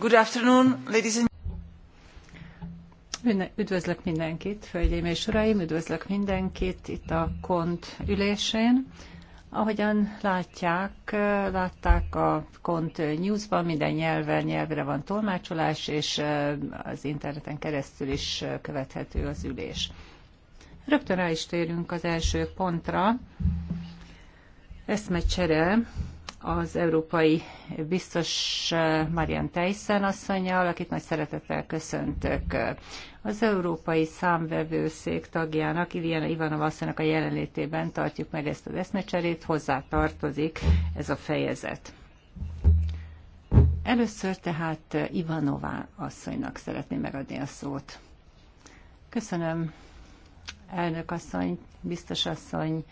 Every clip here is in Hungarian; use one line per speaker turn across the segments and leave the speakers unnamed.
Good afternoon, ladies and
Üdvözlök mindenkit, hölgyeim és uraim, üdvözlök mindenkit itt a KONT ülésén. Ahogyan látják, látták a KONT Newsban, minden nyelven nyelvre van tolmácsolás, és az interneten keresztül is követhető az ülés. Rögtön rá is térünk az első pontra. Eszmecsere az európai biztos eh, Marian Teyssen asszonyjal, akit nagy szeretettel köszöntök. Az Európai Számvevőszék tagjának, Iliana Ivanov asszonynak a jelenlétében tartjuk meg ezt az eszmecserét, hozzá tartozik ez a fejezet. Először tehát Ivanová asszonynak szeretném megadni a szót. Köszönöm, elnök asszony, biztos asszony,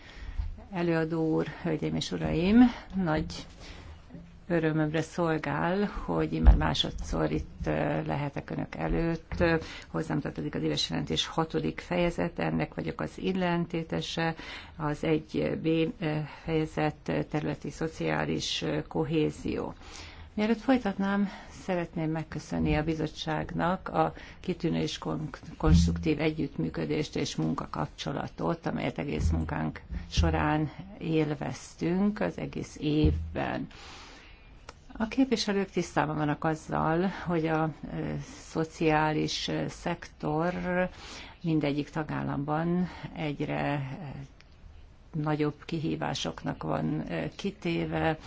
előadó úr, hölgyeim és uraim! Nagy örömömre szolgál, hogy már másodszor itt lehetek önök előtt. Hozzám tartozik az éves jelentés hatodik fejezet, ennek vagyok az illentétese, az egy b fejezet területi szociális kohézió. Mielőtt folytatnám, Szeretném megköszönni a bizottságnak a kitűnő és konstruktív együttműködést és munkakapcsolatot, amelyet egész munkánk során élveztünk az egész évben. A képviselők tisztában vannak azzal, hogy a szociális szektor mindegyik tagállamban egyre nagyobb kihívásoknak van kitéve,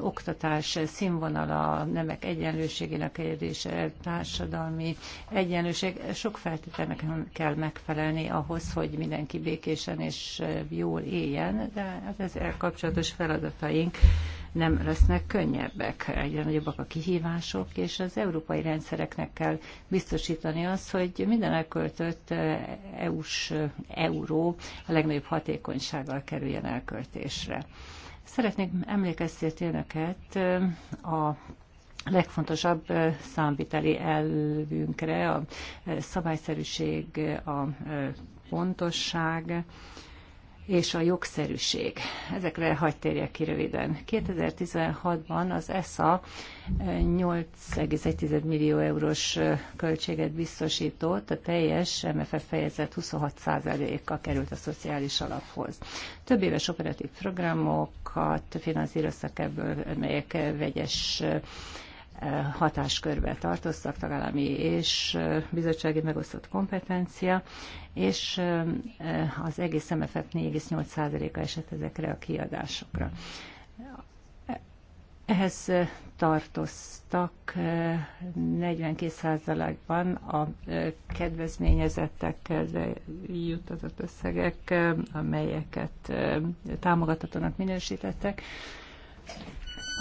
oktatás színvonala, nemek egyenlőségének kérdése, társadalmi egyenlőség. Sok feltételnek kell megfelelni ahhoz, hogy mindenki békésen és jól éljen, de ez hát ezzel kapcsolatos feladataink nem lesznek könnyebbek. Egyre nagyobbak a kihívások, és az európai rendszereknek kell biztosítani azt, hogy minden elköltött eh, EU-s eh, euró a legnagyobb hatékonysággal kerüljen elköltésre. Szeretnék emlékeztetni önöket eh, a legfontosabb számviteli elvünkre, a szabályszerűség, a pontosság, és a jogszerűség. Ezekre hagy térjek ki röviden. 2016-ban az ESA 8,1 millió eurós költséget biztosított, a teljes MFF fejezet 26%-a került a szociális alaphoz. Több éves operatív programokat finanszíroztak ebből, melyek vegyes hatáskörbe tartoztak, tagállami és bizottsági megosztott kompetencia, és az egész MFF 4,8%-a esett ezekre a kiadásokra. Ehhez tartoztak 42%-ban a kedvezményezettek juttatott összegek, amelyeket támogatatónak minősítettek.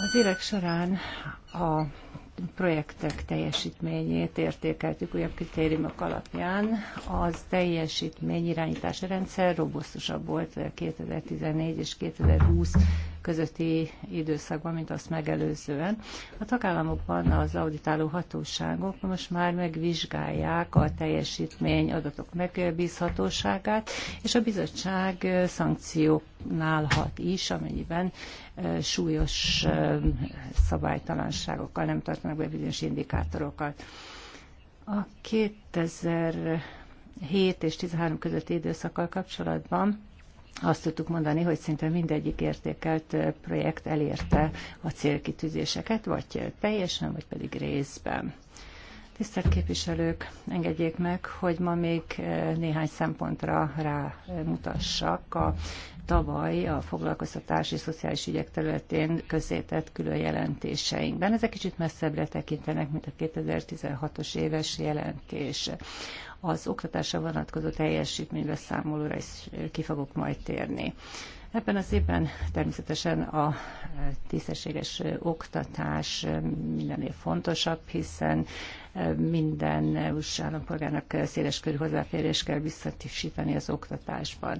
Az évek során a projektek teljesítményét értékeltük újabb kritériumok alapján. Az teljesítmény irányítási rendszer robosztusabb volt 2014 eh, és 2020 közötti időszakban, mint azt megelőzően. A tagállamokban az auditáló hatóságok most már megvizsgálják a teljesítmény adatok megbízhatóságát, és a bizottság szankcióknálhat is, amennyiben súlyos szabálytalanságokkal nem tartanak be bizonyos indikátorokat. A 2007 és 13 közötti időszakkal kapcsolatban azt tudtuk mondani, hogy szinte mindegyik értékelt projekt elérte a célkitűzéseket, vagy teljesen, vagy pedig részben. Tisztelt képviselők, engedjék meg, hogy ma még néhány szempontra rámutassak a tavaly a foglalkoztatási szociális ügyek területén közzétett külön jelentéseinkben. Ezek kicsit messzebbre tekintenek, mint a 2016-os éves jelentés az oktatásra vonatkozó számolóra is ki fogok majd térni. Ebben az évben természetesen a tisztességes oktatás mindennél fontosabb, hiszen minden USA állampolgárnak széles körű hozzáférés kell visszatisítani az oktatásban.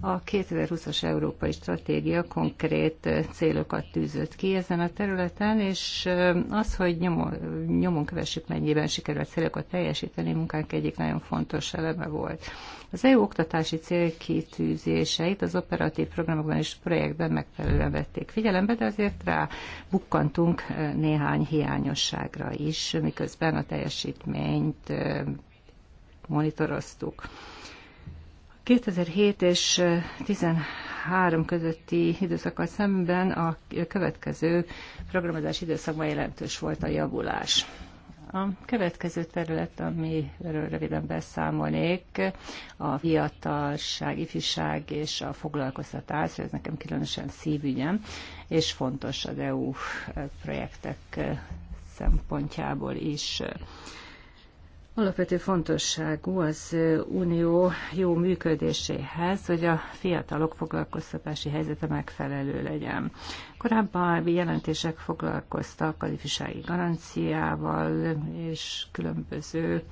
A 2020-as Európai Stratégia konkrét célokat tűzött ki ezen a területen, és az, hogy nyomon, nyomon kövessük, mennyiben sikerült célokat teljesíteni, munkánk egyik nagyon fontos eleme volt. Az EU oktatási célkitűzéseit az operatív programokban és projektben megfelelően vették figyelembe, de azért rá bukkantunk néhány hiányosságra is, miközben a teljesítményt monitoroztuk. 2007 és 13 közötti időszakkal szemben a következő programozási időszakban jelentős volt a javulás. A következő terület, amiről röviden beszámolnék, a fiatalság, ifjúság és a foglalkoztatás, ez nekem különösen szívügyem, és fontos az EU projektek szempontjából is. Alapvető fontosságú az unió jó működéséhez, hogy a fiatalok foglalkoztatási helyzete megfelelő legyen. Korábban jelentések foglalkoztak az ifjúsági garanciával és különböző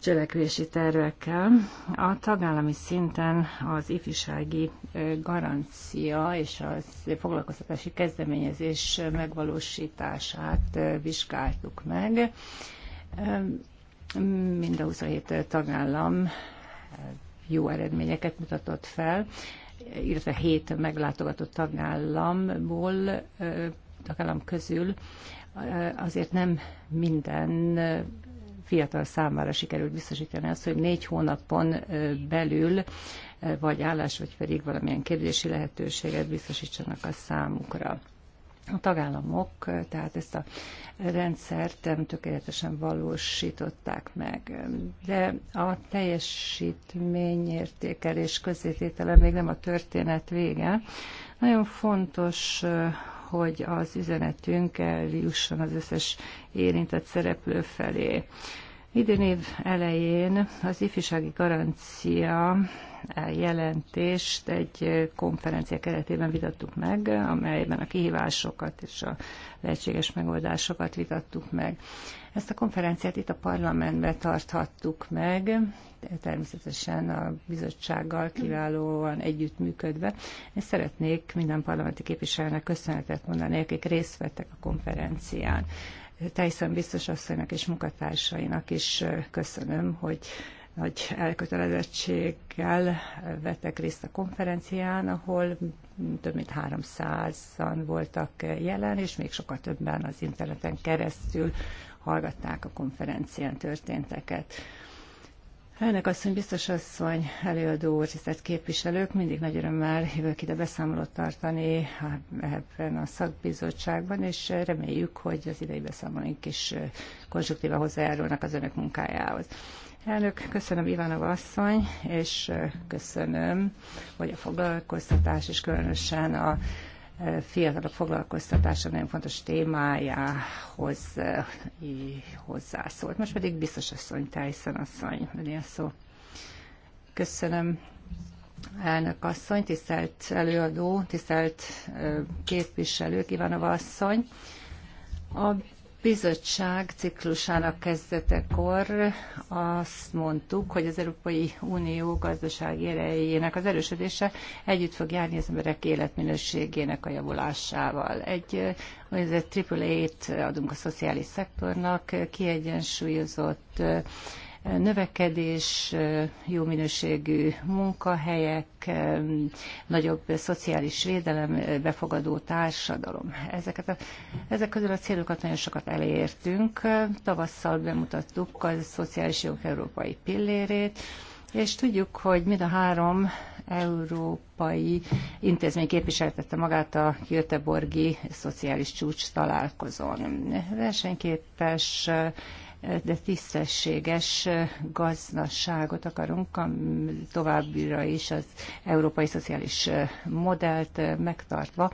cselekvési tervekkel. A tagállami szinten az ifjúsági garancia és az foglalkoztatási kezdeményezés megvalósítását vizsgáltuk meg. Mind a 27 tagállam jó eredményeket mutatott fel, illetve 7 meglátogatott tagállamból, tagállam közül azért nem minden fiatal számára sikerült biztosítani azt, hogy négy hónapon belül vagy állás, vagy pedig valamilyen kérdési lehetőséget biztosítsanak a számukra. A tagállamok tehát ezt a rendszert nem tökéletesen valósították meg, de a teljesítményértékelés közététele még nem a történet vége. Nagyon fontos hogy az üzenetünk eljusson az összes érintett szereplő felé. Idén év elején az ifjúsági garancia jelentést egy konferencia keretében vitattuk meg, amelyben a kihívásokat és a lehetséges megoldásokat vitattuk meg. Ezt a konferenciát itt a parlamentben tarthattuk meg, természetesen a bizottsággal kiválóan együttműködve. És szeretnék minden parlamenti képviselőnek köszönetet mondani, akik részt vettek a konferencián. Teljesen biztos asszonynak és munkatársainak is köszönöm, hogy nagy elkötelezettséggel vettek részt a konferencián, ahol több mint 300-an voltak jelen, és még sokkal többen az interneten keresztül hallgatták a konferencián történteket. Elnök asszony, biztos asszony, előadó úr, tisztelt képviselők, mindig nagy örömmel jövök ide beszámolót tartani ebben a szakbizottságban, és reméljük, hogy az idei beszámolóink is konstruktíva hozzájárulnak az önök munkájához. Elnök, köszönöm Ivanova asszony, és köszönöm, hogy a foglalkoztatás, és különösen a fiatalok foglalkoztatása nagyon fontos témájához hozzászólt. Most pedig biztos asszony, Tyson asszony, a szó. Köszönöm. Elnök asszony, tisztelt előadó, tisztelt képviselő, Ivanova asszony. A bizottság ciklusának kezdetekor azt mondtuk, hogy az Európai Unió gazdasági erejének az erősödése együtt fog járni az emberek életminőségének a javulásával. Egy úgynevezett triple adunk a szociális szektornak, kiegyensúlyozott növekedés, jó minőségű munkahelyek, nagyobb szociális védelem, befogadó társadalom. Ezeket a, ezek közül a célokat nagyon sokat elértünk. Tavasszal bemutattuk a szociális jog európai pillérét, és tudjuk, hogy mind a három európai intézmény képviseltette magát a Göteborgi Szociális Csúcs találkozón. Versenyképes de tisztességes gazdaságot akarunk, továbbra is az európai szociális modellt megtartva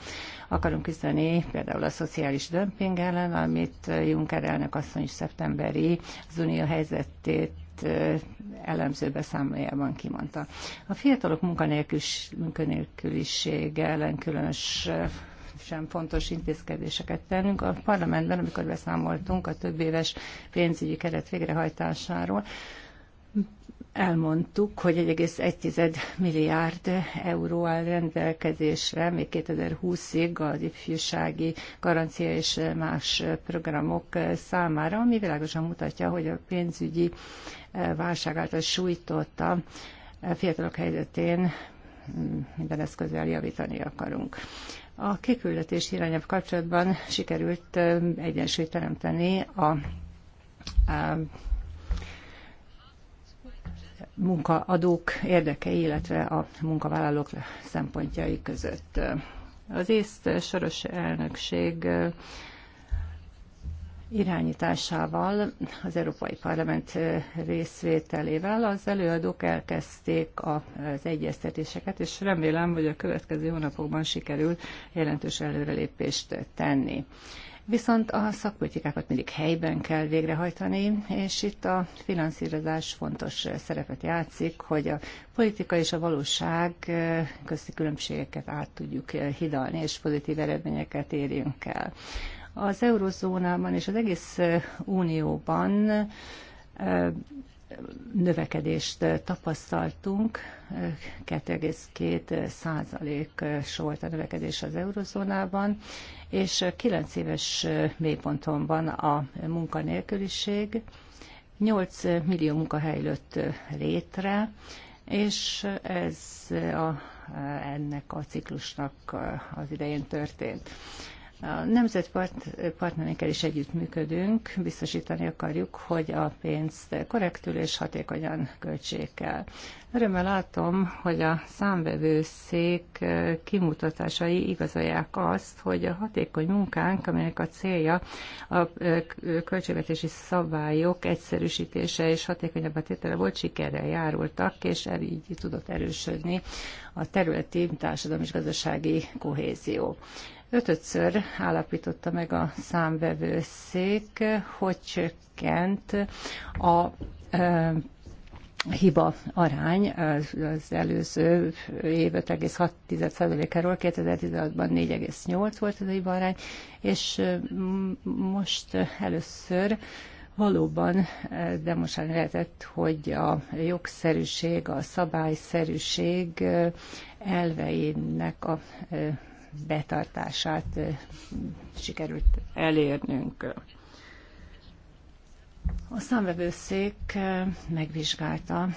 akarunk küzdeni például a szociális dömping ellen, amit Juncker elnök asszony is szeptemberi az unió helyzetét eh, elemző beszámolójában kimondta. A fiatalok munkanélkülisége ellen különös eh, sem fontos intézkedéseket tennünk. A parlamentben, amikor beszámoltunk a több éves pénzügyi keret végrehajtásáról, elmondtuk, hogy 1,1 milliárd euró áll rendelkezésre még 2020-ig az ifjúsági garancia és más programok számára, ami világosan mutatja, hogy a pénzügyi válság által sújtotta fiatalok helyzetén mm, minden eszközzel javítani akarunk. A kiküldetés irányabb kapcsolatban sikerült egyensúlyt teremteni a, a munkaadók érdekei, illetve a munkavállalók szempontjai között. Az észt soros elnökség irányításával, az Európai Parlament részvételével az előadók elkezdték az egyeztetéseket, és remélem, hogy a következő hónapokban sikerül jelentős előrelépést tenni. Viszont a szakpolitikákat mindig helyben kell végrehajtani, és itt a finanszírozás fontos szerepet játszik, hogy a politika és a valóság közti különbségeket át tudjuk hidalni, és pozitív eredményeket érjünk el. Az eurozónában és az egész unióban növekedést tapasztaltunk, 2,2 százalék volt a növekedés az eurozónában, és 9 éves mélyponton van a munkanélküliség, 8 millió munkahely lőtt létre, és ez a, ennek a ciklusnak az idején történt. A nemzetpartnerekkel is együttműködünk, biztosítani akarjuk, hogy a pénzt korrektül és hatékonyan költsék el. Örömmel látom, hogy a számvevőszék eh, kimutatásai igazolják azt, hogy a hatékony munkánk, amelynek a célja a eh, eh, költségvetési szabályok egyszerűsítése és hatékonyabb a tétele volt, sikerrel járultak, és el így tudott erősödni a területi társadalmi és gazdasági kohézió. Ötödször állapította meg a számvevőszék, hogy csökkent a hiba arány az, az előző év 5,6%-áról, 2016-ban 4,8 volt az a hiba arány, és most először valóban demonstrálni lehetett, hogy a jogszerűség, a szabályszerűség elveinek a betartását sikerült elérnünk. A számvevőszék megvizsgálta a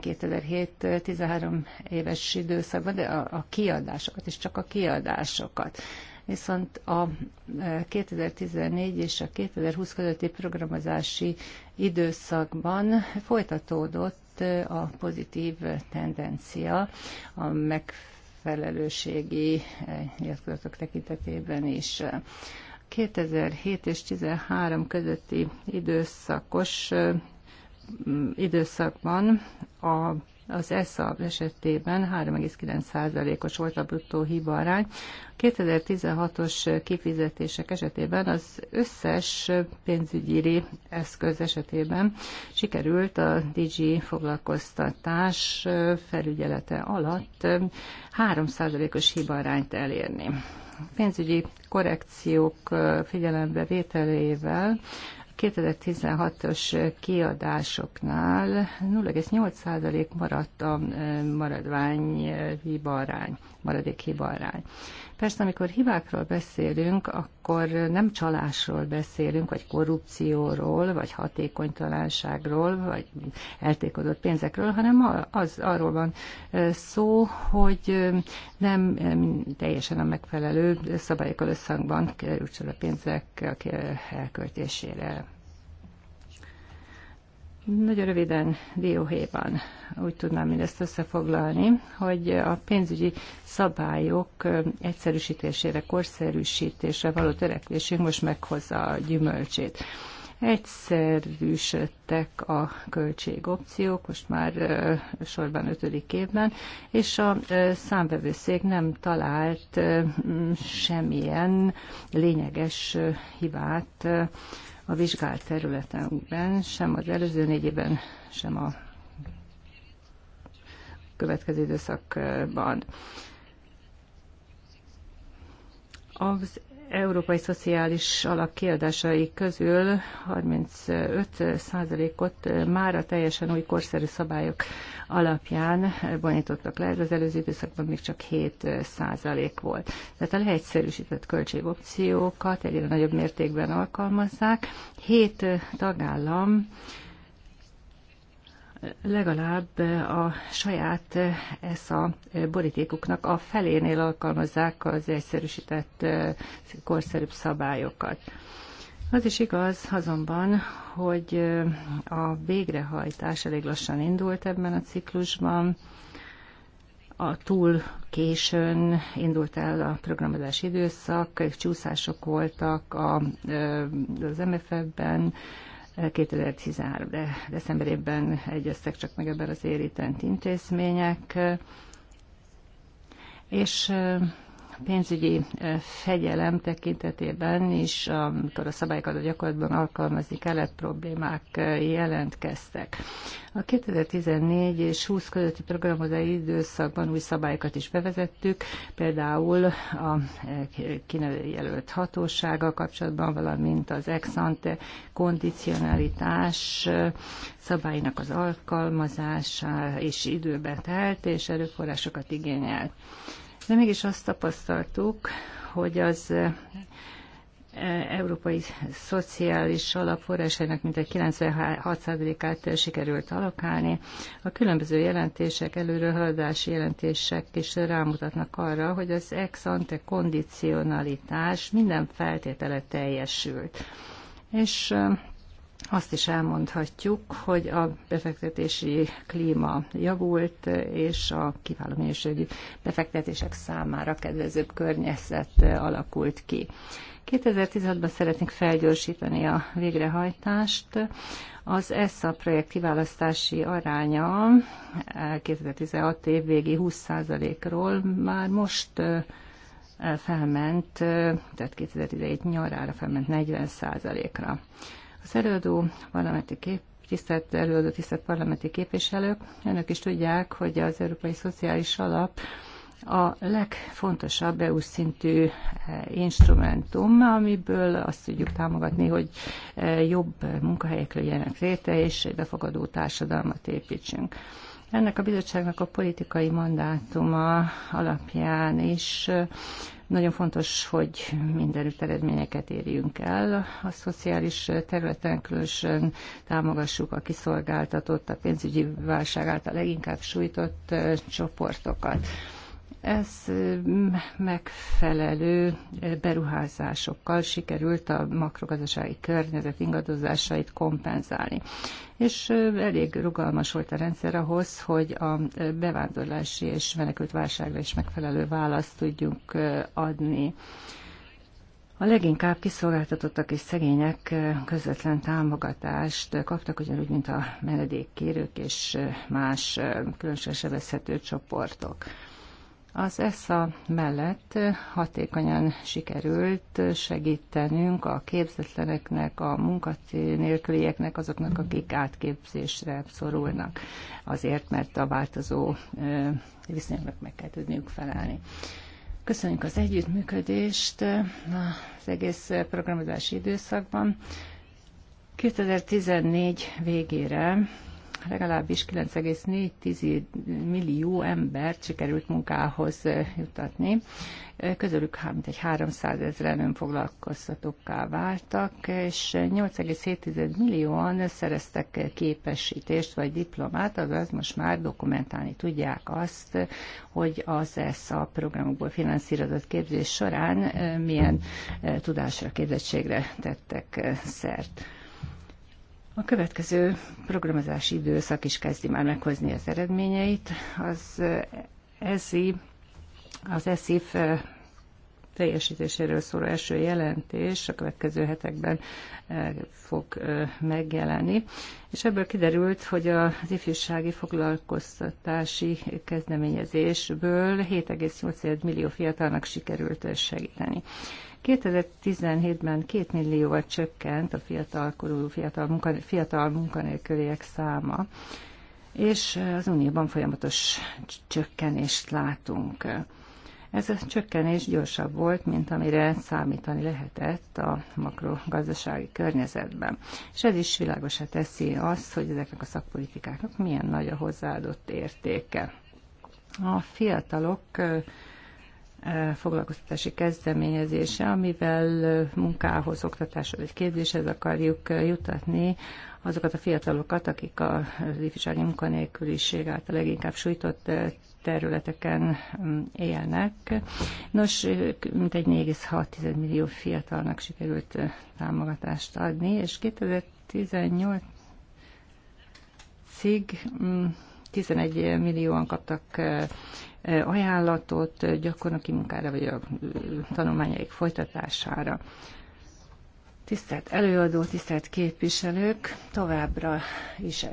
2007-13 éves időszakban, de a, a kiadásokat, és csak a kiadásokat. Viszont a 2014 és a 2020 közötti programozási időszakban folytatódott a pozitív tendencia, a megfelelő felelősségi eh, nyilatkozatok tekintetében is. 2007 és 2013 közötti időszakos eh, időszakban a az ESZA esetében 3,9%-os volt a bruttó hibarány. 2016-os kifizetések esetében az összes pénzügyi eszköz esetében sikerült a DG foglalkoztatás felügyelete alatt 3%-os hibarányt elérni pénzügyi korrekciók figyelembe vételével 2016-os kiadásoknál 0,8% maradt a maradvány hibarány maradék hiba arány. Persze, amikor hibákról beszélünk, akkor nem csalásról beszélünk, vagy korrupcióról, vagy hatékonytalanságról, vagy eltékozott pénzekről, hanem az arról van szó, hogy nem teljesen a megfelelő szabályokkal összhangban került a pénzek elköltésére nagyon röviden dióhéjban úgy tudnám mindezt összefoglalni, hogy a pénzügyi szabályok egyszerűsítésére, korszerűsítésre való törekvésünk most meghozza a gyümölcsét. Egyszerűsödtek a költségopciók, most már sorban ötödik évben, és a számvevőszék nem talált semmilyen lényeges hibát a vizsgált területünkben, sem az előző négy évben, sem a következő időszakban. Az európai szociális alap kiadásai közül 35%-ot már a teljesen új korszerű szabályok alapján bonyítottak le, ez az előző időszakban még csak 7% volt. Tehát a leegyszerűsített költségopciókat egyre nagyobb mértékben alkalmazzák. Hét tagállam legalább a saját a borítékuknak a felénél alkalmazzák az egyszerűsített korszerűbb szabályokat. Az is igaz azonban, hogy a végrehajtás elég lassan indult ebben a ciklusban, a túl későn indult el a programozási időszak, csúszások voltak az MFF-ben, 2013. De decemberében egyeztek csak meg ebben az érintett intézmények, és pénzügyi fegyelem tekintetében is, amikor a szabályokat a gyakorlatban alkalmazni kellett, problémák jelentkeztek. A 2014 és 20 közötti programozási időszakban új szabályokat is bevezettük, például a kineveljelölt hatósága kapcsolatban, valamint az ex ante kondicionalitás szabálynak az alkalmazása és időben telt, és erőforrásokat igényelt de mégis azt tapasztaltuk, hogy az e, európai szociális alapforrásainak mintegy 96%-át e, sikerült alakálni. A különböző jelentések, előrehaladási jelentések is rámutatnak arra, hogy az ex ante kondicionalitás minden feltétele teljesült. És e, azt is elmondhatjuk, hogy a befektetési klíma javult, és a kiváló minőségű befektetések számára kedvezőbb környezet alakult ki. 2016-ban szeretnénk felgyorsítani a végrehajtást. Az ESZA projekt kiválasztási aránya 2016 év végi 20%-ról már most eh, felment, eh, tehát 2017 nyarára felment 40%-ra. Az előadó parlamenti kép tisztelt előadó, tisztelt parlamenti képviselők, önök is tudják, hogy az Európai Szociális Alap a legfontosabb EU szintű eh, instrumentum, amiből azt tudjuk támogatni, hogy eh, jobb munkahelyek legyenek létre, és egy befogadó társadalmat építsünk. Ennek a bizottságnak a politikai mandátuma alapján is eh, nagyon fontos, hogy mindenütt eredményeket érjünk el. A szociális területen különösen támogassuk a kiszolgáltatott, a pénzügyi válság által leginkább sújtott csoportokat. Ez mm, megfelelő beruházásokkal sikerült a makrogazdasági környezet ingadozásait kompenzálni. És elég rugalmas volt a rendszer ahhoz, hogy a bevándorlási és menekült válságra is megfelelő választ tudjunk adni. A leginkább kiszolgáltatottak és szegények közvetlen támogatást kaptak, ugyanúgy, mint a menedékkérők és más különösen sebezhető csoportok. Az ESSA mellett hatékonyan sikerült segítenünk a képzetleneknek, a munkanélkülieknek, azoknak, akik átképzésre szorulnak, azért, mert a változó viszonyoknak meg kell tudniuk felelni. Köszönjük az együttműködést az egész programozási időszakban. 2014 végére legalábbis 9,4 millió embert sikerült munkához jutatni. Közülük mint egy 300 ezeren önfoglalkoztatókká váltak, és 8,7 millióan szereztek képesítést vagy diplomát, azaz most már dokumentálni tudják azt, hogy az a programokból finanszírozott képzés során milyen tudásra, képzettségre tettek szert. A következő programozási időszak is kezdi már meghozni az eredményeit. Az ESZI, az ESZIF eh, teljesítéséről szóló első jelentés a következő hetekben eh, fog eh, megjelenni. És ebből kiderült, hogy az ifjúsági foglalkoztatási kezdeményezésből 7,8 millió fiatalnak sikerült segíteni. 2017-ben 2 millióval csökkent a fiatalkorú, fiatal, munka fiatal munkanélküliek száma, és az Unióban folyamatos csökkenést látunk. Ez a csökkenés gyorsabb volt, mint amire számítani lehetett a makrogazdasági környezetben. És ez is világosá teszi azt, hogy ezeknek a szakpolitikáknak milyen nagy a hozzáadott értéke. A fiatalok foglalkoztatási kezdeményezése, amivel munkához, oktatáshoz vagy képzéshez akarjuk jutatni azokat a fiatalokat, akik az ifjúsági munkanélküliség által leginkább sújtott területeken élnek. Nos, egy 4,6 millió fiatalnak sikerült támogatást adni, és 2018-ig 11 millióan kaptak ajánlatot gyakornoki munkára, vagy a tanulmányaik folytatására. Tisztelt előadó, tisztelt képviselők, továbbra is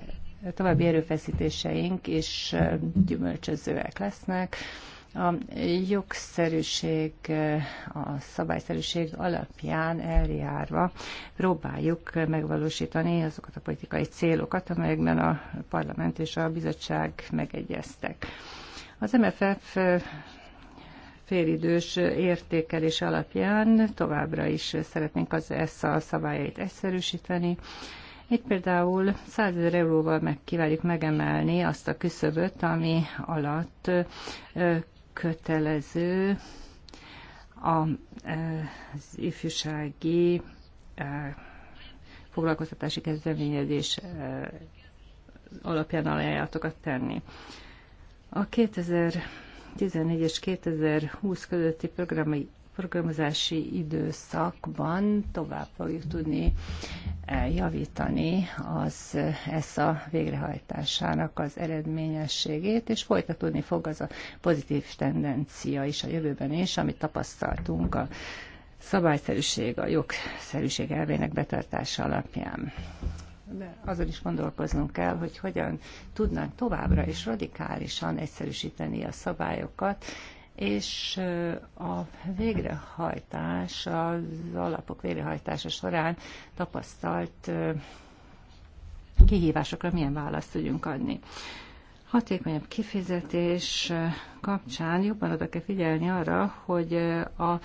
további erőfeszítéseink is gyümölcsözőek lesznek. A jogszerűség, a szabályszerűség alapján eljárva próbáljuk megvalósítani azokat a politikai célokat, amelyekben a parlament és a bizottság megegyeztek. Az MFF félidős értékelés alapján továbbra is szeretnénk az ESZA szabályait egyszerűsíteni. Itt például 100 ezer euróval meg kívánjuk megemelni azt a küszöböt, ami alatt kötelező az ifjúsági foglalkoztatási kezdeményezés alapján ajánlatokat tenni. A 2014 és 2020 közötti programai programozási időszakban tovább fogjuk tudni javítani az ESZA végrehajtásának az eredményességét, és folytatódni fog az a pozitív tendencia is a jövőben is, amit tapasztaltunk a szabályszerűség, a jogszerűség elvének betartása alapján de azon is gondolkoznunk kell, hogy hogyan tudnánk továbbra is radikálisan egyszerűsíteni a szabályokat, és a végrehajtás, az alapok végrehajtása során tapasztalt kihívásokra milyen választ tudjunk adni hatékonyabb kifizetés kapcsán jobban oda kell figyelni arra, hogy a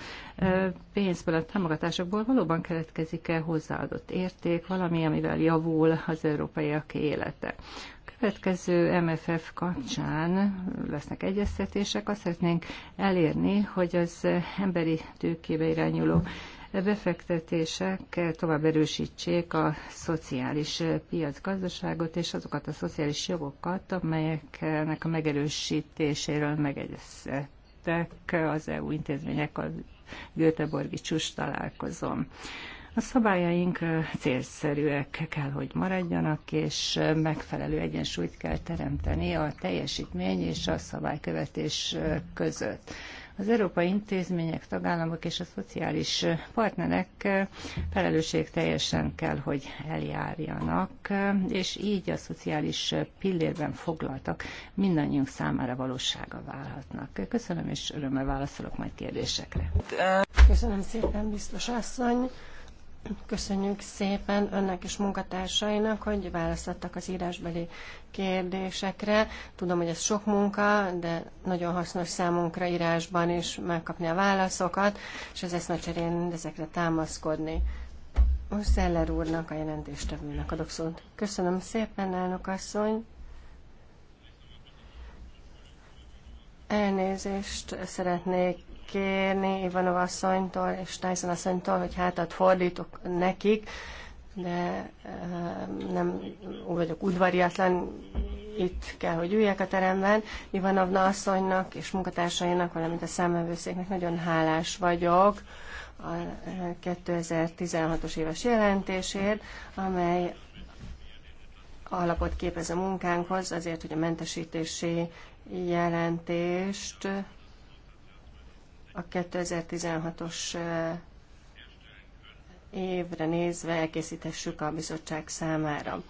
pénzből, a támogatásokból valóban keletkezik-e hozzáadott érték, valami, amivel javul az európaiak élete. A következő MFF kapcsán lesznek egyeztetések, azt szeretnénk elérni, hogy az emberi tőkébe irányuló befektetések tovább erősítsék a szociális piacgazdaságot és azokat a szociális jogokat, amelyeknek a megerősítéséről megegyeztek az EU intézmények a Göteborgi csúcs találkozón. A szabályaink célszerűek kell, hogy maradjanak, és megfelelő egyensúlyt kell teremteni a teljesítmény és a szabálykövetés között. Az európai intézmények, tagállamok és a szociális partnerek eh, teljesen kell, hogy eljárjanak, eh, és így a szociális pillérben foglaltak mindannyiunk számára valósága válhatnak. Köszönöm, és örömmel válaszolok majd kérdésekre.
Köszönöm szépen, biztos asszony. Köszönjük szépen önnek és munkatársainak, hogy választottak az írásbeli kérdésekre. Tudom, hogy ez sok munka, de nagyon hasznos számunkra írásban is megkapni a válaszokat, és az eszmecserén ezekre támaszkodni. Most Szeller úrnak, a jelentéstevőnek adok szót. Köszönöm szépen, elnök asszony. Elnézést szeretnék kérni Ivanov asszonytól és Tyson asszonytól, hogy hátat fordítok nekik, de nem úgy vagyok udvariatlan, itt kell, hogy üljek a teremben. Ivanovna asszonynak és munkatársainak, valamint a számvevőszéknek nagyon hálás vagyok a 2016-os éves jelentésért, amely alapot képez a munkánkhoz, azért, hogy a mentesítési jelentést a 2016-os évre nézve elkészítessük a bizottság számára.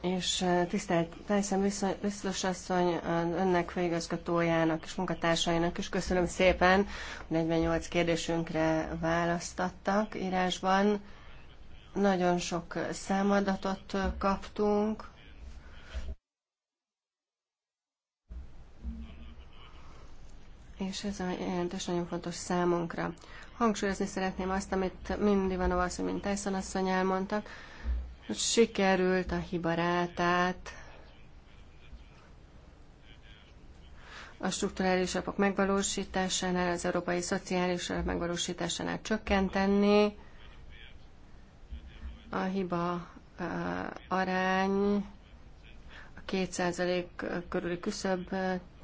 És tisztelt Tyson biztos asszony, önnek főigazgatójának és munkatársainak is köszönöm szépen, hogy 48 kérdésünkre választattak írásban. Nagyon sok számadatot kaptunk, és ez a jelentés nagyon fontos számunkra. Hangsúlyozni szeretném azt, amit mindig van a mint Tyson asszony elmondtak, hogy sikerült a hibarátát a strukturális alapok megvalósításánál, az európai szociális alap megvalósításánál csökkenteni. A hiba arány a 2% körüli küszöb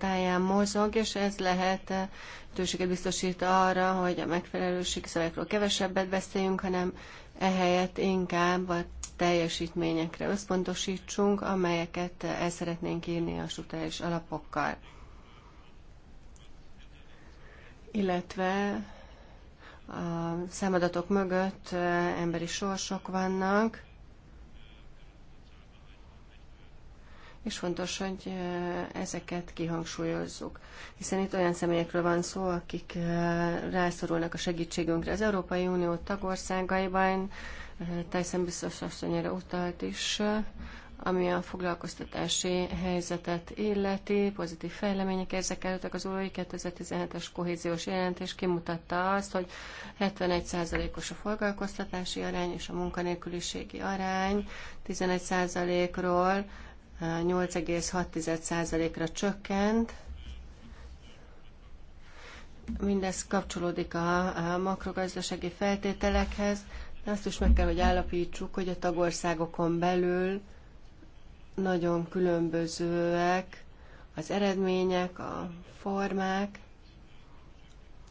táján mozog, és ez lehet eh, tőséget biztosít arra, hogy a megfelelőség szavakról kevesebbet beszéljünk, hanem ehelyett inkább a teljesítményekre összpontosítsunk, amelyeket eh, el szeretnénk írni a struktúrális alapokkal. Illetve a számadatok mögött eh, emberi sorsok vannak, és fontos, hogy ezeket kihangsúlyozzuk. Hiszen itt olyan személyekről van szó, akik rászorulnak a segítségünkre. Az Európai Unió tagországaiban, Tyson biztos asszonyra utalt is, ami a foglalkoztatási helyzetet illeti, pozitív fejlemények érzekelődtek az új 2017-es kohéziós jelentés kimutatta azt, hogy 71%-os a foglalkoztatási arány és a munkanélküliségi arány, 11%-ról 8,6%-ra csökkent. Mindez kapcsolódik a makrogazdasági feltételekhez, de azt is meg kell, hogy állapítsuk, hogy a tagországokon belül nagyon különbözőek az eredmények, a formák.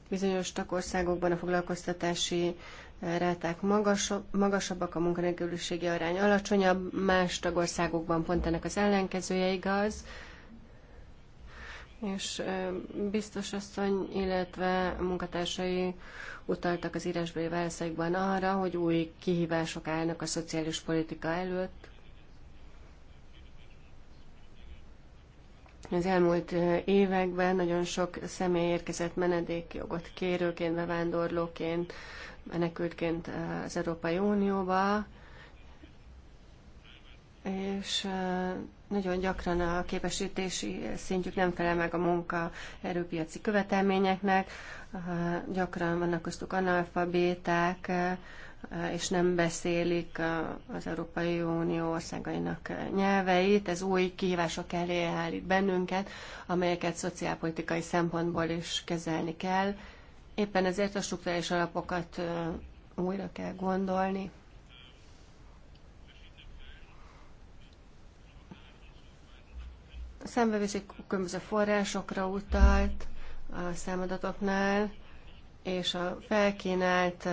Bizonyos tagországokban a foglalkoztatási ráták magasabb, magasabbak, a munkanélküliségi arány alacsonyabb, más tagországokban pont ennek az ellenkezője igaz. És biztos asszony, illetve a munkatársai utaltak az írásbeli válaszaikban arra, hogy új kihívások állnak a szociális politika előtt. Az elmúlt években nagyon sok személy érkezett menedékjogot kérőként, bevándorlóként, menekültként eh, az Európai Unióba, és eh, nagyon gyakran a képesítési szintjük nem felel meg a munka erőpiaci követelményeknek, eh, gyakran vannak köztük analfabéták, és nem beszélik az Európai Unió országainak nyelveit. Ez új kihívások elé állít bennünket, amelyeket szociálpolitikai szempontból is kezelni kell, Éppen ezért a struktúrális alapokat újra kell gondolni. A számbevésik különböző forrásokra utalt a számadatoknál, és a felkínált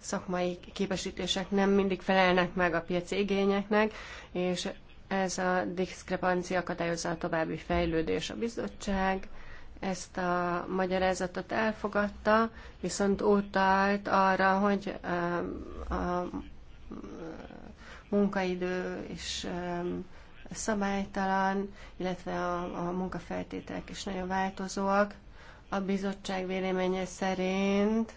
szakmai képesítések nem mindig felelnek meg a piaci igényeknek, és ez a diszkrepancia akadályozza a további fejlődés. A bizottság ezt a magyarázatot elfogadta, viszont utalt arra, hogy a munkaidő is szabálytalan, illetve a, a munkafeltételek is nagyon változóak. A bizottság véleménye szerint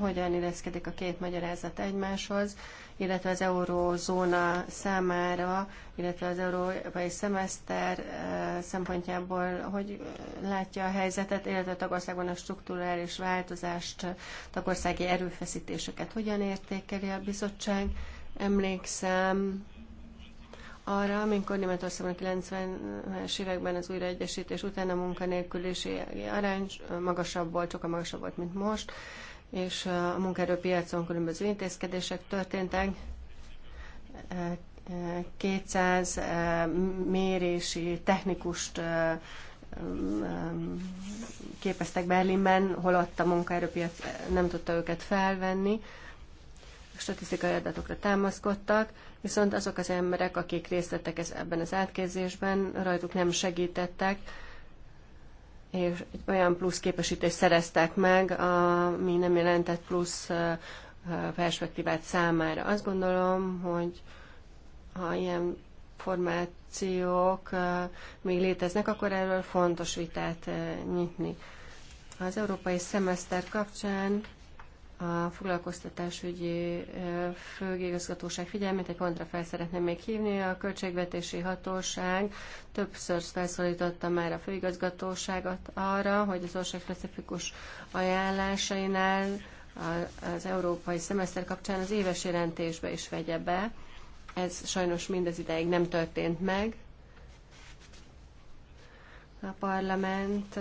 hogyan illeszkedik a két magyarázat egymáshoz, illetve az eurózóna számára, illetve az európai szemeszter szempontjából, hogy látja a helyzetet, illetve a tagországban a strukturális változást, tagországi erőfeszítéseket hogyan értékeli a bizottság. Emlékszem, arra, amikor Németországban a 90-es években az újraegyesítés után a munkanélküliségi arány magasabb volt, sokkal magasabb volt, mint most, és a munkaerőpiacon különböző intézkedések történtek. 200 e, e, e, mérési technikust képeztek Berlinben, holott a munkaerőpiac nem tudta őket felvenni statisztikai adatokra támaszkodtak, viszont azok az emberek, akik részt vettek ebben az átképzésben, rajtuk nem segítettek, és egy olyan plusz képesítést szereztek meg, ami nem jelentett plusz perspektívát számára. Azt gondolom, hogy ha ilyen formációk még léteznek, akkor erről fontos vitát nyitni. Az európai szemeszter kapcsán a foglalkoztatásügyi főigazgatóság figyelmét egy pontra fel szeretném még hívni. A költségvetési hatóság többször felszólította már a főigazgatóságot arra, hogy az ország specifikus ajánlásainál az európai szemeszter kapcsán az éves jelentésbe is vegye be. Ez sajnos mindez ideig nem történt meg. A parlament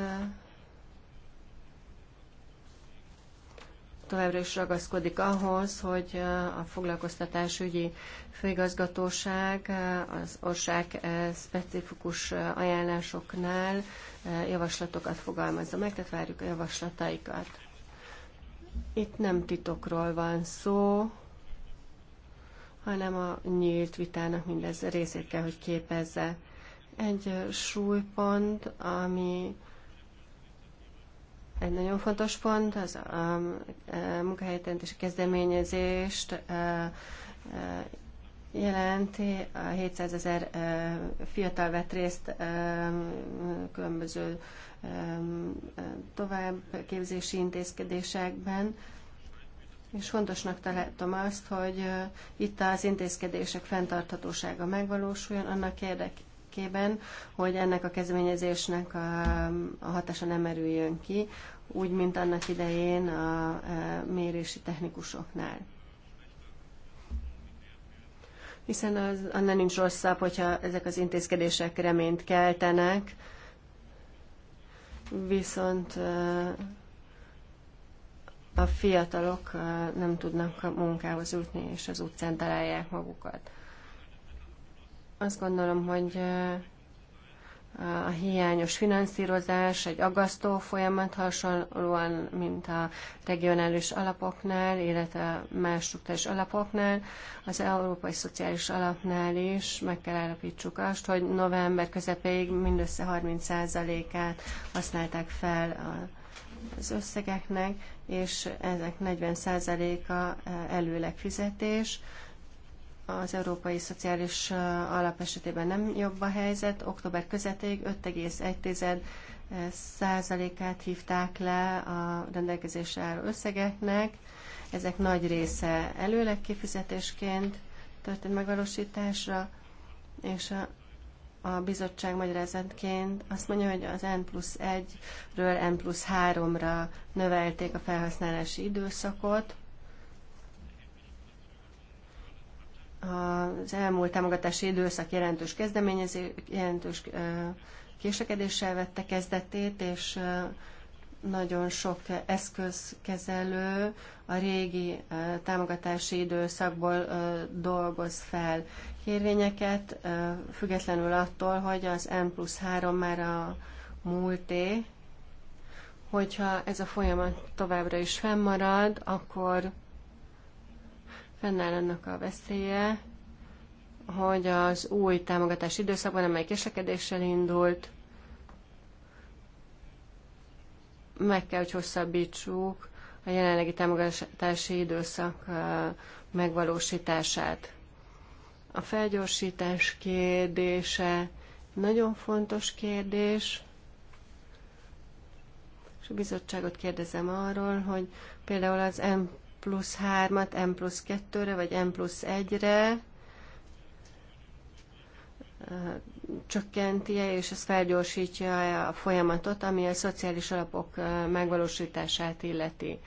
továbbra is ragaszkodik ahhoz, hogy eh, a foglalkoztatásügyi főigazgatóság eh, az ország eh, specifikus ajánlásoknál javaslatokat fogalmazza meg, tehát várjuk a javaslataikat. Itt nem titokról van szó, hanem a nyílt vitának mindez részét kell, hogy képezze. Egy súlypont, ami egy nagyon fontos pont az a um, um, munkahelyteremtési kezdeményezést uh, uh, jelenti. A 700 ezer uh, fiatal vett részt um, különböző továbbképzési intézkedésekben, és fontosnak találtam azt, hogy itt az intézkedések fenntarthatósága megvalósuljon, annak érdek, érdekében, hogy ennek a kezdeményezésnek a, a hatása nem erüljön ki, úgy, mint annak idején a, a e, mérési technikusoknál. Hiszen az, annál nincs rosszabb, hogyha ezek az intézkedések reményt keltenek, viszont e, a fiatalok e, nem tudnak a munkához jutni, és az utcán találják magukat. Azt gondolom, hogy a hiányos finanszírozás egy agasztó folyamat hasonlóan, mint a regionális alapoknál, illetve más struktúrás alapoknál, az Európai Szociális Alapnál is meg kell állapítsuk azt, hogy november közepéig mindössze 30%-át használták fel a az összegeknek, és ezek 40%-a előleg fizetés, az Európai Szociális Alap esetében nem jobb a helyzet. Október közepéig 5,1 százalékát hívták le a rendelkezésre álló összegeknek. Ezek nagy része előleg kifizetésként történt megvalósításra, és a a bizottság magyarázatként azt mondja, hogy az N plusz 1-ről N plusz 3-ra növelték a felhasználási időszakot, az elmúlt támogatási időszak jelentős kezdeményező, jelentős késekedéssel vette kezdetét, és nagyon sok eszközkezelő a régi támogatási időszakból dolgoz fel kérvényeket, függetlenül attól, hogy az N plusz 3 már a múlté, hogyha ez a folyamat továbbra is fennmarad, akkor fennáll annak a veszélye, hogy az új támogatási időszakban, amely késlekedéssel indult, meg kell, hogy hosszabbítsuk a jelenlegi támogatási időszak megvalósítását. A felgyorsítás kérdése nagyon fontos kérdés, és a bizottságot kérdezem arról, hogy például az plusz 3-at M plusz 2-re, vagy M plusz 1-re csökkenti -e, és ez felgyorsítja a folyamatot, ami a szociális alapok megvalósítását illeti.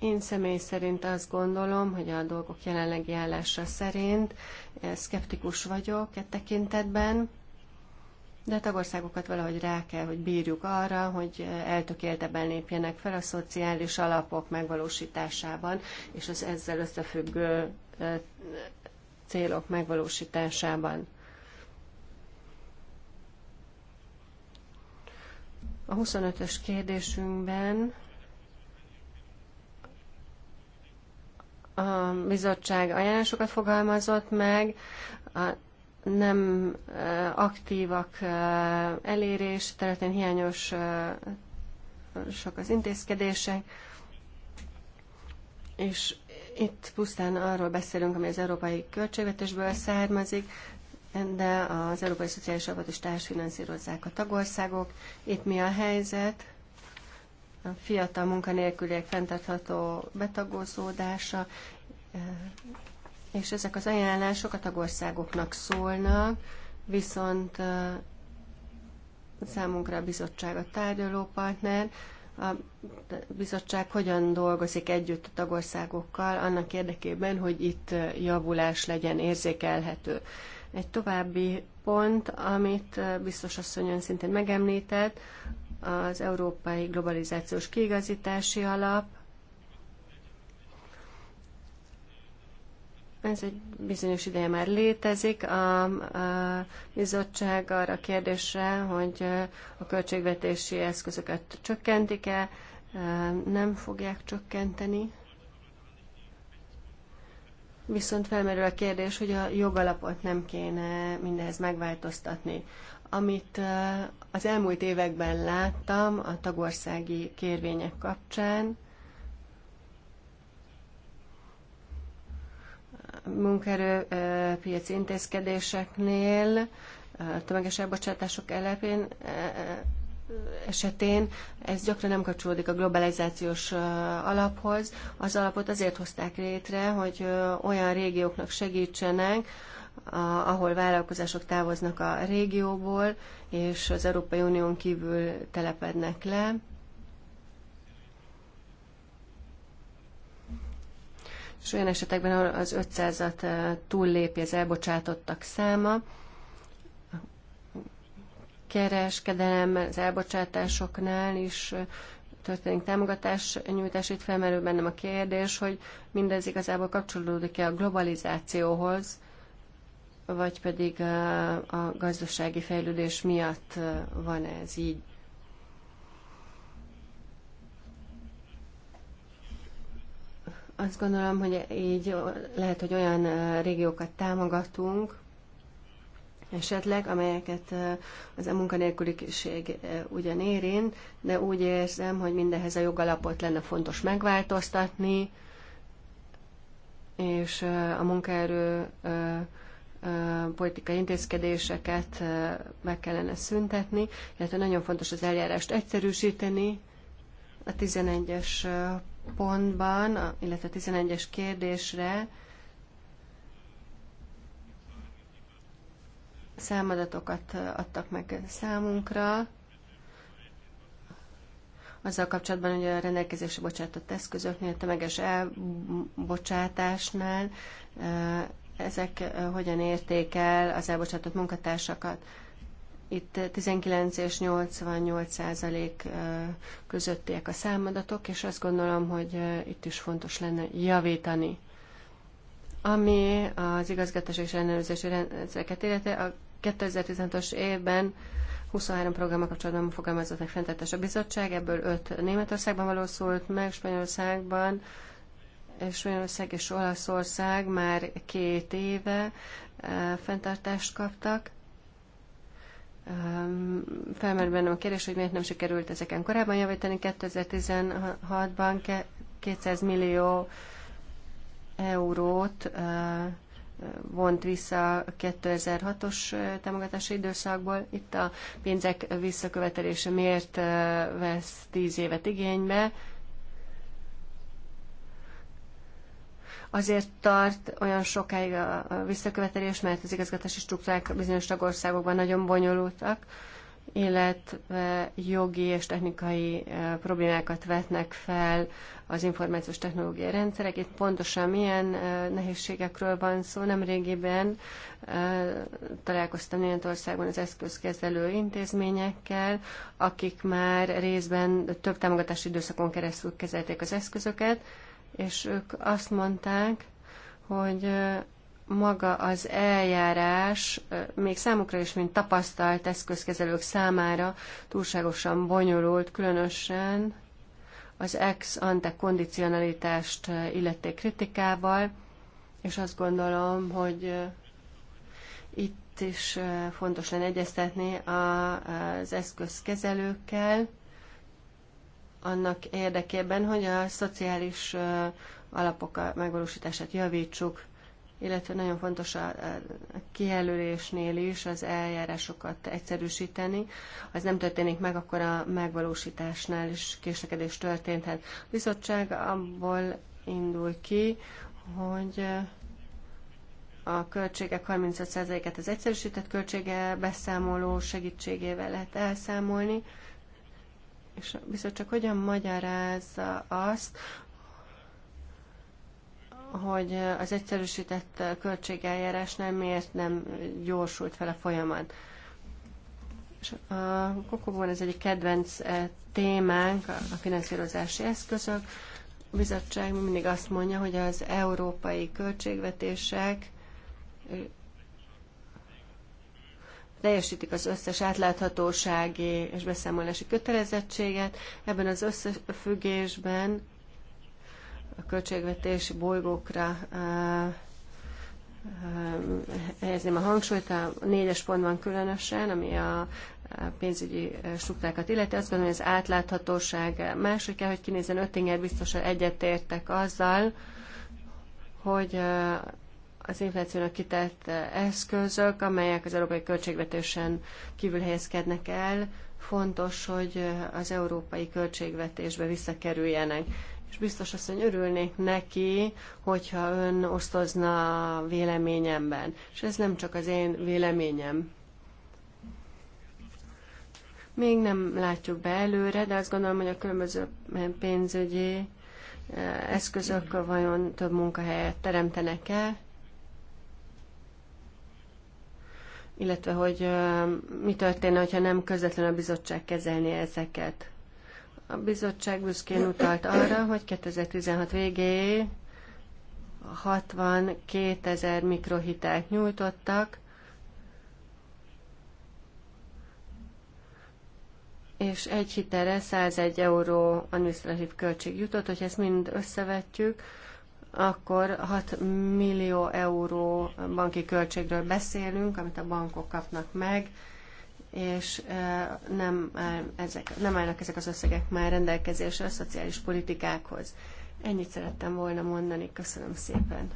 Én személy szerint azt gondolom, hogy a dolgok jelenlegi állása szerint szkeptikus vagyok e tekintetben de a tagországokat valahogy rá kell, hogy bírjuk arra, hogy eltökéltebben lépjenek fel a szociális alapok megvalósításában, és az ezzel összefüggő célok megvalósításában. A 25-ös kérdésünkben a bizottság ajánlásokat fogalmazott meg, a nem aktívak elérés területén hiányos sok az intézkedések, és itt pusztán arról beszélünk, ami az európai költségvetésből származik, de az Európai Szociális Alapot is társfinanszírozzák a tagországok. Itt mi a helyzet? A fiatal munkanélküliek fenntartható betagozódása, és ezek az ajánlások a tagországoknak szólnak, viszont számunkra a bizottság a partner, a bizottság hogyan dolgozik együtt a tagországokkal annak érdekében, hogy itt javulás legyen érzékelhető. Egy további pont, amit biztos asszonyon szintén megemlített, az Európai Globalizációs Kiigazítási Alap, Ez egy bizonyos ideje már létezik. A, a bizottság arra kérdésre, hogy a költségvetési eszközöket csökkentik-e, nem fogják csökkenteni. Viszont felmerül a kérdés, hogy a jogalapot nem kéne mindehez megváltoztatni. Amit az elmúlt években láttam a tagországi kérvények kapcsán, munkaerőpiaci intézkedéseknél, tömeges elbocsátások elepén, esetén ez gyakran nem kapcsolódik a globalizációs alaphoz. Az alapot azért hozták létre, hogy olyan régióknak segítsenek, ahol vállalkozások távoznak a régióból, és az Európai Unión kívül telepednek le és olyan esetekben, ahol az 500-at túllépi az elbocsátottak száma, kereskedelem az elbocsátásoknál is történik támogatás nyújtás, itt felmerül bennem a kérdés, hogy mindez igazából kapcsolódik-e a globalizációhoz, vagy pedig a, a gazdasági fejlődés miatt van ez így. Azt gondolom, hogy így lehet, hogy olyan régiókat támogatunk, esetleg, amelyeket az a munkanélküliség ugyan érint, de úgy érzem, hogy mindehez a jogalapot lenne fontos megváltoztatni, és a munkaerő politikai intézkedéseket meg kellene szüntetni, illetve nagyon fontos az eljárást egyszerűsíteni, a 11-es pontban, illetve 11-es kérdésre számadatokat adtak meg számunkra, azzal kapcsolatban, hogy a rendelkezésre bocsátott eszközöknél, a tömeges elbocsátásnál eh, ezek eh, hogyan érték el az elbocsátott munkatársakat. Itt 19 és 88 százalék közöttiek a számadatok, és azt gondolom, hogy itt is fontos lenne javítani. Ami az igazgatás és ellenőrzési rendszereket illeti, a 2016-os évben 23 programmal kapcsolatban fogalmazott meg fenntartás a bizottság, ebből 5 Németországban valószult meg, Spanyolországban, és Spanyolország és Olaszország már két éve fenntartást kaptak felmerül bennem a kérdés, hogy miért nem sikerült ezeken korábban javítani. 2016-ban 200 millió eurót vont vissza a 2006-os támogatási időszakból. Itt a pénzek visszakövetelése miért vesz 10 évet igénybe? azért tart olyan sokáig a visszakövetelés, mert az igazgatási struktúrák bizonyos tagországokban nagyon bonyolultak, illetve jogi és technikai problémákat vetnek fel az információs technológiai rendszerek. Itt pontosan milyen nehézségekről van szó. Nemrégiben találkoztam Németországban az eszközkezelő intézményekkel, akik már részben több támogatási időszakon keresztül kezelték az eszközöket, és ők azt mondták, hogy maga az eljárás még számukra is, mint tapasztalt eszközkezelők számára túlságosan bonyolult, különösen az ex ante kondicionalitást illették kritikával, és azt gondolom, hogy itt is fontos lenne egyeztetni az eszközkezelőkkel, annak érdekében, hogy a szociális alapok megvalósítását javítsuk, illetve nagyon fontos a kijelölésnél is az eljárásokat egyszerűsíteni. Az nem történik meg, akkor a megvalósításnál is késlekedés történhet. A bizottság abból indul ki, hogy a költségek 35%-át az egyszerűsített költsége beszámoló segítségével lehet elszámolni, és viszont csak hogyan magyarázza azt, hogy az egyszerűsített költségeljárásnál miért nem gyorsult fel a folyamat. És a kokóban ez egy kedvenc e, témánk, a finanszírozási eszközök. A bizottság mindig azt mondja, hogy az európai költségvetések teljesítik az összes átláthatósági és beszámolási kötelezettséget. Ebben az összefüggésben a költségvetési bolygókra helyezném a hangsúlyt a négyes pontban különösen, ami a pénzügyi struktúrákat illeti. Azt gondolom, hogy az átláthatóság másik, hogy kinézzen Öttinger biztosan egyetértek azzal, hogy az inflációnak kitett eh, eszközök, amelyek az európai költségvetésen kívül helyezkednek el, fontos, hogy eh, az európai költségvetésbe visszakerüljenek. És biztos azt, hogy örülnék neki, hogyha ön osztozna véleményemben. És ez nem csak az én véleményem. Még nem látjuk be előre, de azt gondolom, hogy a különböző pénzügyi eh, eszközök vajon több munkahelyet teremtenek-e, illetve hogy mi történne, hogyha nem közvetlenül a bizottság kezelni ezeket. A bizottság büszkén utalt arra, hogy 2016 végéig 62 ezer mikrohitelt nyújtottak, és egy hitelre 101 euró administratív költség jutott, hogy ezt mind összevetjük, akkor 6 millió euró banki költségről beszélünk, amit a bankok kapnak meg, és nem, ezek, nem állnak ezek az összegek már rendelkezésre a szociális politikákhoz. Ennyit szerettem volna mondani. Köszönöm
szépen.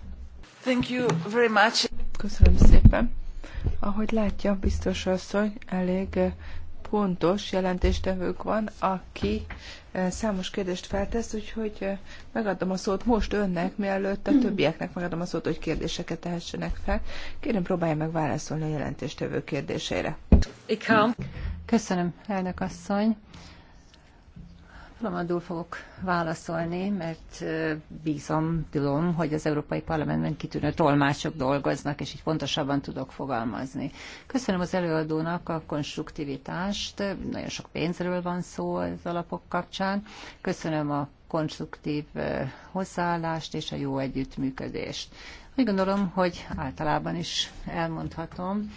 Thank you very much. Köszönöm szépen. Ahogy látja, biztos asszony, elég pontos jelentéstevők van, aki e, számos kérdést feltesz, úgyhogy e, megadom a szót most önnek, mielőtt a többieknek megadom a szót, hogy kérdéseket tehessenek fel. Kérem, próbálja meg válaszolni a jelentéstevő kérdéseire. Köszönöm,
elnök asszony. Flamandul fogok válaszolni, mert bízom, tudom, hogy az Európai Parlamentben kitűnő tolmácsok dolgoznak, és így pontosabban tudok fogalmazni. Köszönöm az előadónak a konstruktivitást, nagyon sok pénzről van szó az alapok kapcsán. Köszönöm a konstruktív hozzáállást és a jó együttműködést. Úgy gondolom, hogy általában is elmondhatom,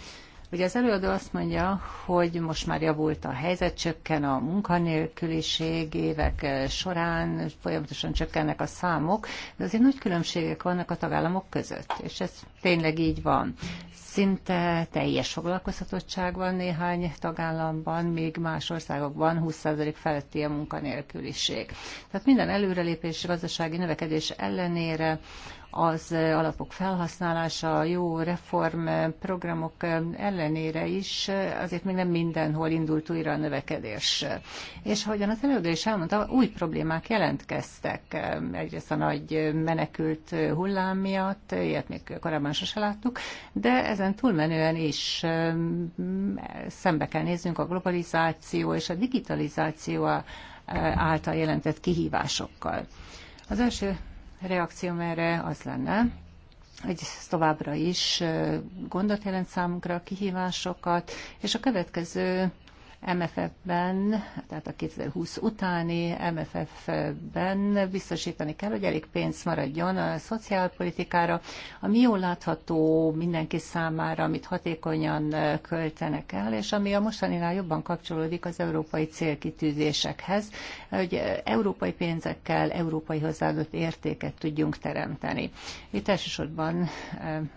Ugye az előadó azt mondja, hogy most már javult a helyzet, csökken a munkanélküliség évek eh, során, folyamatosan csökkennek a számok, de azért nagy különbségek vannak a tagállamok között, és ez tényleg így van. Szinte teljes foglalkoztatottság van néhány tagállamban, még más országokban 20% feletti a munkanélküliség. Tehát minden előrelépés gazdasági növekedés ellenére az alapok felhasználása, jó reformprogramok eh, eh, ellenére is eh, azért még nem mindenhol indult újra a növekedés. És ahogyan az előadó is elmondta, új problémák jelentkeztek. Egyrészt a nagy menekült hullám miatt, ilyet még korábban sose láttuk, de ezen túlmenően is szembe kell néznünk a globalizáció és a digitalizáció által jelentett kihívásokkal. Az első reakcióm erre az lenne, hogy továbbra is gondot jelent számunkra, kihívásokat, és a következő MFF-ben, tehát a 2020 utáni MFF-ben biztosítani kell, hogy elég pénz maradjon a szociálpolitikára, ami jól látható mindenki számára, amit hatékonyan költenek el, és ami a mostaninál jobban kapcsolódik az európai célkitűzésekhez, hogy európai pénzekkel európai hozzáadott értéket tudjunk teremteni. Itt elsősorban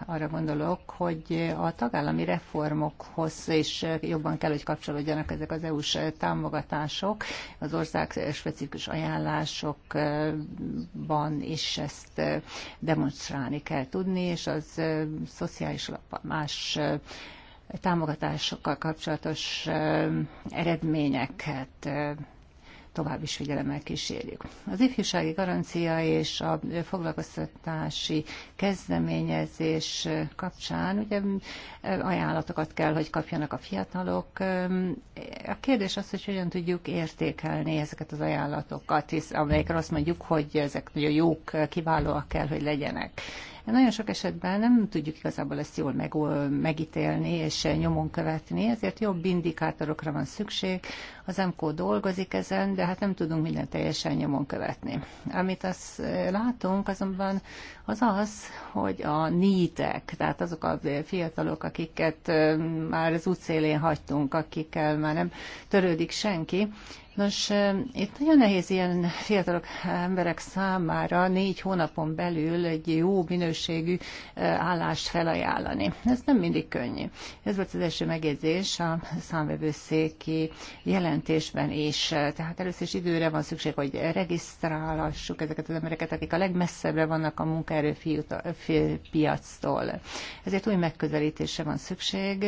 arra gondolok, hogy a tagállami reformokhoz is jobban kell, hogy kapcsolódjanak vannak ezek az EU-s támogatások, az ország specifikus ajánlásokban is ezt demonstrálni kell tudni, és az szociális más támogatásokkal kapcsolatos eredményeket tovább is figyelemmel kísérjük. Az ifjúsági garancia és a foglalkoztatási kezdeményezés kapcsán ugye mm, ajánlatokat kell, hogy kapjanak a fiatalok. Mm, a kérdés az, hogy hogyan tudjuk értékelni ezeket az ajánlatokat, hisz, amelyekre azt mondjuk, hogy ezek nagyon jók, kiválóak kell, hogy legyenek. Nagyon sok esetben nem tudjuk igazából ezt jól meg, megítélni és nyomon követni, ezért jobb indikátorokra van szükség, az MKO dolgozik ezen, de hát nem tudunk minden teljesen nyomon követni. Amit azt látunk azonban az az, hogy a nítek, tehát azok a fiatalok, akiket már az útszélén hagytunk, akikkel már nem törődik senki, Nos, itt nagyon nehéz ilyen fiatalok emberek számára négy hónapon belül egy jó minőségű állást felajánlani. Ez nem mindig könnyű. Ez volt az első megjegyzés a számvevőszéki jelentés jelentésben is. Tehát először is időre van szükség, hogy regisztrálassuk ezeket az embereket, akik a legmesszebbre vannak a munkaerő piactól. Ezért új megközelítésre van szükség,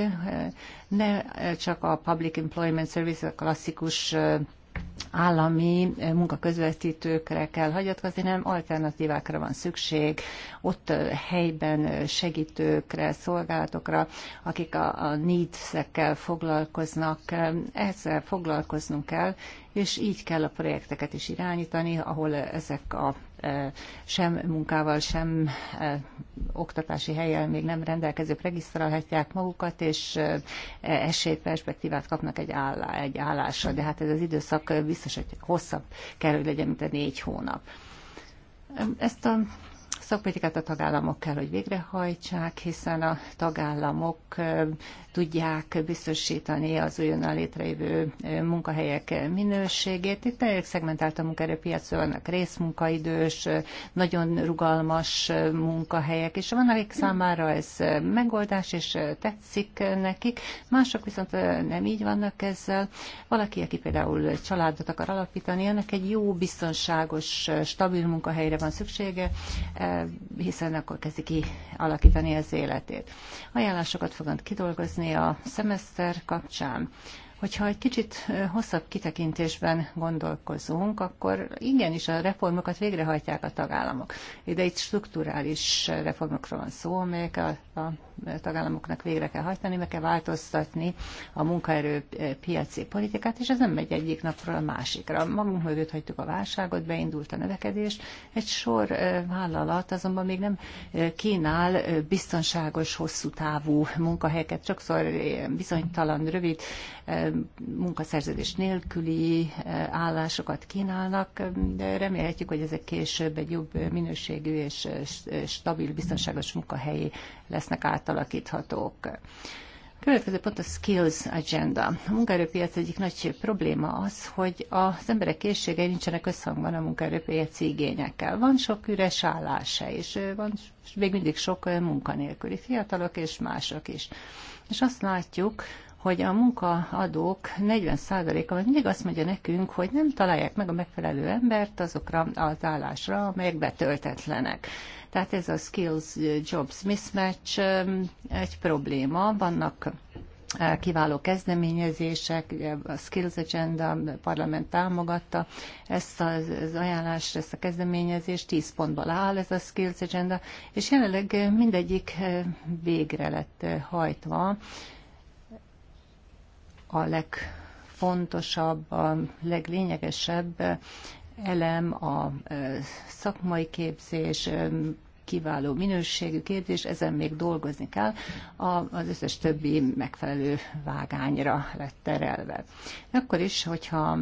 ne csak a Public Employment Service, a klasszikus állami eh, munkaközvetítőkre kell hagyatkozni, nem alternatívákra van szükség, ott eh, helyben eh, segítőkre, szolgálatokra, akik a, a needs-ekkel foglalkoznak, ezzel foglalkoznunk kell, és így kell a projekteket is irányítani, ahol ezek a sem munkával, sem oktatási helyen még nem rendelkezők regisztrálhatják magukat, és esélyt, perspektívát kapnak egy, állá, egy állásra. De hát ez az időszak biztos, hogy hosszabb kell, hogy legyen, mint a négy hónap. Ezt a szakpolitikát a tagállamok kell, hogy végrehajtsák, hiszen a tagállamok tudják biztosítani az újonnan létrejövő munkahelyek minőségét. Itt elég szegmentált a munkaerőpiacon, vannak részmunkaidős, nagyon rugalmas munkahelyek, és van, akik számára ez megoldás, és tetszik nekik, mások viszont nem így vannak ezzel. Valaki, aki például családot akar alapítani, ennek egy jó, biztonságos, stabil munkahelyre van szüksége, hiszen akkor kezdi ki alakítani az életét. Ajánlásokat fogunk kidolgozni a szemeszter kapcsán. Hogyha egy kicsit hosszabb kitekintésben gondolkozunk, akkor igenis a reformokat végrehajtják a tagállamok. Ide itt strukturális reformokról van szó, amelyek a, a tagállamoknak végre kell hajtani, meg kell változtatni a munkaerő eh, piaci politikát, és ez nem megy egyik napról a másikra. Magunk mögött hagytuk a válságot, beindult a növekedés. Egy sor eh, vállalat azonban még nem eh, kínál biztonságos, hosszú távú munkahelyeket, sokszor bizonytalan, rövid munkaszerződés nélküli állásokat kínálnak, de remélhetjük, hogy ezek később egy jobb minőségű és stabil, biztonságos munkahelyi lesznek át átalakíthatók. Következő pont a skills agenda. A munkaerőpiac egyik nagy probléma az, hogy az emberek készségei nincsenek összhangban a munkaerőpiaci igényekkel. Van sok üres állása, és van még mindig sok munkanélküli fiatalok és mások is. És azt látjuk, hogy a munkaadók 40%-a mindig azt mondja nekünk, hogy nem találják meg a megfelelő embert azokra az állásra, amelyek betöltetlenek. Tehát ez a skills-jobs mismatch egy probléma. Vannak kiváló kezdeményezések, a Skills Agenda a parlament támogatta ezt az ajánlást, ezt a kezdeményezést, 10 pontból áll ez a Skills Agenda, és jelenleg mindegyik végre lett hajtva. A legfontosabb, a leglényegesebb elem, a szakmai képzés, kiváló minőségű képzés, ezen még dolgozni kell, az összes többi megfelelő vágányra lett terelve. Akkor is, hogyha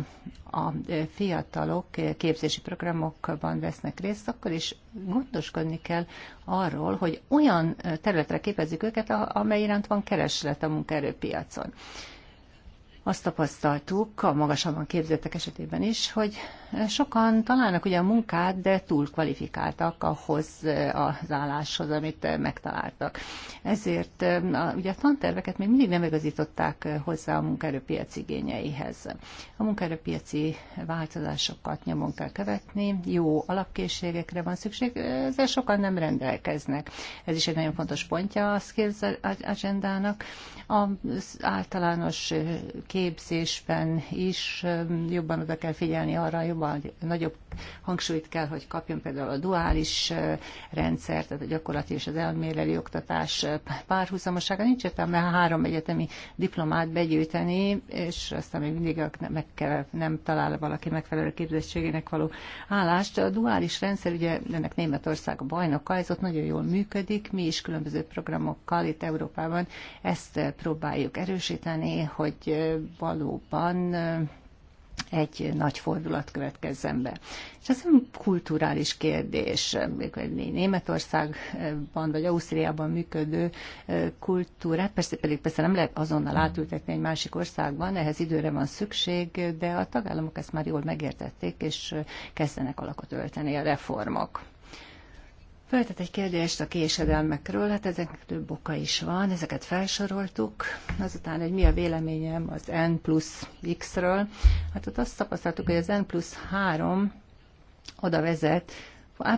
a fiatalok képzési programokban vesznek részt, akkor is gondoskodni kell arról, hogy olyan területre képezzük őket, amely iránt van kereslet a munkaerőpiacon. Azt tapasztaltuk a magasabban képzettek esetében is, hogy Sokan találnak ugye a munkát, de túl kvalifikáltak ahhoz eh, az álláshoz, amit eh, megtaláltak. Ezért eh, a, ugye a tanterveket még mindig nem igazították hozzá a munkaerőpiac igényeihez. A munkaerőpiaci változásokat nyomon kell követni, jó alapkészségekre van szükség, ezzel sokan nem rendelkeznek. Ez is egy nagyon fontos pontja a skills agendának. Az általános képzésben is jobban oda kell figyelni arra, jobban vagy nagyobb hangsúlyt kell, hogy kapjon például a duális rendszer, tehát a gyakorlati és az elméleli oktatás párhuzamosága. Nincs értelme három egyetemi diplomát begyűjteni, és aztán még mindig meg kell, nem talál valaki megfelelő képzettségének való állást. A duális rendszer, ugye ennek Németország a bajnoka, ez ott nagyon jól működik, mi is különböző programokkal itt Európában ezt próbáljuk erősíteni, hogy valóban egy nagy fordulat következzen be. És ez egy kulturális kérdés. Németországban vagy Ausztriában működő kultúra. persze pedig persze nem lehet azonnal átültetni egy másik országban, ehhez időre van szükség, de a tagállamok ezt már jól megértették, és kezdenek alakot ölteni a reformok. Feltett egy kérdést a késedelmekről, hát ezek több oka is van, ezeket felsoroltuk. Azután, hogy mi a véleményem az N plusz X-ről, hát ott azt tapasztaltuk, hogy az N plusz 3 oda vezet,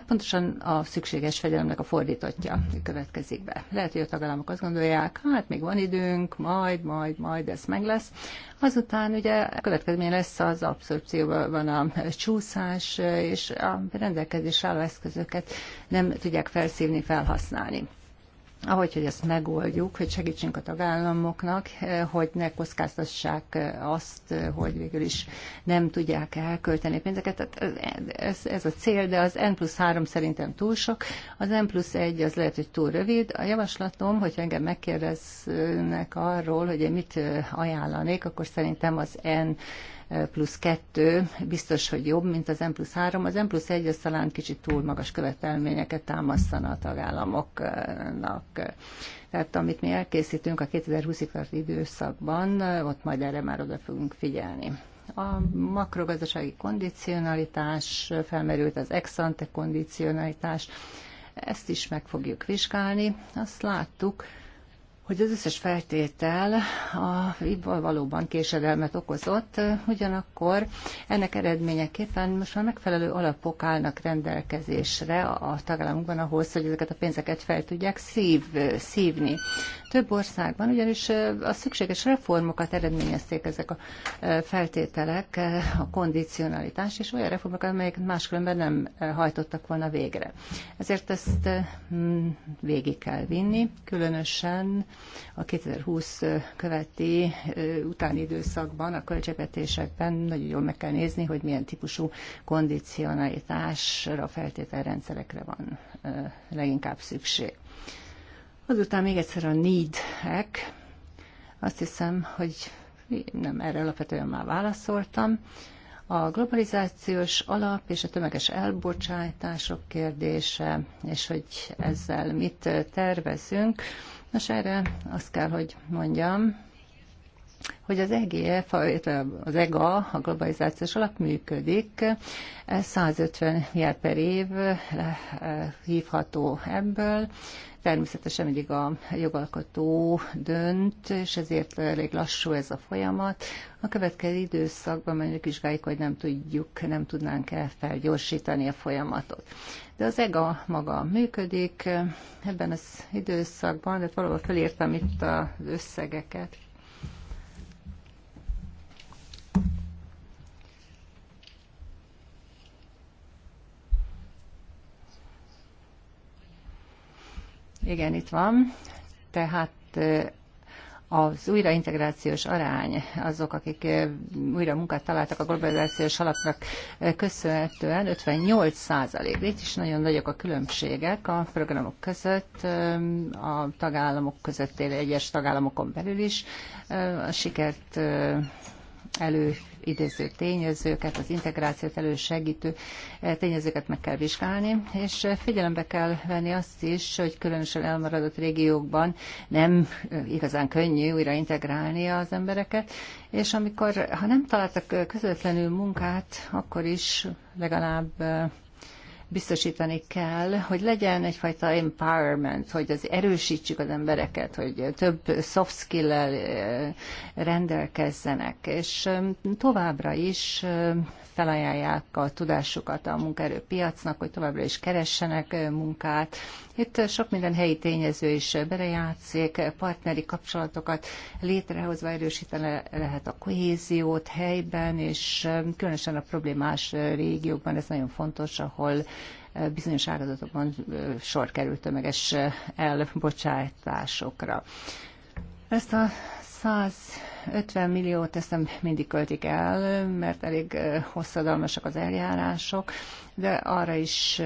pontosan a szükséges fegyelemnek a fordítottja következik be. Lehet, hogy a tagállamok azt gondolják, hát még van időnk, majd, majd, majd ez meg lesz. Azután ugye a következmény lesz az abszorpcióban a csúszás, és a rendelkezés álló eszközöket nem tudják felszívni, felhasználni ahogy hogy ezt megoldjuk, hogy segítsünk a tagállamoknak, eh, hogy ne kockáztassák eh, azt, eh, hogy végül is nem tudják elkölteni pénzeket. Tehát ez, ez a cél, de az N plusz 3 szerintem túl sok, az N plusz 1 az lehet, hogy túl rövid. A javaslatom, hogy engem megkérdeznek arról, hogy én mit ajánlanék, akkor szerintem az N plusz 2 biztos, hogy jobb, mint az M plusz 3. Az M plusz 1 az talán kicsit túl magas követelményeket támasztana a tagállamoknak. Tehát amit mi elkészítünk a 2020-ig tartó időszakban, ott majd erre már oda fogunk figyelni. A makrogazdasági kondicionalitás felmerült, az ex-ante kondicionalitás, ezt is meg fogjuk vizsgálni. Azt láttuk, hogy az összes feltétel a, valóban késedelmet okozott, ugyanakkor ennek eredményeképpen most már megfelelő alapok állnak rendelkezésre a tagállamokban ahhoz, hogy ezeket a pénzeket fel tudják szív, szívni. Több országban ugyanis a szükséges reformokat eredményezték ezek a feltételek, a kondicionalitás, és olyan reformokat, amelyek máskülönben nem hajtottak volna végre. Ezért ezt végig kell vinni, különösen a 2020 követi utáni időszakban a költségvetésekben nagyon jól meg kell nézni, hogy milyen típusú kondicionalitásra, feltételrendszerekre van leginkább szükség. Azután még egyszer a need-ek. Azt hiszem, hogy nem erre alapvetően már válaszoltam. A globalizációs alap és a tömeges elbocsátások kérdése, és hogy ezzel mit tervezünk. Nos, erre azt kell, hogy mondjam, hogy az EGF, az EGA, a globalizációs alap működik, 150 jel per év eh, hívható ebből, Természetesen mindig a jogalkotó dönt, és ezért elég lassú ez a folyamat. A következő időszakban mondjuk vizsgáljuk, hogy nem tudjuk, nem tudnánk-e felgyorsítani a folyamatot. De az EGA maga működik ebben az időszakban, de valahol felírtam itt az összegeket, Igen, itt van. Tehát az újraintegrációs arány, azok, akik újra munkát találtak a globalizációs alapnak köszönhetően 58 százalék. Itt is nagyon nagyok a különbségek a programok között, a tagállamok között, egyes tagállamokon belül is. A sikert elő idéző tényezőket, az integrációt elősegítő eh, tényezőket meg kell vizsgálni, és eh, figyelembe kell venni azt is, hogy különösen elmaradott régiókban nem eh, igazán könnyű újra integrálni az embereket, és amikor, ha nem találtak közvetlenül munkát, akkor is legalább biztosítani kell, hogy legyen egyfajta empowerment, hogy az erősítsük az embereket, hogy több soft skill-el eh, rendelkezzenek, és eh, továbbra is eh, felajánlják a tudásukat a munkaerőpiacnak, hogy továbbra is keressenek munkát, itt sok minden helyi tényező is belejátszik, partneri kapcsolatokat létrehozva erősítene lehet a kohéziót helyben, és um, különösen a problémás régiókban ez nagyon fontos, ahol uh, bizonyos ágazatokban uh, sor került tömeges uh, elbocsátásokra. Ezt a 100 50 milliót ezt nem mindig költik el, mert elég hosszadalmasak az eljárások, de arra is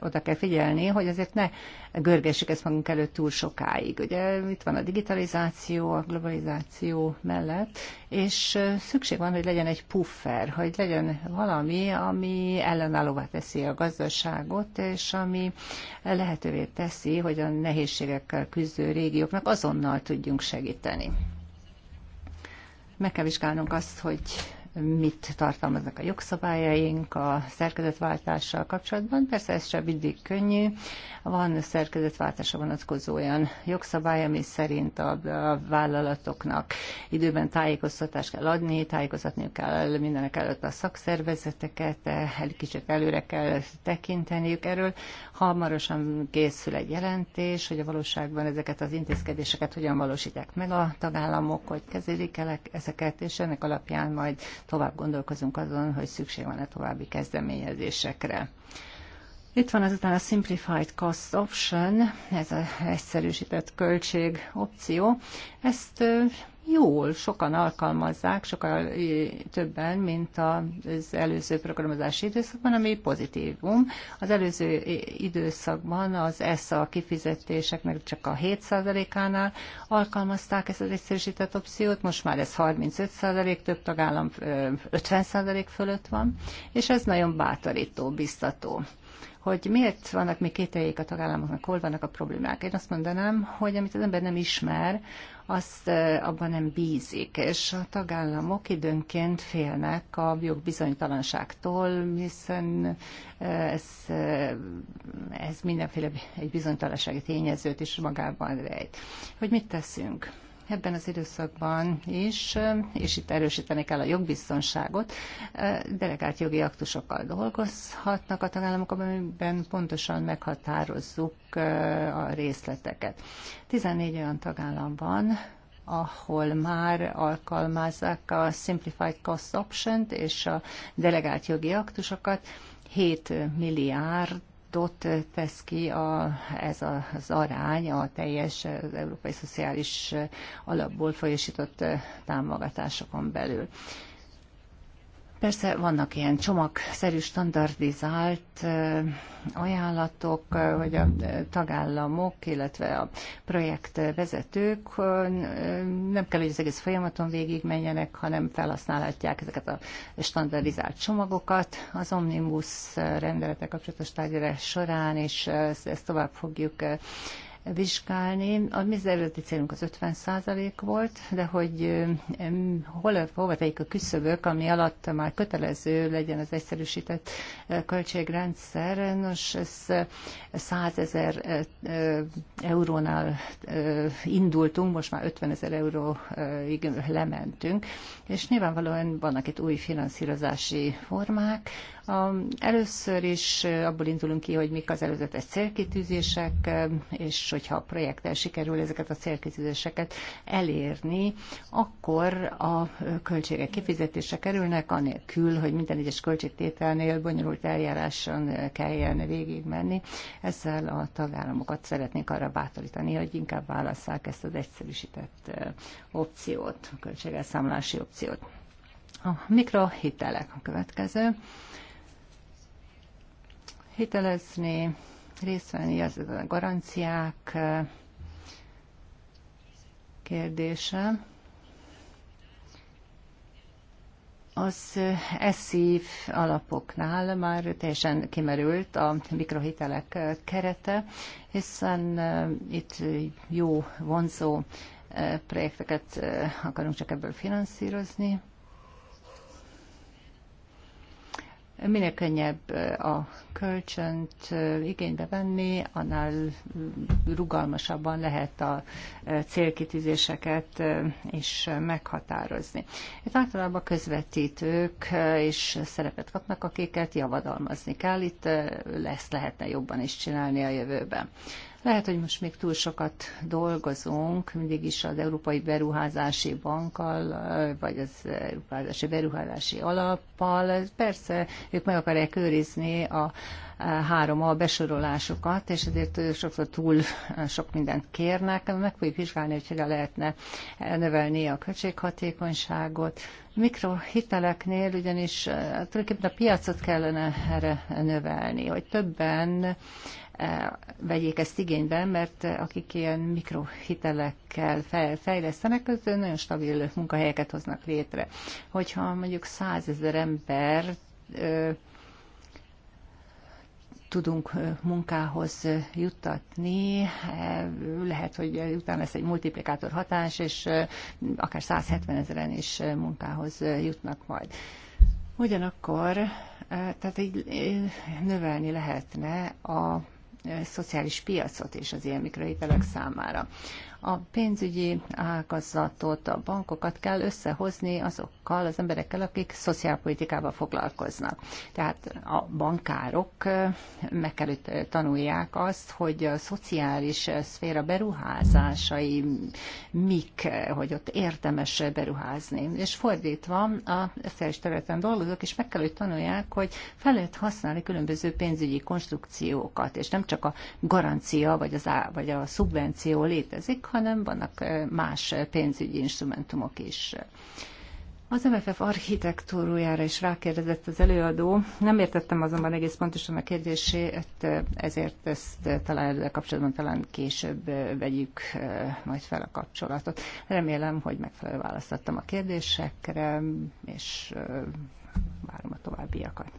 oda kell figyelni, hogy azért ne görgessük ezt magunk előtt túl sokáig. Ugye itt van a digitalizáció, a globalizáció mellett, és szükség van, hogy legyen egy puffer, hogy legyen valami, ami ellenállóvá teszi a gazdaságot, és ami lehetővé teszi, hogy a nehézségekkel küzdő régióknak azonnal tudjunk segíteni. Meg kell vizsgálnunk azt, hogy mit tartalmaznak a jogszabályaink a szerkezetváltással kapcsolatban. Persze ez sem mindig könnyű. Van szerkezetváltásra vonatkozó olyan jogszabály, ami szerint a, vállalatoknak időben tájékoztatást kell adni, tájékoztatniuk kell mindenek előtt a szakszervezeteket, eh, egy kicsit előre kell tekinteniük erről hamarosan készül egy jelentés, hogy a valóságban ezeket az intézkedéseket hogyan valósítják meg a tagállamok, hogy kezelik el ezeket, és ennek alapján majd tovább gondolkozunk azon, hogy szükség van-e további kezdeményezésekre. Itt van azután a Simplified Cost Option, ez az egyszerűsített költség opció. Ezt jól, sokan alkalmazzák, sokkal többen, mint az előző programozási időszakban, ami pozitívum. Az előző időszakban az ESZA kifizetéseknek csak a 7%-ánál alkalmazták ezt az egyszerűsített opciót, most már ez 35%, több tagállam 50% fölött van, és ez nagyon bátorító, biztató hogy miért vannak még kételjék a tagállamoknak, hol vannak a problémák. Én azt mondanám, hogy amit az ember nem ismer, azt abban nem bízik, és a tagállamok időnként félnek a jogbizonytalanságtól, hiszen ez, ez mindenféle egy bizonytalansági tényezőt is magában rejt. Hogy mit teszünk? ebben az időszakban is, és itt erősíteni kell a jogbiztonságot, delegált jogi aktusokkal dolgozhatnak a tagállamok, amiben pontosan meghatározzuk a részleteket. 14 olyan tagállam van, ahol már alkalmazzák a Simplified Cost Option-t és a delegált jogi aktusokat, 7 milliárd pontot tesz ki a, ez az arány a teljes az európai szociális alapból folyosított támogatásokon belül. Persze vannak ilyen csomagszerű standardizált ajánlatok, hogy a tagállamok, illetve a projektvezetők nem kell, hogy az egész folyamaton végig menjenek, hanem felhasználhatják ezeket a standardizált csomagokat az omnibus rendeletek kapcsolatos tárgyalás során, és ezt tovább fogjuk vizsgálni. A mi előtti célunk az 50 százalék volt, de hogy hol, hova tegyük a küszöbök, ami alatt már kötelező legyen az egyszerűsített eh, költségrendszer. Nos, ez 100 eh, ezer eh, eurónál indultunk, most már 50 ezer euróig lementünk, és nyilvánvalóan vannak itt új finanszírozási formák. Először is abból indulunk ki, hogy mik az előzetes célkitűzések, és hogyha a projekten sikerül ezeket a célkitűzéseket elérni, akkor a költségek kifizetése kerülnek, anélkül, hogy minden egyes költségtételnél bonyolult eljáráson kelljen végigmenni. Ezzel a tagállamokat szeretnék arra bátorítani, hogy inkább válasszák ezt az egyszerűsített opciót, a költségelszámlási opciót. A mikrohitelek a következő hitelezni részt venni, az a garanciák kérdése. Az eszív alapoknál már teljesen kimerült a mikrohitelek kerete, hiszen itt jó vonzó projekteket akarunk csak ebből finanszírozni. minél könnyebb a kölcsönt igénybe venni, annál rugalmasabban lehet a célkitűzéseket is meghatározni. Itt általában a közvetítők is szerepet kapnak, akiket javadalmazni kell, itt lesz lehetne jobban is csinálni a jövőben. Lehet, hogy most még túl sokat dolgozunk, mindig is az Európai Beruházási Bankkal, vagy az Európai Beruházási Alappal. Persze, ők meg akarják őrizni a három a besorolásokat, és ezért sokszor túl sok mindent kérnek. Meg fogjuk vizsgálni, hogy hogyan lehetne növelni a költséghatékonyságot. Mikrohiteleknél ugyanis eh, tulajdonképpen a piacot kellene erre növelni, hogy többen E, vegyék ezt igénybe, mert akik ilyen mikrohitelekkel fejlesztenek, az nagyon stabil munkahelyeket hoznak létre. Hogyha mondjuk százezer ember e, tudunk e, munkához juttatni, lehet, hogy utána lesz egy multiplikátor hatás, és akár 170 ezeren is munkához jutnak majd. Ugyanakkor, tehát így növelni lehetne a szociális piacot és az ilyen mikrohitelek számára. A pénzügyi ágazatot, a bankokat kell összehozni azokkal az emberekkel, akik szociálpolitikával foglalkoznak. Tehát a bankárok eh, meg kell, tanulják azt, hogy a szociális szféra beruházásai mik, eh, hogy ott érdemes beruházni. És fordítva, a szociális területen dolgozók is meg kell, hogy tanulják, hogy fel lehet használni különböző pénzügyi konstrukciókat, és nem csak a garancia vagy, az á, vagy a szubvenció létezik, hanem vannak más pénzügyi instrumentumok is. Az MFF architektúrójára is rákérdezett az előadó. Nem értettem azonban egész pontosan a kérdését, ezért ezt talán ezzel kapcsolatban talán később vegyük majd fel a kapcsolatot. Remélem, hogy megfelelő választottam a kérdésekre, és várom a továbbiakat.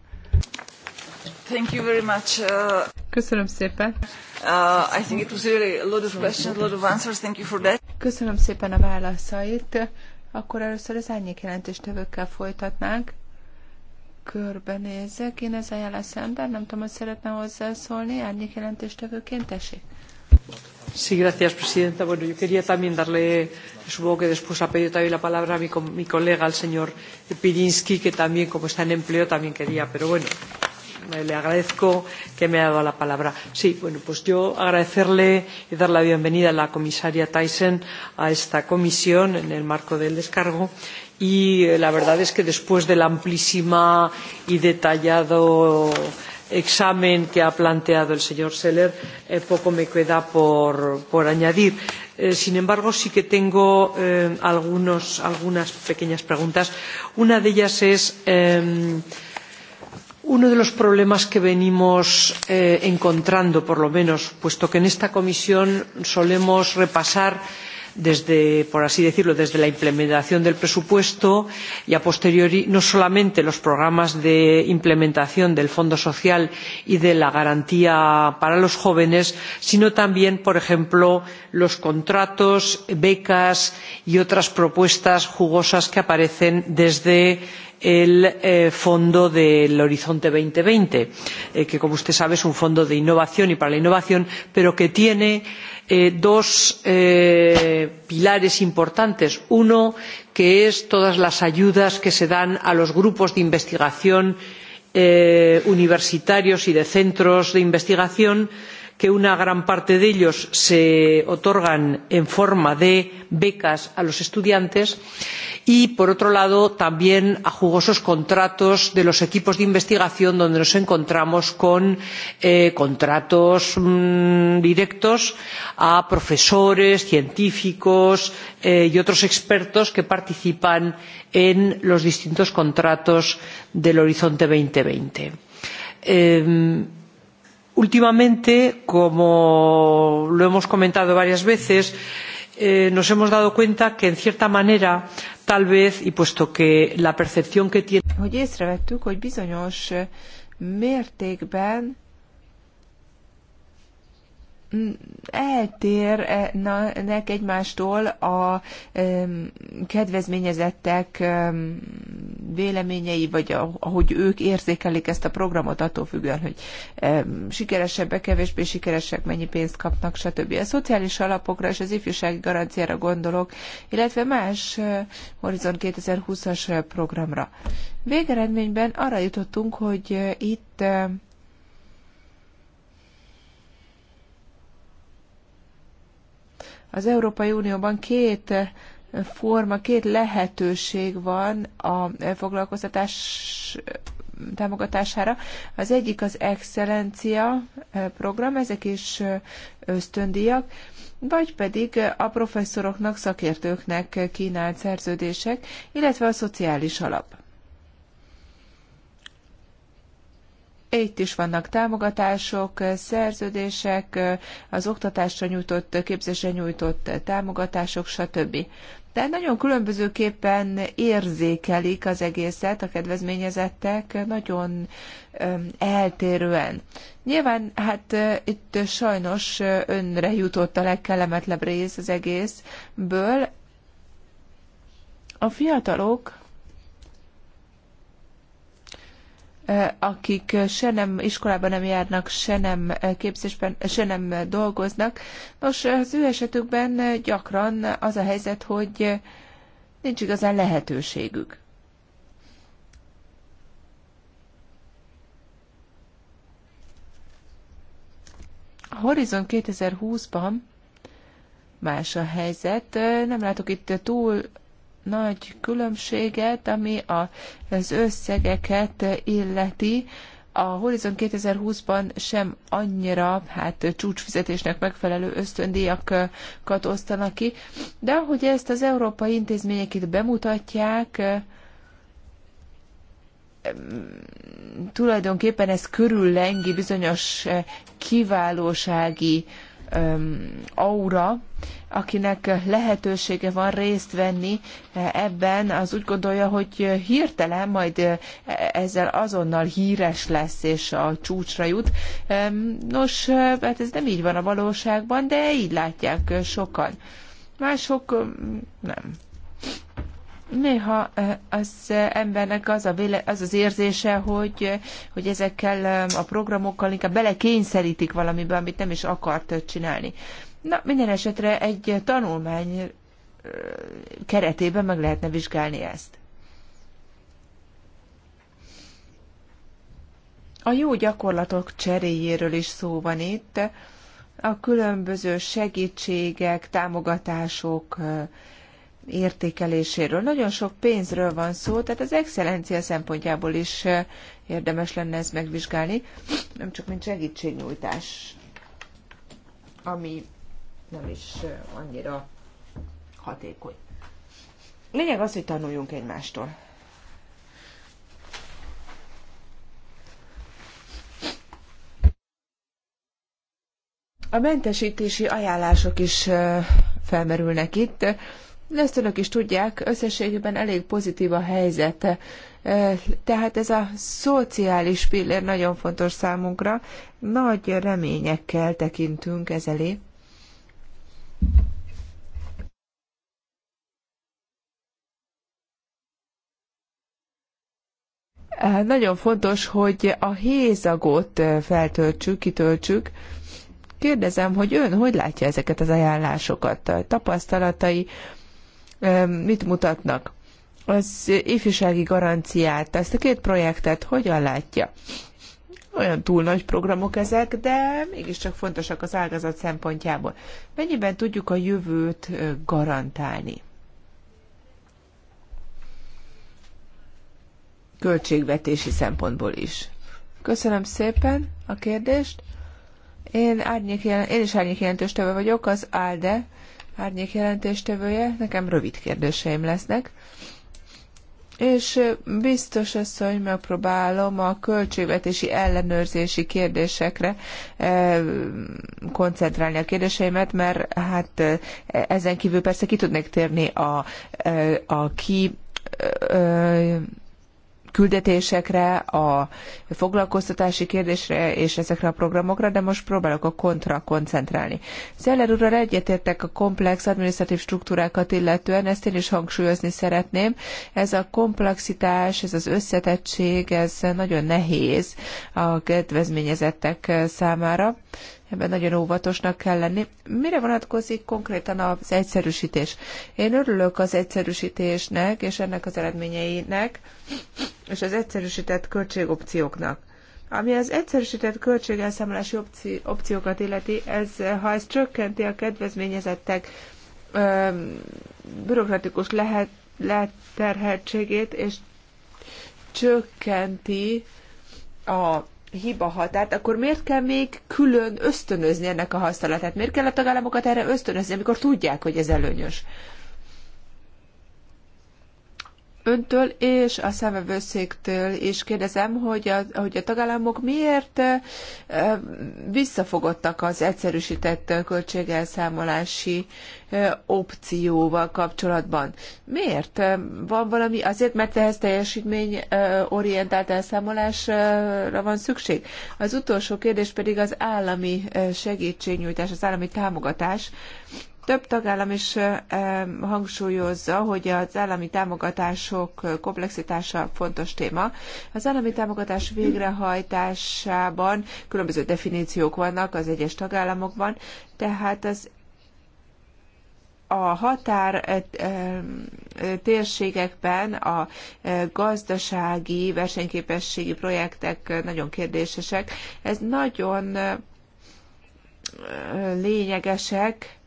Thank you very much. Uh, Köszönöm szépen. Uh, I think it was really a lot of questions, a lot of answers. Thank you for that. Köszönöm szépen a válaszait. Akkor először az árnyék jelentéstevőkkel folytatnánk. Körbenézek, én ez ajánlás szemben, nem tudom, hogy szeretne hozzászólni, árnyék jelentéstevőként, tessék.
Sí, gracias, presidenta. Bueno, yo quería también darle, supongo que después ha pedido también la palabra a mi, mi colega, el señor Pirinsky, que también, como está en empleo, también quería, pero bueno, le agradezco que me haya dado la palabra. Sí, bueno, pues yo agradecerle y dar la bienvenida a la comisaria Thyssen a esta comisión en el marco del descargo y eh, la verdad es que después del amplísimo y detallado examen que ha planteado el señor Seller, eh, poco me queda por, por añadir. Eh, sin embargo, sí que tengo eh, algunos, algunas pequeñas preguntas. Una de ellas es. Eh, uno de los problemas que venimos eh, encontrando por lo menos puesto que en esta comisión solemos repasar los desde, por así decirlo desde la implementación del presupuesto y a posteriori no solamente los programas de implementación del fondo social y de la garantía para los jóvenes sino también por ejemplo los contratos becas y otras propuestas jugosas que aparecen desde el eh, fondo de horizonte dos mil veinte eh, que como usted sabe es un fondo de innovación y para la innovación pero que tiene Eh, dos eh, pilares importantes uno que es todas las ayudas que se dan a los grupos de investigación eh, universitarios y de centros de investigación y que una gran parte de ellos se otorgan en forma de becas a los estudiantes y por otro lado también a jugosos contratos de los equipos de investigación donde nos encontramos con eh, contratos mmm, directos a profesores científicos eh, y otros expertos que participan en los distintos contratos del horizonte. dos mil veinte últimamente como lo hemos comentado varias veces eh, nos hemos dado cuenta que en cierta manera tal vez y puesto que la percepción que tiene hogy észrevettük, hogy bizonyos mértékben
eltérnek egymástól a kedvezményezettek véleményei, vagy ahogy ők érzékelik ezt a programot, attól függően, hogy sikeresebbek, kevésbé sikeresek, mennyi pénzt kapnak, stb. A szociális alapokra és az ifjúsági garanciára gondolok, illetve más Horizon 2020-as programra. Végeredményben arra jutottunk, hogy itt Az Európai Unióban két forma, két lehetőség van a foglalkoztatás támogatására. Az egyik az excellencia program, ezek is ösztöndíjak, vagy pedig a professzoroknak, szakértőknek kínált szerződések, illetve a szociális alap. Itt is vannak támogatások, szerződések, az oktatásra nyújtott, képzésre nyújtott támogatások, stb. De nagyon különbözőképpen érzékelik az egészet a kedvezményezettek, nagyon eltérően. Nyilván, hát itt sajnos önre jutott a legkellemetlebb rész az egészből. A fiatalok akik se nem iskolában nem járnak, se nem képzésben, se nem dolgoznak. Nos, az ő esetükben gyakran az a helyzet, hogy nincs igazán lehetőségük. A Horizon 2020-ban más a helyzet. Nem látok itt túl nagy különbséget, ami az összegeket illeti. A Horizon 2020-ban sem annyira hát csúcsfizetésnek megfelelő ösztöndíjakat osztanak ki, de ahogy ezt az európai intézmények itt bemutatják, tulajdonképpen ez körüllengi bizonyos eh, kiválósági aura, akinek lehetősége van részt venni e, ebben, az úgy gondolja, hogy hirtelen majd e, ezzel azonnal híres lesz és a csúcsra jut. Nos, hát ez nem így van a valóságban, de így látják sokan. Mások nem néha az embernek az, a véle, az az érzése, hogy, hogy ezekkel a programokkal inkább belekényszerítik valamiben, amit nem is akart csinálni. Na, minden esetre egy tanulmány keretében meg lehetne vizsgálni ezt. A jó gyakorlatok cseréjéről is szó van itt, a különböző segítségek, támogatások, értékeléséről. Nagyon sok pénzről van szó, tehát az excellencia szempontjából is eh, érdemes lenne ezt megvizsgálni, nem csak mint segítségnyújtás, ami nem is eh, annyira hatékony. Lényeg az, hogy tanuljunk egymástól. A mentesítési ajánlások is eh, felmerülnek itt. De ezt önök is tudják, összességében elég pozitív a helyzete. Tehát ez a szociális pillér nagyon fontos számunkra. Nagy reményekkel tekintünk ez elé. Nagyon fontos, hogy a hézagot feltöltsük, kitöltsük. Kérdezem, hogy ön hogy látja ezeket az ajánlásokat, tapasztalatai, mit mutatnak? Az ifjúsági garanciát, ezt a két projektet hogyan látja? Olyan túl nagy programok ezek, de mégiscsak fontosak az ágazat szempontjából. Mennyiben tudjuk a jövőt garantálni? Költségvetési szempontból is. Köszönöm szépen a kérdést. Én, árnyék, én is árnyék jelentőstevő vagyok, az ALDE árnyék jelentéstevője, nekem rövid kérdéseim lesznek. És biztos az, hogy megpróbálom a költségvetési ellenőrzési kérdésekre koncentrálni a kérdéseimet, mert hát ezen kívül persze ki tudnék térni a, a ki küldetésekre, a foglalkoztatási kérdésre és ezekre a programokra, de most próbálok a kontra koncentrálni. Zeller úrral egyetértek a komplex administratív struktúrákat illetően, ezt én is hangsúlyozni szeretném. Ez a komplexitás, ez az összetettség, ez nagyon nehéz a kedvezményezettek számára ebben nagyon óvatosnak kell lenni. Mire vonatkozik konkrétan az egyszerűsítés? Én örülök az egyszerűsítésnek és ennek az eredményeinek, és az egyszerűsített költségopcióknak. Ami az egyszerűsített költségelszámolási opci- opciókat illeti, ez, ha ez csökkenti a kedvezményezettek ö, bürokratikus lehet, leterheltségét, és csökkenti a hiba határt, akkor miért kell még külön ösztönözni ennek a használatát? Miért kell a tagállamokat erre ösztönözni, amikor tudják, hogy ez előnyös? öntől és a szemevőszéktől is kérdezem, hogy a, hogy a tagállamok miért visszafogottak az egyszerűsített költségelszámolási opcióval kapcsolatban. Miért? Van valami azért, mert ehhez orientált elszámolásra van szükség? Az utolsó kérdés pedig az állami segítségnyújtás, az állami támogatás. Több tagállam is hangsúlyozza, hogy az állami támogatások komplexitása fontos téma. Az állami támogatás végrehajtásában különböző definíciók vannak az egyes tagállamokban, tehát az a határ térségekben a gazdasági, versenyképességi projektek nagyon kérdésesek. Ez nagyon lényegesek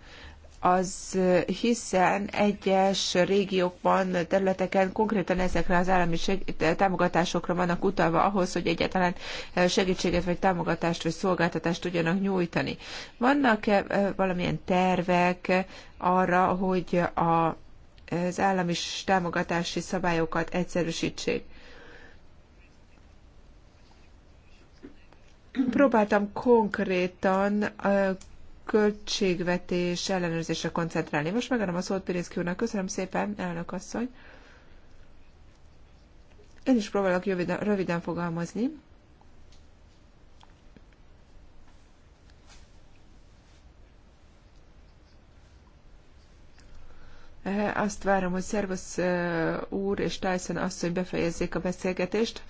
az hiszen egyes régiókban, területeken konkrétan ezekre az állami seg támogatásokra vannak utalva ahhoz, hogy egyáltalán eh, segítséget vagy támogatást vagy szolgáltatást tudjanak nyújtani. Vannak-e eh, valamilyen tervek arra, hogy a, az állami támogatási szabályokat egyszerűsítsék? Próbáltam konkrétan eh, költségvetés ellenőrzésre koncentrálni. Most megadom a szót Pirinszki úrnak. Köszönöm szépen, elnök asszony. Én is próbálok röviden, röviden fogalmazni. Eh, azt várom, hogy Szervusz eh, úr és Tyson asszony befejezzék a beszélgetést.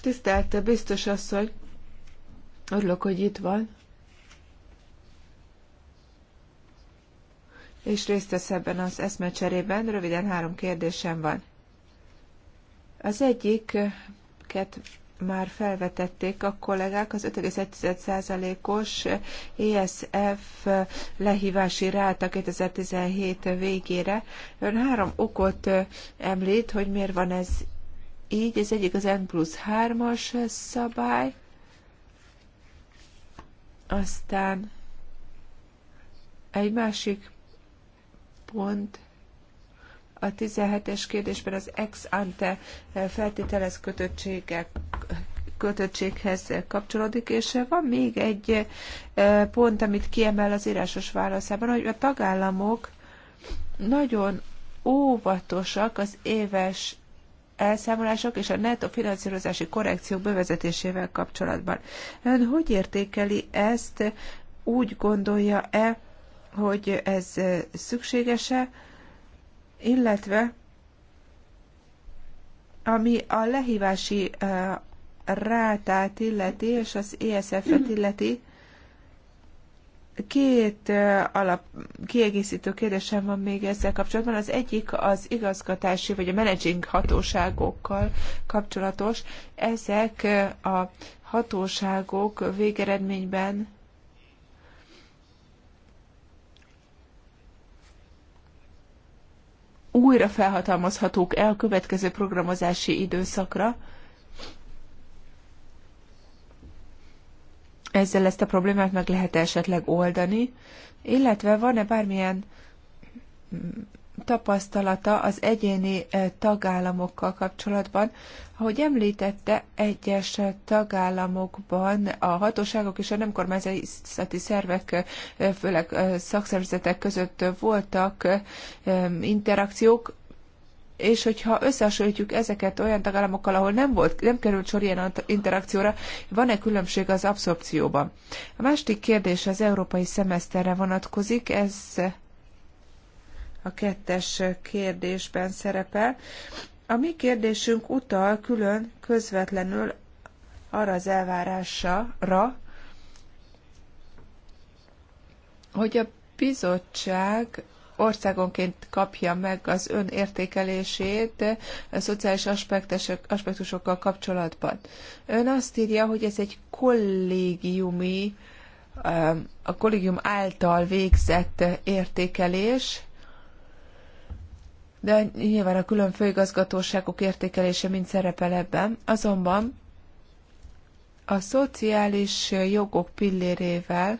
Tisztelt biztos asszony, örülök, hogy itt van. és részt vesz ebben az eszmecserében. Röviden három kérdésem van. Az egyiket már felvetették a kollégák, az 5,1%-os ESF lehívási ráta 2017 végére. Ön három okot említ, hogy miért van ez így. Ez egyik az N plusz 3-as szabály, aztán egy másik pont a 17-es kérdésben az ex ante feltételez kötöttségek kötöttséghez kapcsolódik, és van még egy e, pont, amit kiemel az írásos válaszában, hogy a tagállamok nagyon óvatosak az éves elszámolások és a netto finanszírozási korrekció bevezetésével kapcsolatban. Ön hogy értékeli ezt? Úgy gondolja-e, hogy ez szükséges-e, illetve ami a lehívási rátát illeti, és az ESF-et illeti, két alap kiegészítő kérdésem van még ezzel kapcsolatban. Az egyik az igazgatási vagy a managing hatóságokkal kapcsolatos. Ezek a hatóságok végeredményben újra felhatalmazhatók el a következő programozási időszakra. Ezzel ezt a problémát meg lehet esetleg oldani, illetve van-e bármilyen tapasztalata az egyéni eh, tagállamokkal kapcsolatban. Ahogy említette, egyes eh, tagállamokban a hatóságok és a nem kormányzati szervek, eh, főleg szakszervezetek között voltak interakciók, és hogyha összehasonlítjuk ezeket olyan tagállamokkal, ahol nem, volt, nem került sor ilyen interakcióra, van-e különbség az abszorpcióban? A másik kérdés az európai szemeszterre vonatkozik, ez a kettes kérdésben szerepel. A mi kérdésünk utal külön közvetlenül arra az elvárásra, hogy a bizottság országonként kapja meg az ön értékelését a szociális aspektusokkal kapcsolatban. Ön azt írja, hogy ez egy kollégiumi, a kollégium által végzett értékelés, de nyilván a külön főigazgatóságok értékelése mind szerepel ebben. Azonban a szociális jogok pillérével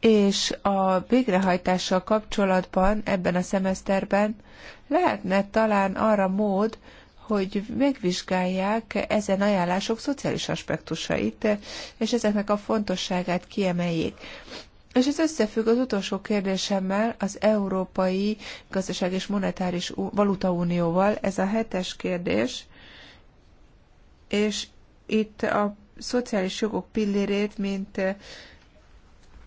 és a végrehajtással kapcsolatban ebben a szemeszterben lehetne talán arra mód, hogy megvizsgálják ezen ajánlások szociális aspektusait, és ezeknek a fontosságát kiemeljék. És ez összefügg az utolsó kérdésemmel, az Európai Gazdaság és Monetáris Valutaunióval, ez a hetes kérdés, és itt a szociális jogok pillérét, mint eh,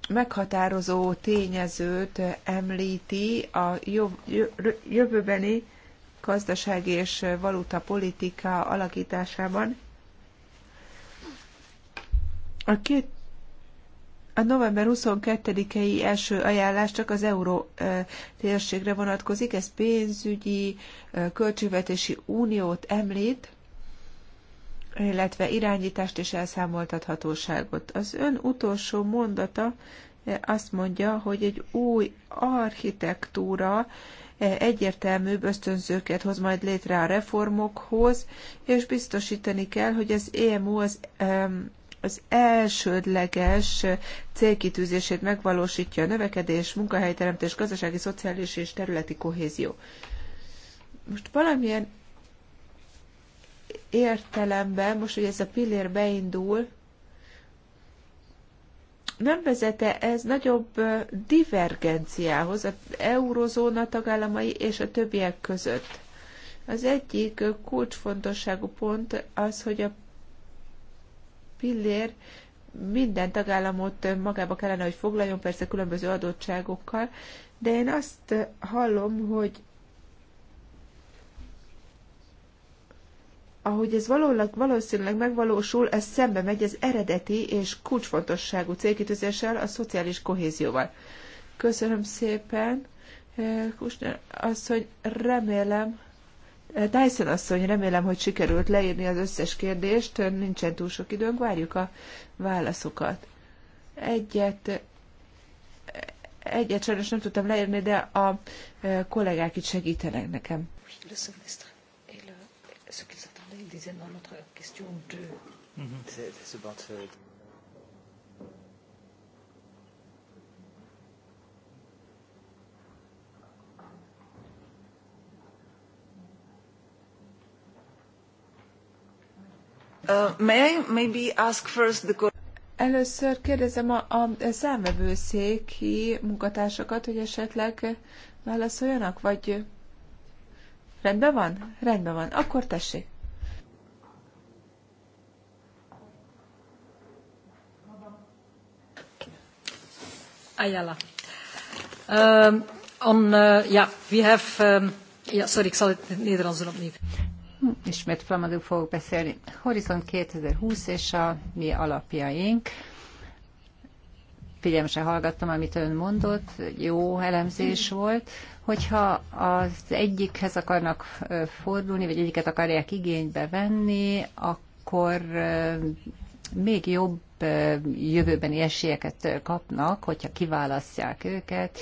meghatározó tényezőt eh, említi a jövőbeni gazdasági és eh, valuta politika alakításában. A két a november 22-i első ajánlás csak az euró térségre vonatkozik, ez pénzügyi, költségvetési uniót említ, illetve irányítást és elszámoltathatóságot. Az ön utolsó mondata azt mondja, hogy egy új architektúra egyértelmű ösztönzőket hoz majd létre a reformokhoz, és biztosítani kell, hogy az EMU az az elsődleges célkitűzését megvalósítja a növekedés, munkahelyteremtés, gazdasági, szociális és területi kohézió. Most valamilyen értelemben, most, hogy ez a pillér beindul, nem vezete ez nagyobb divergenciához az eurozóna tagállamai és a többiek között? Az egyik kulcsfontosságú pont az, hogy a pillér minden tagállamot magába kellene, hogy foglaljon, persze különböző adottságokkal, de én azt hallom, hogy ahogy ez valólag, valószínűleg megvalósul, ez szembe megy az eredeti és kulcsfontosságú célkitűzéssel, a szociális kohézióval. Köszönöm szépen, eh, Kusner, azt, hogy remélem, Tyson asszony, remélem, hogy sikerült leírni az összes kérdést, nincsen túl sok időnk, várjuk a válaszokat. Egyet, egyet sajnos nem tudtam leírni, de a e, kollégák itt segítenek nekem. Mm-hmm. Uh, may I maybe ask first the... Először kérdezem a, a számvevőszéki munkatársakat, hogy esetleg válaszoljanak, vagy rendben van? Rendben van. Akkor
tessék. Ayala. Um, on, uh, yeah, we have, um, yeah, sorry, ik zal het Nederlands doen opnieuw
ismét flamadul fogok beszélni. Horizont 2020 és a mi alapjaink. Figyelmesen hallgattam, amit ön mondott, jó elemzés volt. Hogyha az egyikhez akarnak fordulni, vagy egyiket akarják igénybe venni, akkor még jobb jövőbeni esélyeket kapnak, hogyha kiválasztják őket.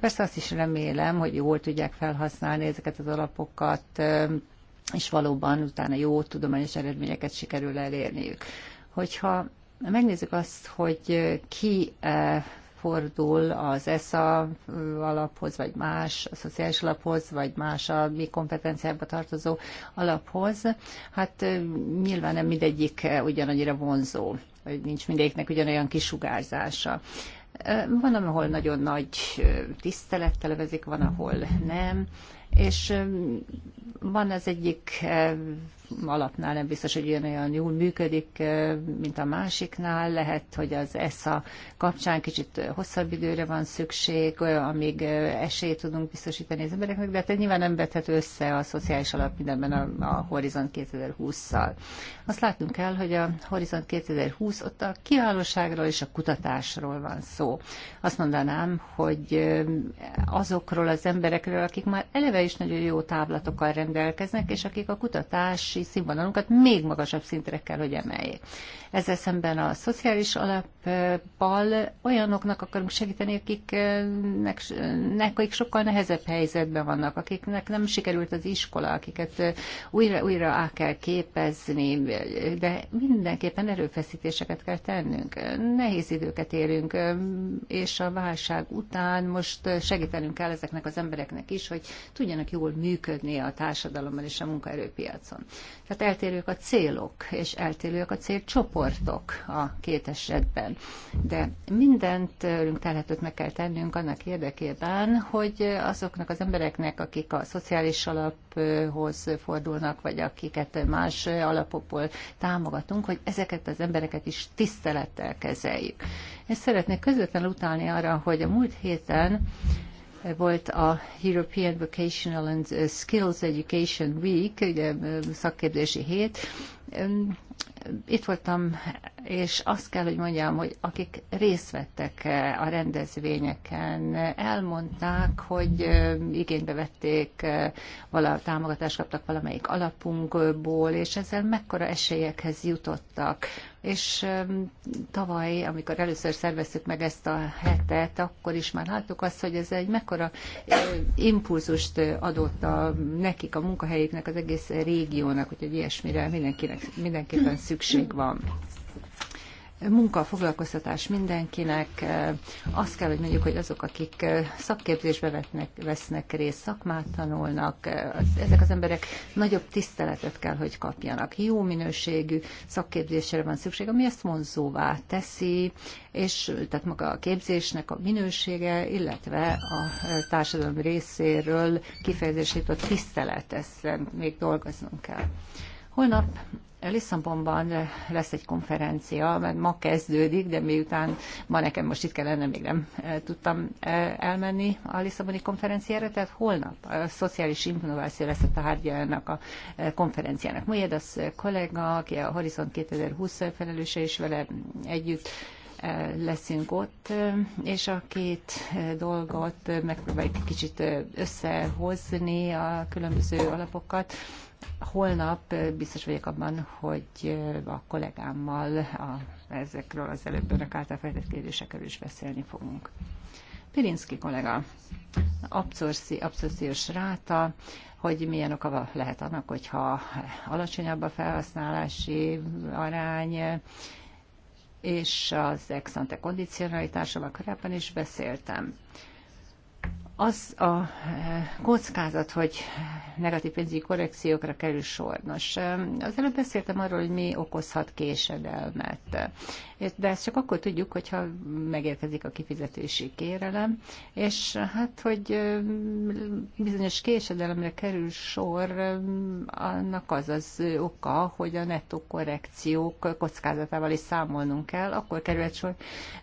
Persze azt is remélem, hogy jól tudják felhasználni ezeket az alapokat, és valóban utána jó tudományos eredményeket sikerül elérniük. Hogyha megnézzük azt, hogy ki eh, fordul az ESA alaphoz, vagy más a szociális alaphoz, vagy más a mi kompetenciába tartozó alaphoz, hát eh, nyilván nem mindegyik eh, ugyanannyira vonzó, vagy nincs mindegyiknek ugyanolyan kisugárzása. Van, ahol nagyon nagy tisztelettel vezik, van, ahol nem és van az egyik alapnál nem biztos, hogy ilyen olyan jól működik, mint a másiknál. Lehet, hogy az ESZA kapcsán kicsit hosszabb időre van szükség, amíg esélyt tudunk biztosítani az embereknek, de hát nyilván nem vethet össze a szociális alap mindenben a, a Horizont 2020-szal. Azt látnunk kell, hogy a Horizont 2020 ott a kiválóságról és a kutatásról van szó. Azt mondanám, hogy azokról az emberekről, akik már eleve is nagyon jó táblatokkal rendelkeznek, és akik a kutatás színvonalunkat még magasabb szintre kell, hogy emeljék. Ezzel szemben a szociális alappal olyanoknak akarunk segíteni, akiknek, akik sokkal nehezebb helyzetben vannak, akiknek nem sikerült az iskola, akiket újra, újra á kell képezni, de mindenképpen erőfeszítéseket kell tennünk. Nehéz időket élünk, és a válság után most segítenünk kell ezeknek az embereknek is, hogy tudjanak jól működni a társadalomban és a munkaerőpiacon. Tehát eltérők a célok, és eltérők a célcsoportok csoportok a két esetben. De mindent tőlünk telhetőt meg kell tennünk annak érdekében, hogy azoknak az embereknek, akik a szociális alaphoz fordulnak, vagy akiket más alapokból támogatunk, hogy ezeket az embereket is tisztelettel kezeljük. És szeretnék közvetlenül utálni arra, hogy a múlt héten volt a European Vocational and Skills Education Week, ugye szakképzési hét, itt voltam, és azt kell, hogy mondjam, hogy akik részt vettek eh, a rendezvényeken, elmondták, hogy eh, igénybe vették, eh, vala támogatást kaptak valamelyik alapunkból, és ezzel mekkora esélyekhez jutottak és tavaly, amikor először szerveztük meg ezt a hetet, akkor is már láttuk azt, hogy ez egy mekkora impulzust adott a, nekik, a munkahelyüknek, az egész régiónak, hogy ilyesmire mindenkinek, mindenképpen szükség van munka, foglalkoztatás mindenkinek. Azt kell, hogy mondjuk, hogy azok, akik szakképzésbe vetnek, vesznek részt, szakmát tanulnak, az, ezek az emberek nagyobb tiszteletet kell, hogy kapjanak. Jó minőségű szakképzésre van szükség, ami ezt vonzóvá teszi, és tehát maga a képzésnek a minősége, illetve a társadalom részéről kifejezését a tisztelet, ezt még dolgoznunk kell. Holnap Lisszabonban lesz egy konferencia, mert ma kezdődik, de miután ma nekem most itt kellene, még nem eh, tudtam eh, elmenni a Lisszaboni konferenciára, tehát holnap a szociális innováció lesz a tárgya ennek a eh, konferenciának. az kollega, aki a Horizont 2020 felelőse is vele együtt, leszünk ott, és a két dolgot megpróbáljuk egy kicsit összehozni a különböző alapokat. Holnap biztos vagyok abban, hogy a kollégámmal a, ezekről az előbb önök által fejtett kérdésekről is beszélni fogunk. Pirinszki kollega, abszorci, abszorciós ráta, hogy milyen oka lehet annak, hogyha alacsonyabb a felhasználási arány, és az exante ante kondicionalitásról korábban is beszéltem. Az a eh, kockázat, hogy negatív pénzügyi korrekciókra kerül sor. Nos, eh, az előbb beszéltem arról, hogy mi okozhat késedelmet de ezt csak akkor tudjuk, hogyha megérkezik a kifizetési kérelem, és hát, hogy bizonyos késedelemre kerül sor, annak az az oka, hogy a nettó korrekciók kockázatával is számolnunk kell, akkor kerülhet sor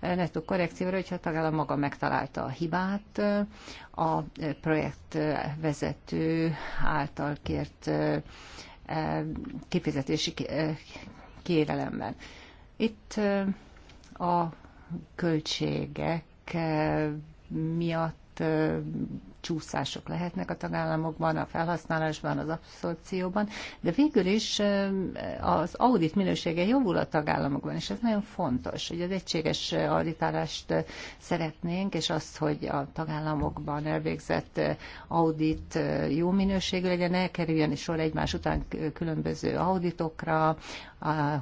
nettó korrekcióra, hogyha a tagállam maga megtalálta a hibát, a projektvezető által kért kifizetési kérelemben. Itt a költségek miatt csúszások lehetnek a tagállamokban, a felhasználásban, az abszorcióban, de végül is az audit minősége javul a tagállamokban, és ez nagyon fontos, hogy az egységes auditálást szeretnénk, és azt, hogy a tagállamokban elvégzett audit jó minőségű legyen, ne kerüljön sor egymás után különböző auditokra,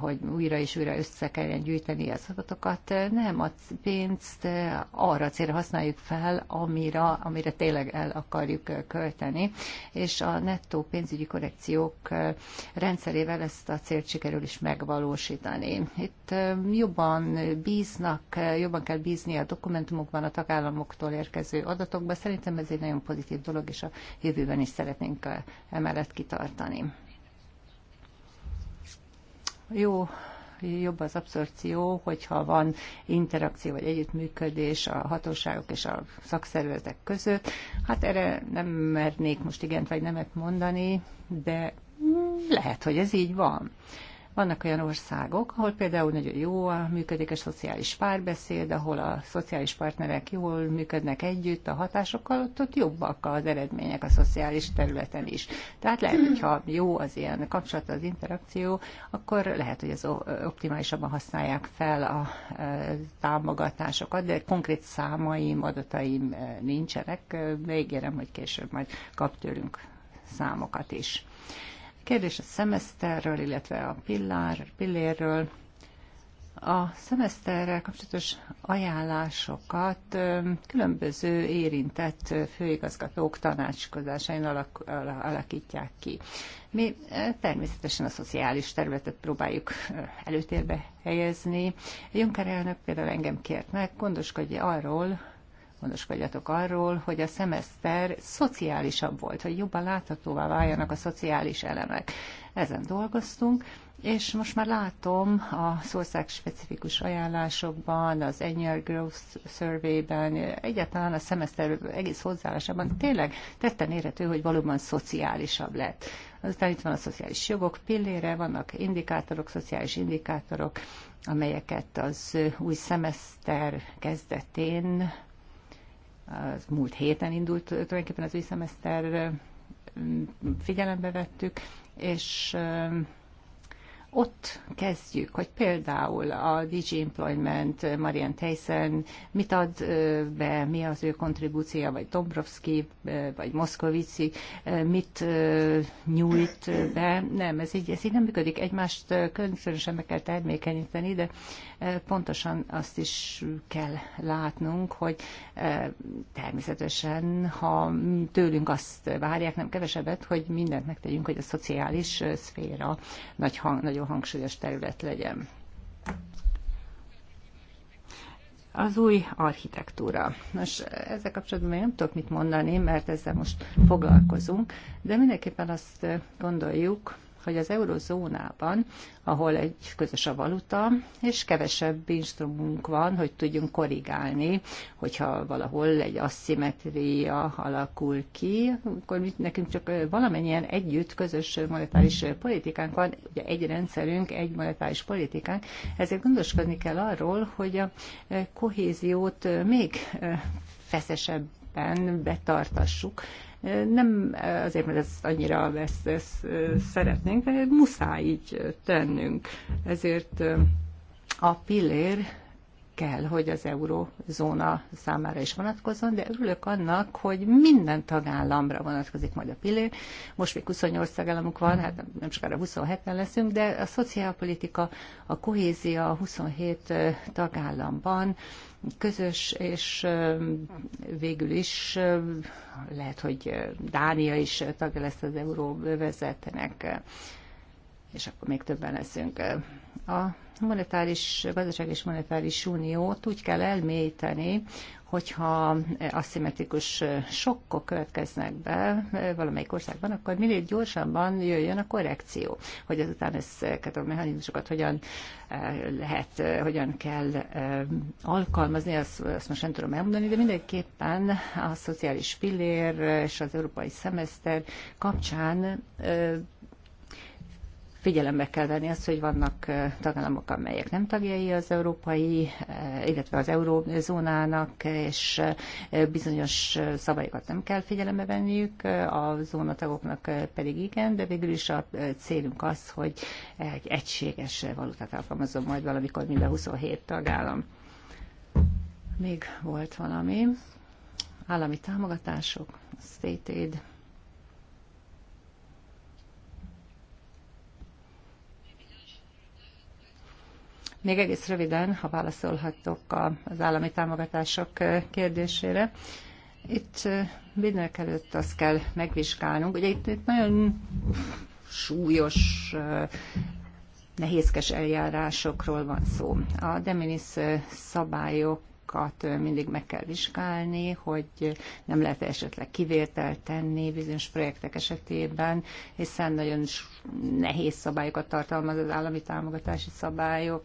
hogy újra és újra össze kelljen gyűjteni az adatokat. Nem, a pénzt arra célra használjuk fel, amire, amire tényleg el akarjuk költeni, és a nettó pénzügyi korrekciók rendszerével ezt a célt sikerül is megvalósítani. Itt jobban bíznak, jobban kell bízni a dokumentumokban, a tagállamoktól érkező adatokban. Szerintem ez egy nagyon pozitív dolog, és a jövőben is szeretnénk emellett kitartani jó jobb az abszorció, hogyha van interakció vagy együttműködés a hatóságok és a szakszervezetek között. Hát erre nem mernék most igent vagy nemet mondani, de lehet, hogy ez így van. Vannak olyan országok, ahol például nagyon jó a működik a szociális párbeszéd, ahol a szociális partnerek jól működnek együtt a hatásokkal, ott, ott jobbak az eredmények a szociális területen is. Tehát lehet, hogyha jó az ilyen kapcsolat, az interakció, akkor lehet, hogy az optimálisabban használják fel a e, támogatásokat, de konkrét számaim, adataim e, nincsenek. Megígérem, hogy később majd kap tőlünk számokat is. Kérdés a szemeszterről, illetve a pillár, pillérről. A szemeszterrel kapcsolatos ajánlásokat különböző érintett főigazgatók tanácskozásain alak, alakítják ki. Mi természetesen a szociális területet próbáljuk előtérbe helyezni. Juncker elnök például engem kért meg, gondoskodja arról, gondoskodjatok arról, hogy a szemeszter szociálisabb volt, hogy jobban láthatóvá váljanak a szociális elemek. Ezen dolgoztunk, és most már látom a szország specifikus ajánlásokban, az Annual Growth Survey-ben, egyáltalán a szemeszter egész hozzáállásában tényleg tetten érhető, hogy valóban szociálisabb lett. Aztán itt van a szociális jogok pillére, vannak indikátorok, szociális indikátorok, amelyeket az új szemeszter kezdetén az múlt héten indult tulajdonképpen az új szemeszter, figyelembe vettük, és ott kezdjük, hogy például a DG Employment, Marian Tyson mit ad be, mi az ő kontribúciója, vagy Dombrovski, vagy Moszkovici, mit nyújt be. Nem, ez így, ez így nem működik. Egymást különösen meg kell termékenyíteni, de pontosan azt is kell látnunk, hogy természetesen, ha tőlünk azt várják, nem kevesebbet, hogy mindent megtegyünk, hogy a szociális szféra nagy, hang, nagyon hangsúlyos terület legyen. Az új architektúra. Nos, ezzel kapcsolatban még nem tudok mit mondani, mert ezzel most foglalkozunk, de mindenképpen azt gondoljuk, hogy az eurozónában, ahol egy közös a valuta, és kevesebb instrumunk van, hogy tudjunk korrigálni, hogyha valahol egy asszimetria alakul ki, akkor nekünk csak valamennyien együtt közös monetáris politikánk van, ugye egy rendszerünk, egy monetáris politikánk, ezért gondoskodni kell arról, hogy a kohéziót még feszesebben betartassuk, nem azért, mert ezt annyira ezt, ezt szeretnénk, de muszáj így tennünk. Ezért a pillér kell, hogy az eurózóna számára is vonatkozzon, de örülök annak, hogy minden tagállamra vonatkozik majd a pillér. Most még 28 tagállamuk van, hát nem sokára 27-en leszünk, de a szociálpolitika, a kohézia a 27 tagállamban közös, és végül is lehet, hogy Dánia is tagja lesz az euróvezetnek, és akkor még többen leszünk. A monetáris, gazdaság és monetáris uniót úgy kell elmélyíteni, hogyha aszimetrikus sokkok következnek be valamelyik országban, akkor minél gyorsabban jöjjön a korrekció, hogy azután ezeket a mechanizmusokat hogyan eh, lehet, eh, hogyan kell eh, alkalmazni, azt, azt most nem tudom elmondani, de mindenképpen a szociális pillér és az európai szemeszter kapcsán figyelembe kell venni azt, hogy vannak tagállamok, amelyek nem tagjai az európai, illetve az eurózónának, és bizonyos szabályokat nem kell figyelembe venniük, a zónatagoknak pedig igen, de végül is a célunk az, hogy egy egységes valutát alkalmazom majd valamikor minden 27 tagállam. Még volt valami. Állami támogatások, state aid. Még egész röviden, ha válaszolhatok az állami támogatások kérdésére. Itt mindenek előtt azt kell megvizsgálnunk. Ugye itt, itt nagyon súlyos, nehézkes eljárásokról van szó. A deminis szabályok dolgokat mindig meg kell vizsgálni, hogy nem lehet esetleg kivételt tenni bizonyos projektek esetében, hiszen nagyon nehéz szabályokat tartalmaz az állami támogatási szabályok,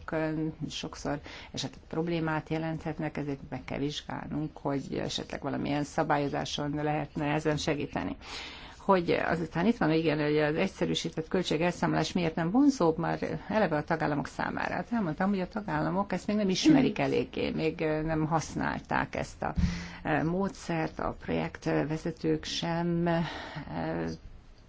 sokszor esetleg problémát jelenthetnek, ezért meg kell vizsgálnunk, hogy esetleg valamilyen szabályozáson lehetne ezen segíteni hogy azután itt van igen, hogy az egyszerűsített költségelszámolás miért nem vonzóbb már eleve a tagállamok számára. Hát elmondtam, hogy a tagállamok ezt még nem ismerik eléggé, még nem használták ezt a módszert, a projektvezetők sem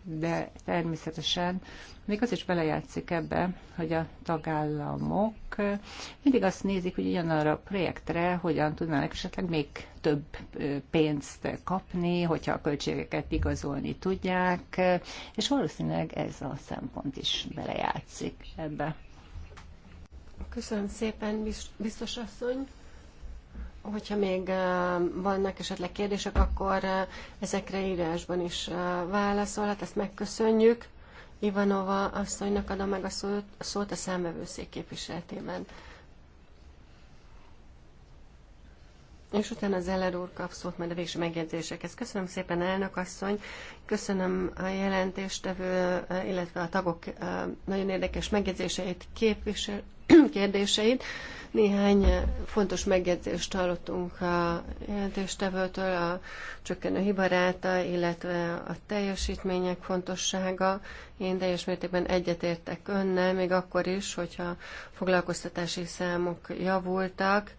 de természetesen még az is belejátszik ebbe, hogy a tagállamok eh, mindig azt nézik, hogy ugyanarra a projektre hogyan tudnának esetleg még több eh, pénzt kapni, hogyha a költségeket igazolni tudják, eh, és valószínűleg ez a szempont is belejátszik ebbe.
Köszönöm szépen, biztos asszony! Hogyha még vannak esetleg kérdések, akkor ezekre írásban is Hát ezt megköszönjük. Ivanova asszonynak adom meg a szót, a, szót a számvevőszék képviseletében. És utána az Eller úr kap szót majd a végső megjegyzésekhez. Köszönöm szépen, elnök asszony, köszönöm a jelentéstevő, illetve a tagok nagyon érdekes megjegyzéseit, képvisel, kérdéseit. Néhány eh, fontos megjegyzést hallottunk a jelentéstevőtől, a csökkenő hibaráta, illetve a teljesítmények fontossága. Én teljes mértékben egyetértek önnel, még akkor is, hogyha foglalkoztatási számok javultak,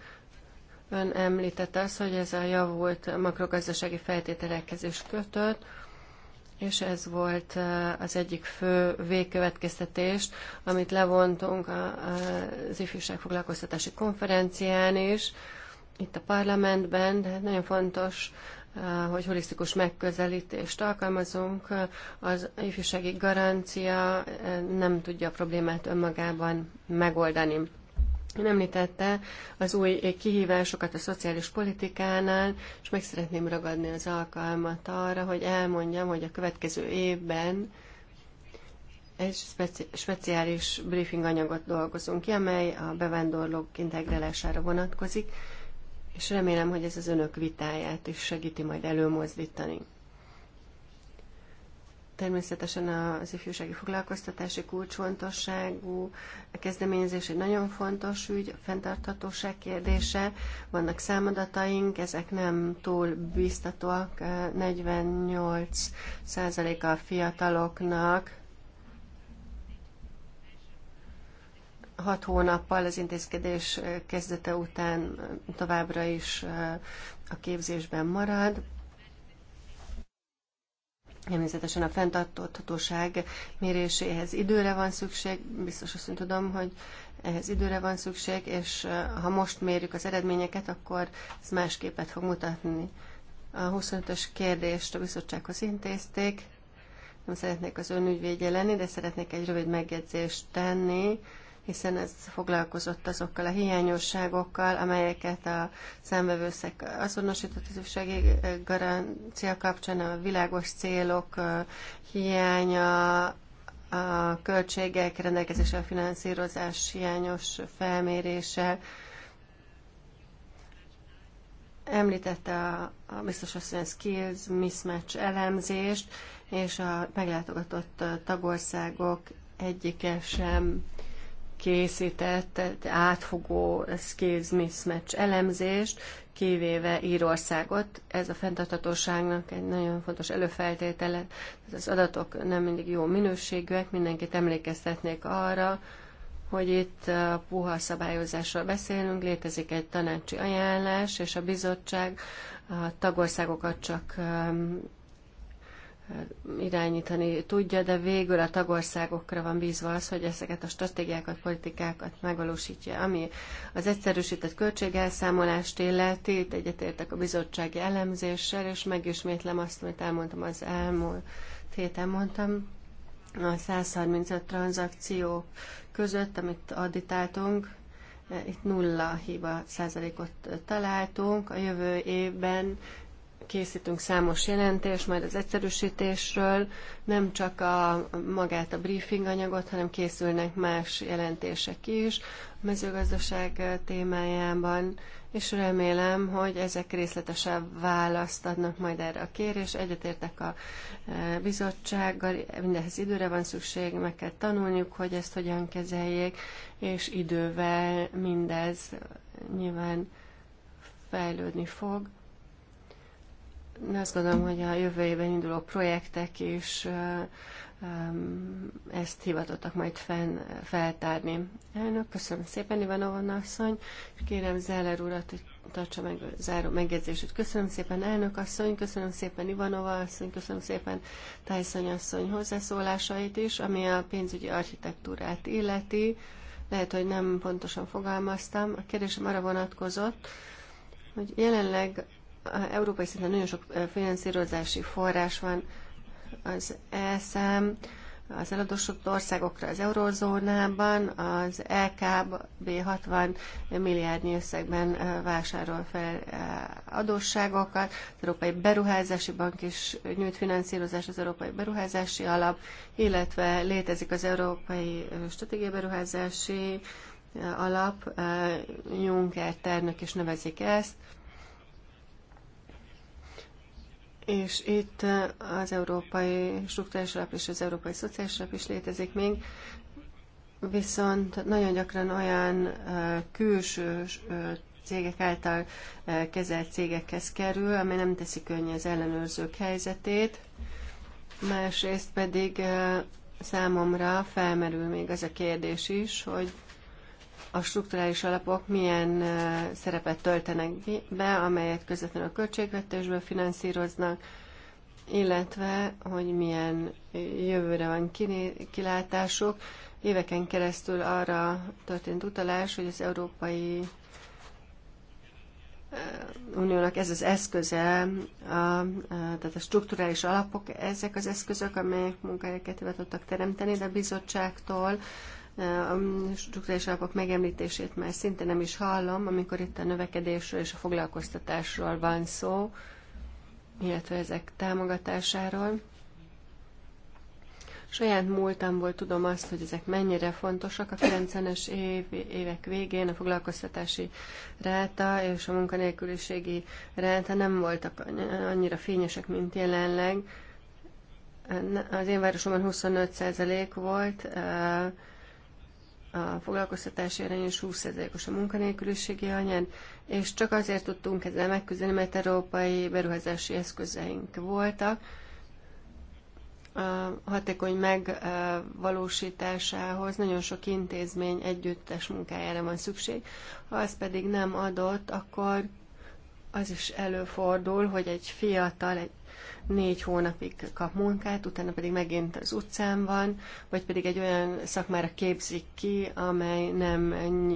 Ön említette azt, hogy ez a javult makrogazdasági feltételekhez is kötött, és ez volt az egyik fő végkövetkeztetés, amit levontunk az ifjúság foglalkoztatási konferencián is, itt a parlamentben, de hát nagyon fontos, hogy holisztikus megközelítést alkalmazunk. Az ifjúsági garancia nem tudja a problémát önmagában megoldani. Ön említette az új kihívásokat a szociális politikánál, és meg szeretném ragadni az alkalmat arra, hogy elmondjam, hogy a következő évben egy speci- speciális briefing anyagot dolgozunk ki, amely a bevándorlók integrálására vonatkozik, és remélem, hogy ez az önök vitáját is segíti majd előmozdítani. Természetesen az ifjúsági foglalkoztatási kulcsfontosságú a kezdeményezés egy nagyon fontos ügy, a fenntarthatóság kérdése. Vannak számadataink, ezek nem túl biztatóak. 48 a fiataloknak 6 hónappal az intézkedés kezdete után továbbra is a képzésben marad. Természetesen a fenntartóthatóság méréséhez időre van szükség, biztos azt tudom, hogy ehhez időre van szükség, és eh, ha most mérjük az eredményeket, akkor ez más képet fog mutatni. A 25-ös kérdést a bizottsághoz intézték. Nem szeretnék az önügyvédje lenni, de szeretnék egy rövid megjegyzést tenni hiszen ez foglalkozott azokkal a hiányosságokkal, amelyeket a számbevőszek azonosított az garancia kapcsán a világos célok hiánya, a költségek rendelkezésre a finanszírozás hiányos felmérése, említette a, a biztos asszony skills mismatch elemzést, és a meglátogatott tagországok egyike sem készített átfogó skills mismatch elemzést, kivéve Írországot. Ez a fenntarthatóságnak egy nagyon fontos előfeltétele. Az adatok nem mindig jó minőségűek, mindenkit emlékeztetnék arra, hogy itt puha szabályozásról beszélünk, létezik egy tanácsi ajánlás, és a bizottság a tagországokat csak um, irányítani tudja, de végül a tagországokra van bízva az, hogy ezeket a stratégiákat, politikákat megvalósítja, ami az egyszerűsített költségelszámolást illeti, itt egyetértek a bizottsági elemzéssel, és megismétlem azt, amit elmondtam az elmúlt héten mondtam, a 135 tranzakció között, amit additáltunk, itt nulla hiba százalékot találtunk. A jövő évben készítünk számos jelentést, majd az egyszerűsítésről, nem csak a, magát a briefing anyagot, hanem készülnek más jelentések is a mezőgazdaság témájában, és remélem, hogy ezek részletesebb választ adnak majd erre a kérés. Egyetértek a e, bizottsággal, mindenhez időre van szükség, meg kell tanulniuk, hogy ezt hogyan kezeljék, és idővel mindez nyilván fejlődni fog azt gondolom, hogy a jövő évben induló projektek is ezt hivatottak majd fenn, feltárni. Elnök, köszönöm szépen Ivanovna asszony, és kérem Zeller urat, hogy tartsa meg a záró megjegyzését. Köszönöm szépen elnök asszony, köszönöm szépen Ivanova asszony, köszönöm szépen Tyson asszony hozzászólásait is, ami a pénzügyi architektúrát illeti. Lehet, hogy nem pontosan fogalmaztam. A kérdésem arra vonatkozott, hogy jelenleg európai szinten nagyon sok finanszírozási forrás van az ESM, az eladósodott országokra az eurozónában, az LKB e 60 milliárdnyi összegben vásárol fel adósságokat, az Európai Beruházási Bank is nyújt finanszírozás, az Európai Beruházási Alap, illetve létezik az Európai Stratégiai Beruházási Alap, Juncker ternök is nevezik ezt, és itt az európai struktúrás alap és az európai szociális alap is létezik még, viszont nagyon gyakran olyan külső cégek által kezelt cégekhez kerül, ami nem teszi könnyű az ellenőrzők helyzetét. Másrészt pedig számomra felmerül még az a kérdés is, hogy a strukturális alapok milyen szerepet töltenek be, amelyet közvetlenül a költségvetésből finanszíroznak, illetve hogy milyen jövőre van kilátásuk. Éveken keresztül arra történt utalás, hogy az Európai Uniónak ez az eszköze, a, a, tehát a strukturális alapok, ezek az eszközök, amelyek munkahelyeket tudtak teremteni, de a bizottságtól a struktúrális alapok megemlítését már szinte nem is hallom, amikor itt a növekedésről és a foglalkoztatásról van szó, illetve ezek támogatásáról. Saját múltamból tudom azt, hogy ezek mennyire fontosak. A 90-es év, évek végén a foglalkoztatási ráta és a munkanélküliségi ráta nem voltak annyira fényesek, mint jelenleg. Az én városomban 25% volt, a foglalkoztatási arány és 20%-os a munkanélküliségi anyán, és csak azért tudtunk ezzel megküzdeni, mert európai beruházási eszközeink voltak. A hatékony megvalósításához nagyon sok intézmény együttes munkájára van szükség. Ha ez pedig nem adott, akkor az is előfordul, hogy egy fiatal, egy négy hónapig kap munkát, utána pedig megint az utcán van, vagy pedig egy olyan szakmára képzik ki, amely nem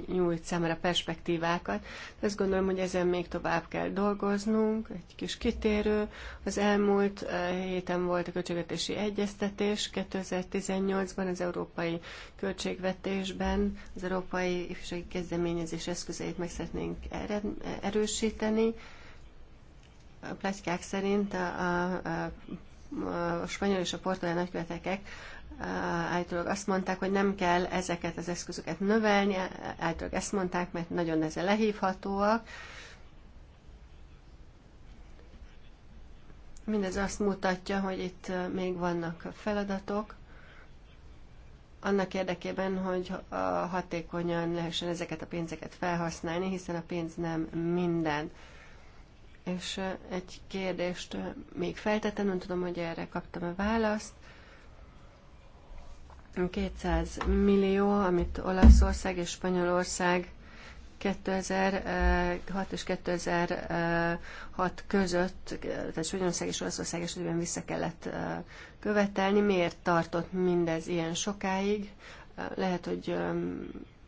nyújt számára perspektívákat. Azt gondolom, hogy ezen még tovább kell dolgoznunk, egy kis kitérő. Az elmúlt héten volt a költségvetési egyeztetés 2018-ban az európai költségvetésben, az európai ifjúsági kezdeményezés eszközeit meg szeretnénk erősíteni, a pletykák szerint a, a, a, a spanyol és a portugál nagykövetekek általában azt mondták, hogy nem kell ezeket az eszközöket növelni, általában ezt mondták, mert nagyon ezzel lehívhatóak. Mindez azt mutatja, hogy itt még vannak feladatok, annak érdekében, hogy hatékonyan lehessen ezeket a pénzeket felhasználni, hiszen a pénz nem minden és egy kérdést még feltettem, nem tudom, hogy erre kaptam a választ. 200 millió, amit Olaszország és Spanyolország 2006 és 2006 között, tehát Spanyolország és Olaszország esetében vissza kellett követelni. Miért tartott mindez ilyen sokáig? Lehet, hogy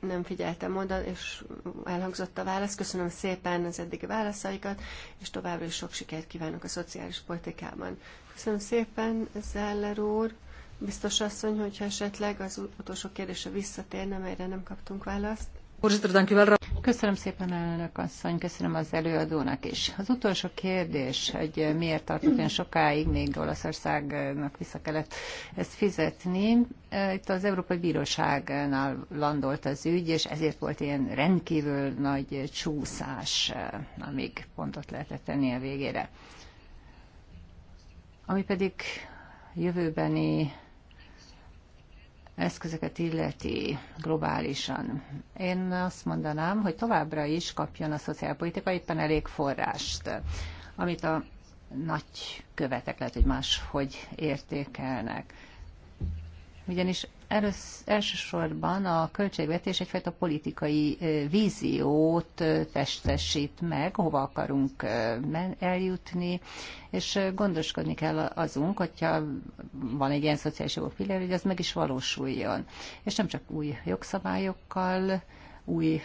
nem figyeltem oda, és elhangzott a válasz. Köszönöm szépen az eddigi válaszaikat, és továbbra is sok sikert kívánok a szociális politikában. Köszönöm szépen, Zeller úr. Biztos asszony, hogyha esetleg az utolsó kérdése visszatérne, amelyre nem kaptunk választ.
Köszönöm szépen, elnök asszony, köszönöm az előadónak is. Az utolsó kérdés, hogy miért tartott olyan sokáig, még Olaszországnak vissza kellett ezt fizetni. Itt az Európai Bíróságnál landolt az ügy, és ezért volt ilyen rendkívül nagy csúszás, amíg pontot lehetett tenni a végére. Ami pedig jövőbeni eszközöket illeti globálisan, én azt mondanám, hogy továbbra is kapjon a szociálpolitika éppen elég forrást, amit a nagy követek lehet, hogy máshogy értékelnek. Ugyanis elősz, elsősorban a költségvetés egyfajta politikai víziót testesít meg, hova akarunk eljutni, és gondoskodni kell azunk, hogyha van egy ilyen szociális jogok pillér, hogy az meg is valósuljon. És nem csak új jogszabályokkal, új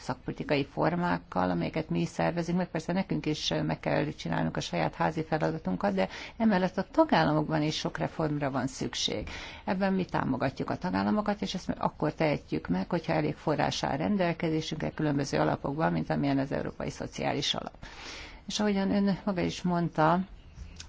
szakpolitikai formákkal, amelyeket mi szervezünk, meg persze nekünk is meg kell csinálnunk a saját házi feladatunkat, de emellett a tagállamokban is sok reformra van szükség. Ebben mi támogatjuk a tagállamokat, és ezt akkor tehetjük meg, hogyha elég forrásá rendelkezésünkre különböző alapokban, mint amilyen az Európai Szociális Alap. És ahogyan ön maga is mondta,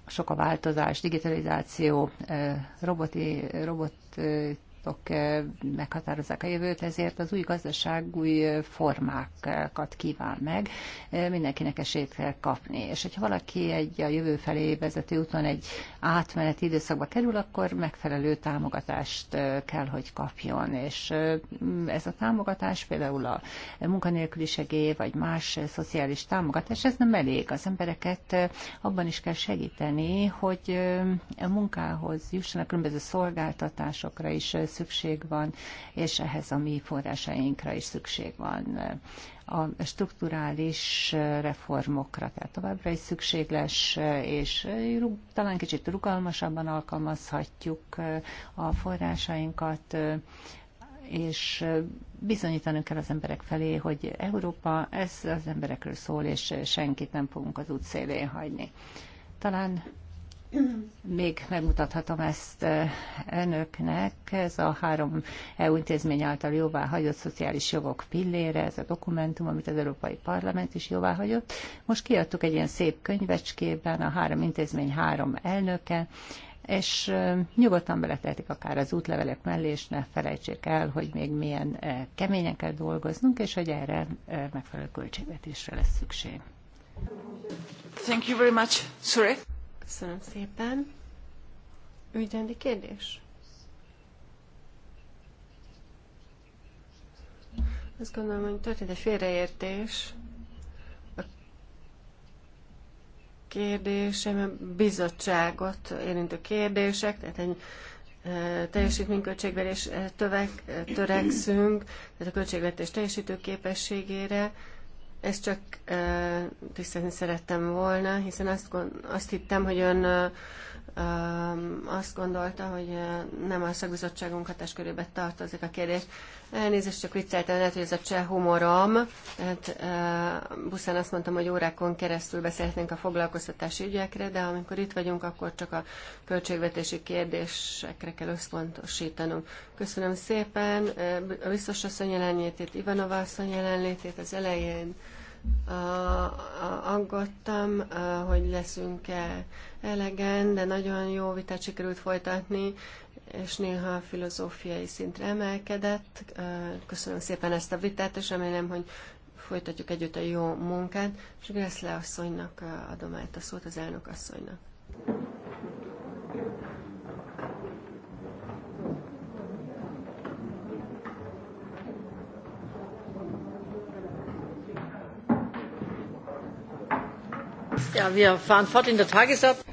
sok a változás, digitalizáció, eh, roboti, robot eh, vállalatok eh, meghatározzák a jövőt, ezért az új gazdaság új eh, formákat kíván meg, eh, mindenkinek esélyt kell kapni. És hogyha valaki egy a jövő felé vezető úton egy átmeneti időszakba kerül, akkor megfelelő támogatást kell, hogy kapjon. És ez a támogatás például a munkanélküli segély, vagy más szociális támogatás, ez nem elég. Az embereket abban is kell segíteni, hogy munkához jussanak, különböző szolgáltatásokra is szükség van, és ehhez a mi forrásainkra is szükség van. A strukturális reformokra tehát továbbra is szükség lesz, és talán kicsit rugalmasabban alkalmazhatjuk eh, a forrásainkat, eh, és eh, bizonyítani kell az emberek felé, hogy Európa, ez az emberekről szól, és senkit nem fogunk az út szélén hagyni. Talán még megmutathatom ezt önöknek, ez a három EU intézmény által jóvá hagyott szociális jogok pillére, ez a dokumentum, amit az Európai Parlament is jóvá hagyott. Most kiadtuk egy ilyen szép könyvecskében a három intézmény három elnöke, és nyugodtan beletehetik akár az útlevelek mellé, és ne felejtsék el, hogy még milyen keményen kell dolgoznunk, és hogy erre megfelelő költségvetésre lesz szükség.
Thank you very much. Sorry. Köszönöm szépen. Ügyrendi kérdés? Azt gondolom, hogy történt egy félreértés. A kérdésem a bizottságot érintő kérdések, tehát egy e, teljesítményköltségverés e, törek, e, törekszünk, tehát a költségvetés teljesítő képességére, ez csak tisztelni szerettem volna, hiszen azt, azt hittem, hogy ön azt gondolta, hogy nem a szakbizottságunk hatáskörébe tartozik a kérdés. Elnézést, csak vicceltem, lehet, hogy ez a cseh humorom. Hát, buszán azt mondtam, hogy órákon keresztül beszélhetnénk a foglalkoztatási ügyekre, de amikor itt vagyunk, akkor csak a költségvetési kérdésekre kell összpontosítanunk. Köszönöm szépen a biztos asszony jelenlétét, Ivanova asszony jelenlétét az elején. Uh, hogy leszünk-e elegen, de nagyon jó vitát sikerült folytatni, és néha a filozófiai szintre emelkedett. Köszönöm szépen ezt a vitát, és remélem, hogy folytatjuk együtt a jó munkát, és Greszle asszonynak adom át a szót, az elnök asszonynak.
Ja, wir fahren fort in der Tagesordnung.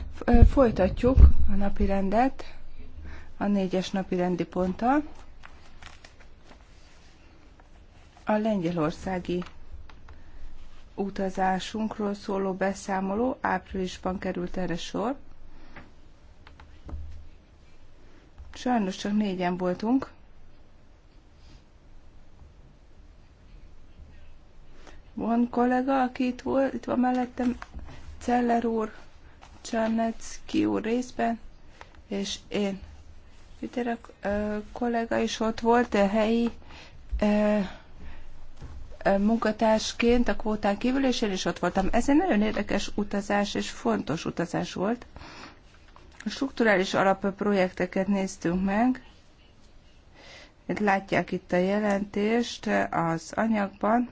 Folytatjuk a napi rendet a négyes napi rendi ponttal. A lengyelországi utazásunkról szóló beszámoló áprilisban került erre sor. Sajnos csak négyen voltunk. Van kollega, aki itt, volt, itt van mellettem, Celler úr, Csarnecki úr részben, és én. Peter kollega is ott volt, a helyi munkatársként a kvótán kívül, és én is ott voltam. Ez egy nagyon érdekes utazás, és fontos utazás volt. A strukturális alapprojekteket néztünk meg. Itt látják itt a jelentést az anyagban.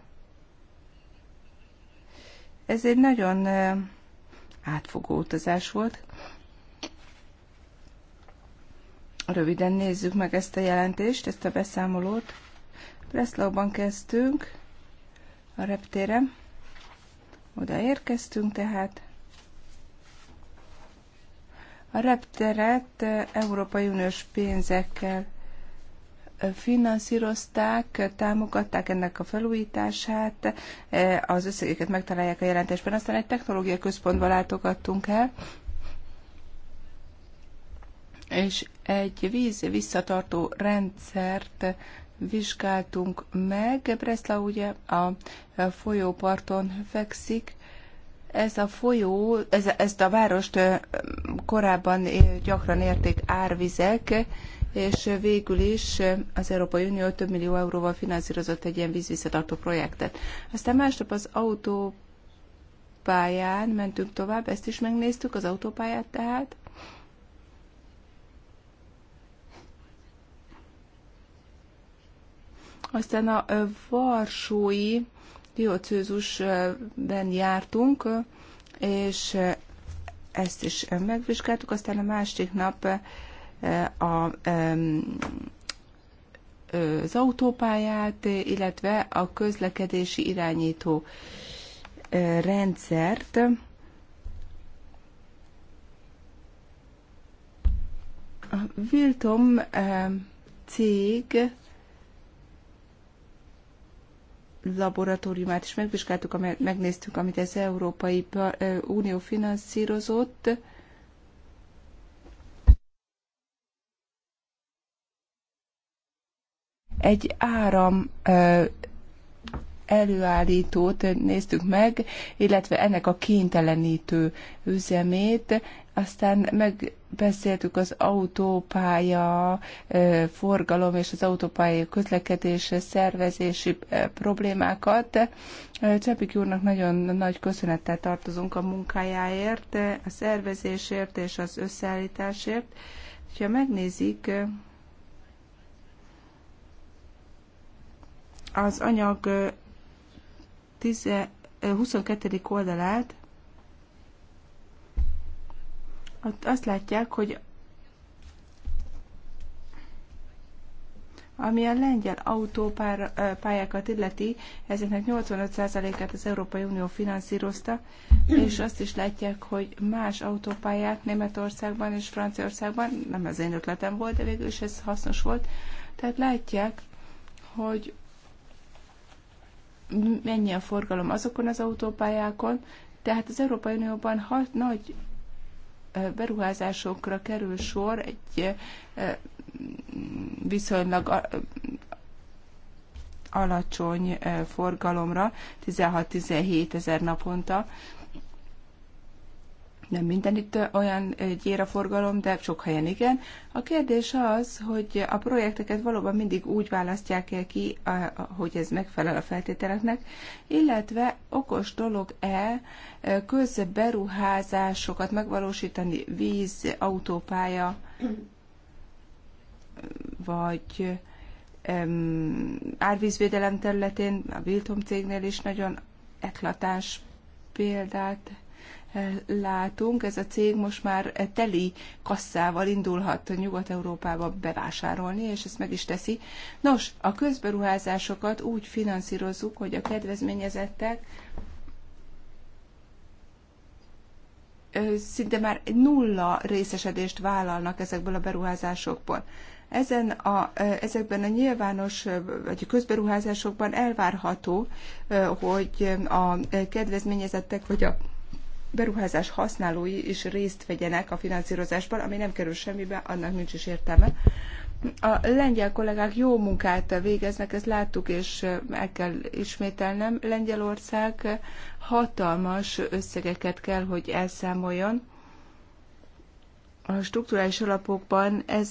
Ez egy nagyon átfogó utazás volt. Röviden nézzük meg ezt a jelentést, ezt a beszámolót. Breslauban kezdtünk, a reptérem. Oda érkeztünk tehát. A repteret Európai Uniós pénzekkel finanszírozták, támogatták ennek a felújítását, e, az összegeket megtalálják a jelentésben. Aztán egy technológia központba látogattunk el, és egy víz visszatartó rendszert vizsgáltunk meg. Breslau ugye a folyóparton fekszik, ez a folyó, ez, ezt a várost korábban gyakran érték árvizek, és végül is az Európai Unió több millió euróval finanszírozott egy ilyen vízvisszatartó projektet. Aztán másnap az autópályán mentünk tovább, ezt is megnéztük, az autópályát tehát. Aztán a Varsói diocőzusben jártunk, és ezt is megvizsgáltuk, aztán a másik nap a az autópályát, illetve a közlekedési irányító e, rendszert. A Viltom e, cég laboratóriumát is megvizsgáltuk, megnéztük, amit az Európai e, Unió finanszírozott, egy áram előállítót néztük meg, illetve ennek a kénytelenítő üzemét, aztán megbeszéltük az autópálya forgalom és az autópálya közlekedés szervezési problémákat. Csepik úrnak nagyon nagy köszönettel tartozunk a munkájáért, a szervezésért és az összeállításért. Ha megnézik, az anyag 10, 22. oldalát, ott azt látják, hogy Ami a lengyel autópályákat illeti, ezeknek 85%-át az Európai Unió finanszírozta, és azt is látják, hogy más autópályák Németországban és Franciaországban, nem az én ötletem volt, de végül is ez hasznos volt, tehát látják, hogy mennyi a forgalom azokon az autópályákon. Tehát az Európai Unióban hat nagy beruházásokra kerül sor egy viszonylag alacsony forgalomra, 16-17 ezer naponta nem minden itt olyan eh, gyér a forgalom, de sok helyen igen. A kérdés az, hogy a projekteket valóban mindig úgy választják el ki, hogy ez megfelel a feltételeknek, illetve okos dolog-e eh, közberuházásokat megvalósítani víz, autópálya, vagy um, árvízvédelem területén, a Viltom cégnél is nagyon eklatás példát látunk. Ez a cég most már teli kasszával indulhat Nyugat-Európába bevásárolni, és ezt meg is teszi. Nos, a közberuházásokat úgy finanszírozzuk, hogy a kedvezményezettek szinte már nulla részesedést vállalnak ezekből a beruházásokból. Ezen a, ezekben a nyilvános vagy a közberuházásokban elvárható, hogy a kedvezményezettek vagy a beruházás használói is részt vegyenek a finanszírozásban, ami nem kerül semmibe, annak nincs is értelme. A lengyel kollégák jó munkát végeznek, ezt láttuk, és el kell ismételnem. Lengyelország hatalmas összegeket kell, hogy elszámoljon. A strukturális alapokban ez,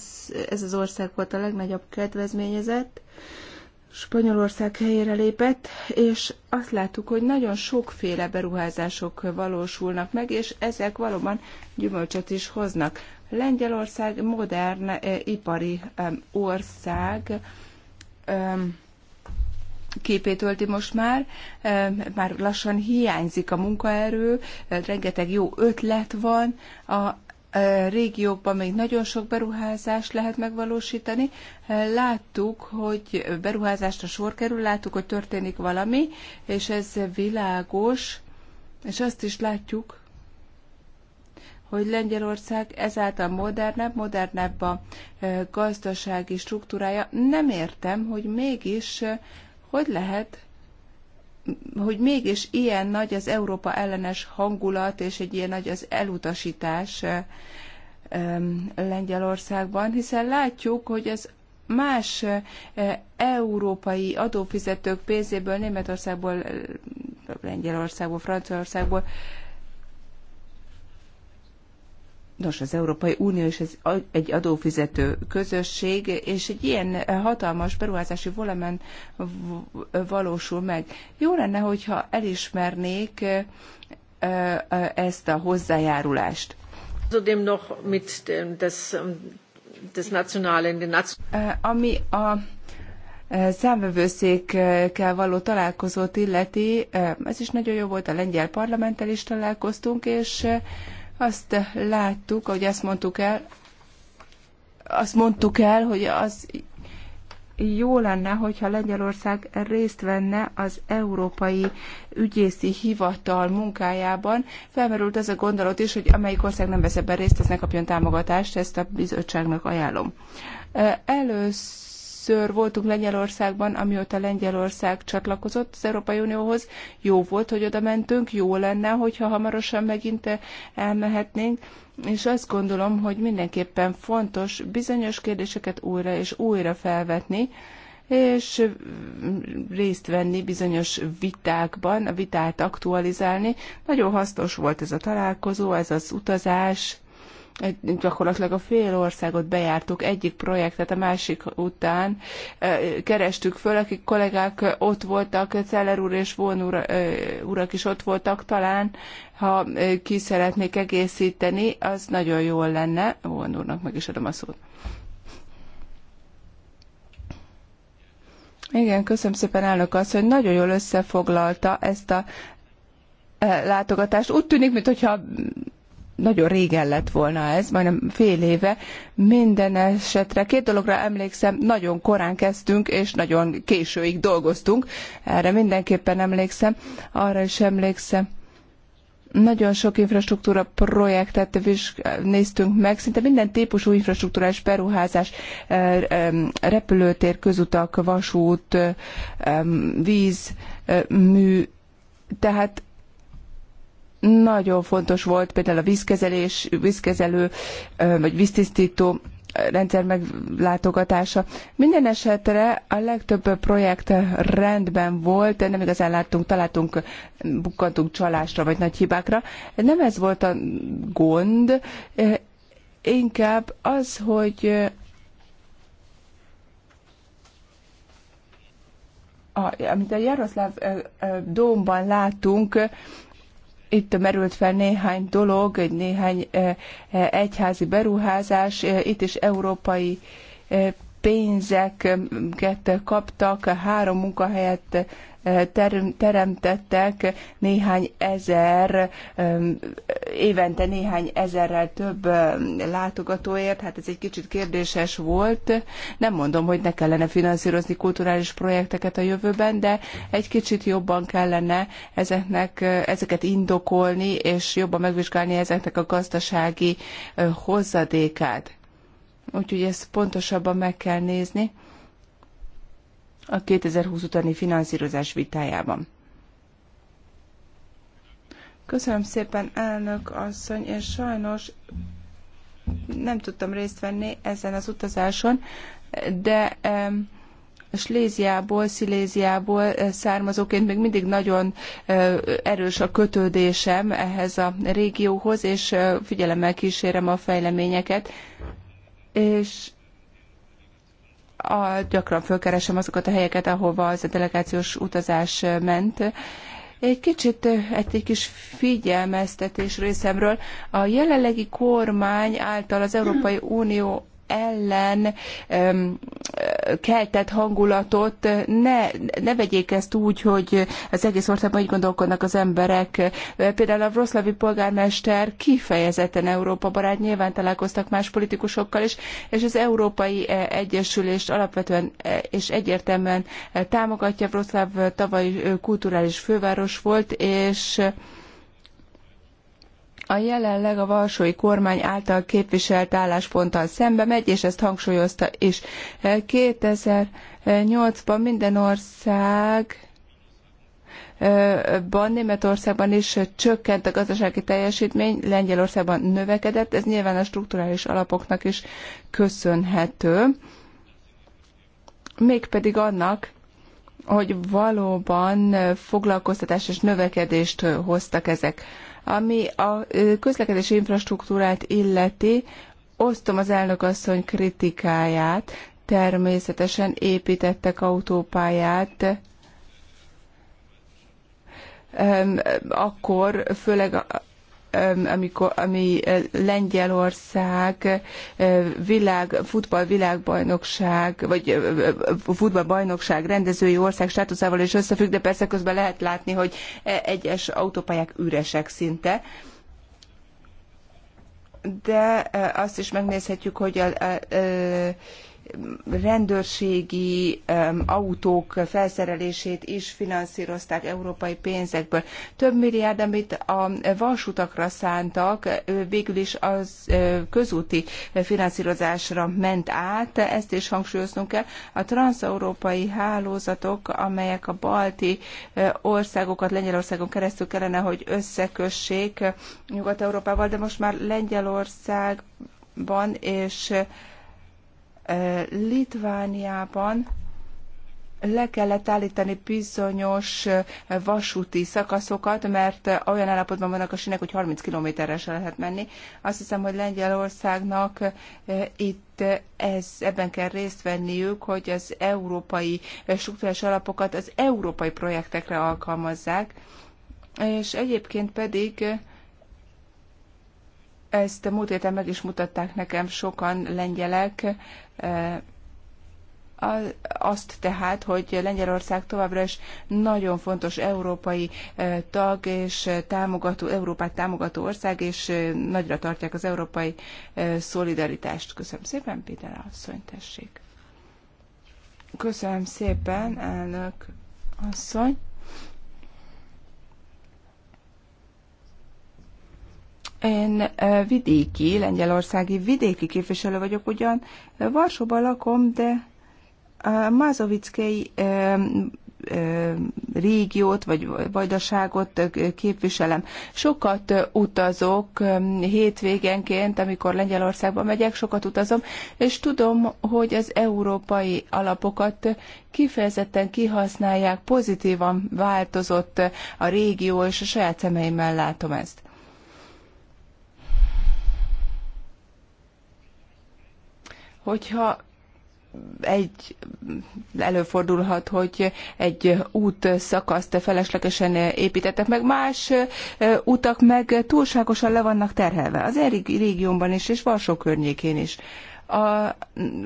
ez az ország volt a legnagyobb kedvezményezett, Spanyolország helyére lépett, és azt láttuk, hogy nagyon sokféle beruházások valósulnak meg, és ezek valóban gyümölcsöt is hoznak. Lengyelország modern eh, ipari eh, ország eh, képét ölti most már, eh, már lassan hiányzik a munkaerő, eh, rengeteg jó ötlet van a régiókban még nagyon sok beruházást lehet megvalósítani. Láttuk, hogy beruházásra sor kerül, láttuk, hogy történik valami, és ez világos, és azt is látjuk, hogy Lengyelország ezáltal modernebb, modernebb a gazdasági struktúrája. Nem értem, hogy mégis hogy lehet hogy mégis ilyen nagy az Európa ellenes hangulat, és egy ilyen nagy az elutasítás Lengyelországban, hiszen látjuk, hogy az más európai adófizetők pénzéből, Németországból, Lengyelországból, Franciaországból, Nos, az Európai Unió és ez egy adófizető közösség, és egy ilyen hatalmas beruházási volumen valósul meg. Jó lenne, hogyha elismernék ezt a hozzájárulást. mit ähm, Ami a számvevőszékkel való találkozót illeti, ez is nagyon jó volt, a lengyel parlamenttel is találkoztunk, és azt láttuk, hogy ezt mondtuk el, azt mondtuk el, hogy az jó lenne, hogyha Lengyelország részt venne az Európai Ügyészi Hivatal munkájában. Felmerült ez a gondolat is, hogy amelyik ország nem vesz ebben részt, az ne kapjon támogatást, ezt a bizottságnak ajánlom. Először Először voltunk Lengyelországban, amióta Lengyelország csatlakozott az Európai Unióhoz. Jó volt, hogy oda mentünk, jó lenne, hogyha hamarosan megint elmehetnénk, és azt gondolom, hogy mindenképpen fontos bizonyos kérdéseket újra és újra felvetni, és részt venni bizonyos vitákban, a vitát aktualizálni. Nagyon hasznos volt ez a találkozó, ez az utazás, gyakorlatilag a fél országot bejártuk egyik projektet a másik után, kerestük föl, akik kollégák ott voltak, Celler úr és Von úr, urak is ott voltak talán, ha ki szeretnék egészíteni, az nagyon jól lenne. Von úrnak meg is adom a szót. Igen, köszönöm szépen elnök azt, hogy nagyon jól összefoglalta ezt a látogatást. Úgy tűnik, mintha nagyon régen lett volna ez, majdnem fél éve. Minden esetre két dologra emlékszem, nagyon korán kezdtünk, és nagyon későig dolgoztunk. Erre mindenképpen emlékszem, arra is emlékszem. Nagyon sok infrastruktúra projektet néztünk meg, szinte minden típusú infrastruktúrás beruházás, repülőtér, közutak, vasút, víz, mű, tehát nagyon fontos volt például a vízkezelés, vízkezelő vagy víztisztító rendszer meglátogatása. Minden esetre a legtöbb projekt rendben volt, nem igazán láttunk, találtunk, bukkantunk csalásra vagy nagy hibákra. Nem ez volt a gond, inkább az, hogy a, amit a Jaroszláv Dómban látunk, itt merült fel néhány dolog, egy néhány eh, eh, egyházi beruházás, eh, itt is európai pénzeket kaptak, három munkahelyet eh, teremtettek, néhány ezer, eh, évente néhány ezerrel több eh, látogatóért, hát ez egy kicsit kérdéses volt. Nem mondom, hogy ne kellene finanszírozni kulturális projekteket a jövőben, de egy kicsit jobban kellene ezeknek, ezeket indokolni, és jobban megvizsgálni ezeknek a gazdasági hozadékát úgyhogy ezt pontosabban meg kell nézni a 2020 utáni finanszírozás vitájában. Köszönöm szépen, elnök asszony, és sajnos nem tudtam részt venni ezen az utazáson, de Sléziából, Sziléziából eh, származóként még mindig nagyon eh, erős a kötődésem ehhez a régióhoz, és eh, figyelemmel kísérem a fejleményeket és a, gyakran fölkeresem azokat a helyeket, ahova az a delegációs utazás ment. Egy kicsit egy, egy kis figyelmeztetés részemről. A jelenlegi kormány által az Európai Unió ellen keltett hangulatot ne, ne vegyék ezt úgy, hogy az egész országban így gondolkodnak az emberek. Például a vroszlavi polgármester kifejezetten Európa barát, nyilván találkoztak más politikusokkal is, és az Európai e, Egyesülést alapvetően e, és egyértelműen e, támogatja. Vroszláv tavaly kulturális főváros volt, és a jelenleg a valsói kormány által képviselt állásponttal szembe megy, és ezt hangsúlyozta is. 2008-ban eh, minden ország eh, Ban, Németországban is csökkent a gazdasági teljesítmény, Lengyelországban növekedett, ez nyilván a strukturális alapoknak is köszönhető, mégpedig annak, hogy valóban foglalkoztatás és növekedést hoztak ezek. Ami a közlekedési infrastruktúrát illeti, osztom az elnökasszony kritikáját, természetesen építettek autópályát, akkor főleg amikor, ami eh, Lengyelország eh, világ, futball világbajnokság, vagy eh, futballbajnokság rendezői ország státuszával is összefügg, de persze közben lehet látni, hogy egyes autópályák üresek szinte de azt is megnézhetjük, hogy a, a, a rendőrségi autók felszerelését is finanszírozták európai pénzekből. Több milliárd, amit a vasutakra szántak, végül is az közúti finanszírozásra ment át, ezt is hangsúlyoznunk kell. A transeurópai hálózatok, amelyek a balti országokat Lengyelországon keresztül kellene, hogy összekössék Nyugat-Európával, de most már Lengyelországban és Litvániában le kellett állítani bizonyos vasúti szakaszokat, mert olyan állapotban vannak a sinek, hogy 30 kilométerre se lehet menni. Azt hiszem, hogy Lengyelországnak itt ez, ebben kell részt venniük, hogy az európai struktúrás alapokat az európai projektekre alkalmazzák, és egyébként pedig ezt múlt héten meg is mutatták nekem sokan lengyelek, azt tehát, hogy Lengyelország továbbra is nagyon fontos európai tag és támogató, Európát támogató ország, és nagyra tartják az európai szolidaritást. Köszönöm szépen, Péter asszony, tessék. Köszönöm szépen, elnök asszony. Én vidéki, lengyelországi vidéki képviselő vagyok ugyan, Varsóban lakom, de a Mazovickei régiót vagy vajdaságot képviselem. Sokat utazok hétvégenként, amikor Lengyelországba megyek, sokat utazom, és tudom, hogy az európai alapokat kifejezetten kihasználják, pozitívan változott a régió, és a saját szemeimmel látom ezt. hogyha egy előfordulhat, hogy egy út szakaszt feleslegesen építettek meg, más utak meg túlságosan le vannak terhelve. Az én e régiónban is, és Varsó környékén is. A,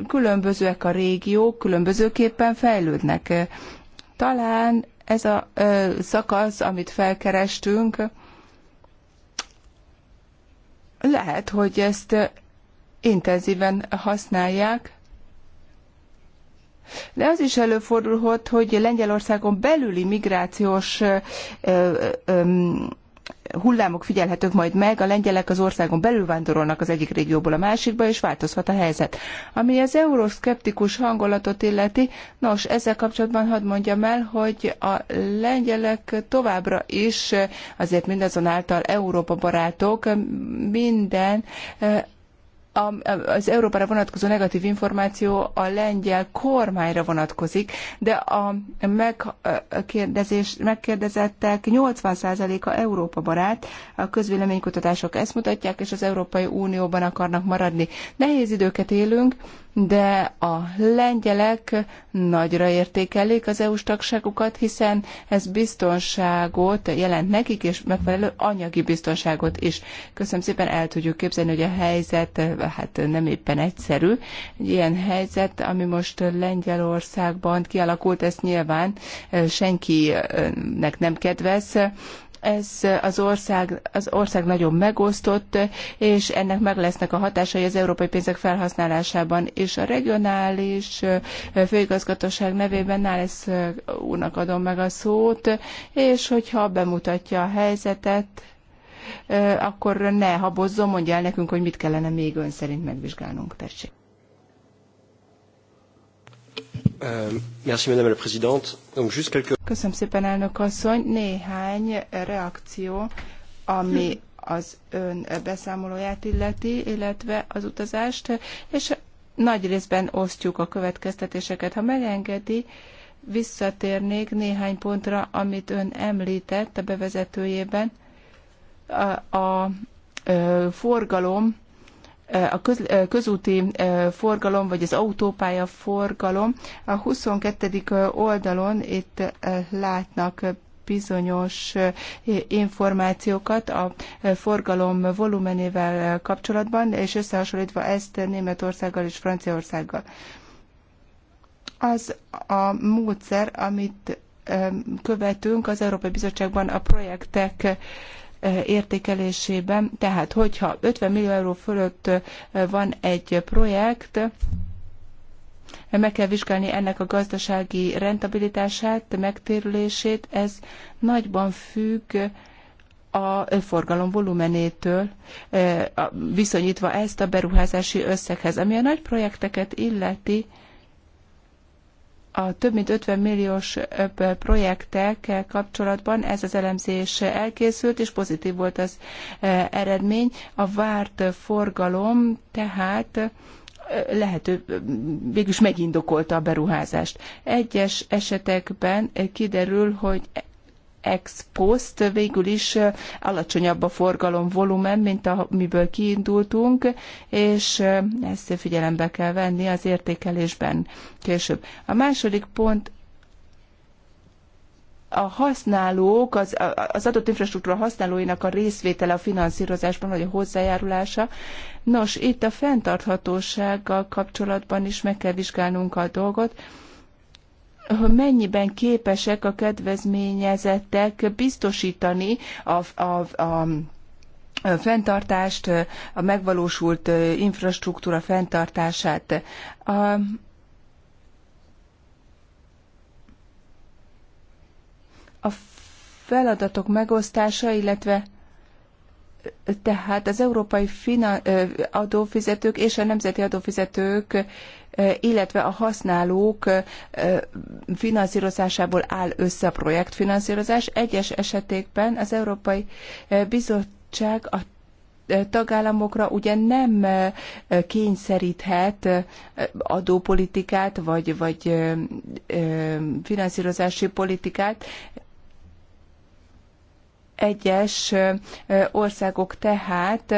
különbözőek a régiók, különbözőképpen fejlődnek. Talán ez a szakasz, amit felkerestünk, lehet, hogy ezt intenzíven használják, de az is előfordulhat, hogy Lengyelországon belüli migrációs hullámok figyelhetők majd meg, a lengyelek az országon belül vándorolnak az egyik régióból a másikba, és változhat a helyzet. Ami az euroszkeptikus hangolatot illeti, nos, ezzel kapcsolatban hadd mondjam el, hogy a lengyelek továbbra is, azért mindazonáltal Európa barátok, minden az Európára vonatkozó negatív információ a lengyel kormányra vonatkozik, de a megkérdezés, megkérdezettek 80%-a Európa barát, a közvéleménykutatások ezt mutatják, és az Európai Unióban akarnak maradni. Nehéz időket élünk, de a lengyelek nagyra értékelik az EU-s tagságukat, hiszen ez biztonságot jelent nekik, és megfelelő anyagi biztonságot is. Köszönöm szépen, el tudjuk képzelni, hogy a helyzet hát nem éppen egyszerű. Egy ilyen helyzet, ami most Lengyelországban kialakult, ezt nyilván eh, senkinek nem kedvez, ez az ország, az ország nagyon megosztott, és ennek meg lesznek a hatásai az európai pénzek felhasználásában. És a regionális főigazgatóság nevében Nálesz úrnak adom meg a szót, és hogyha bemutatja a helyzetet, akkor ne habozzon, mondja el nekünk, hogy mit kellene még ön szerint megvizsgálnunk. Tessék. Köszönöm szépen, elnök asszony. Néhány reakció, ami az ön beszámolóját illeti, illetve az utazást, és nagy részben osztjuk a következtetéseket. Ha megengedi, visszatérnék néhány pontra, amit ön említett a bevezetőjében. A, a, a forgalom a köz, közúti forgalom, vagy az autópálya forgalom. A 22. oldalon itt látnak bizonyos információkat a forgalom volumenével kapcsolatban, és összehasonlítva ezt Németországgal és Franciaországgal. Az a módszer, amit követünk az Európai Bizottságban a projektek értékelésében. Tehát, hogyha 50 millió euró fölött van egy projekt, meg kell vizsgálni ennek a gazdasági rentabilitását, megtérülését, ez nagyban függ a forgalom volumenétől, viszonyítva ezt a beruházási összeghez. Ami a nagy projekteket illeti, a több mint 50 milliós projektekkel kapcsolatban ez az elemzés elkészült, és pozitív volt az eredmény. A várt forgalom tehát lehető, végülis megindokolta a beruházást. Egyes esetekben kiderül, hogy ex post végül is alacsonyabb a forgalom volumen, mint amiből kiindultunk, és ezt figyelembe kell venni az értékelésben később. A második pont a használók, az, az adott infrastruktúra használóinak a részvétele a finanszírozásban, vagy a hozzájárulása. Nos, itt a fenntarthatósággal kapcsolatban is meg kell vizsgálnunk a dolgot hogy mennyiben képesek a kedvezményezettek biztosítani a, a, a fenntartást, a megvalósult infrastruktúra fenntartását. A, a feladatok megosztása, illetve tehát az európai fina, adófizetők és a nemzeti adófizetők illetve a használók finanszírozásából áll össze a projektfinanszírozás. Egyes esetekben az Európai Bizottság a tagállamokra ugye nem kényszeríthet adópolitikát vagy, vagy finanszírozási politikát, egyes országok tehát,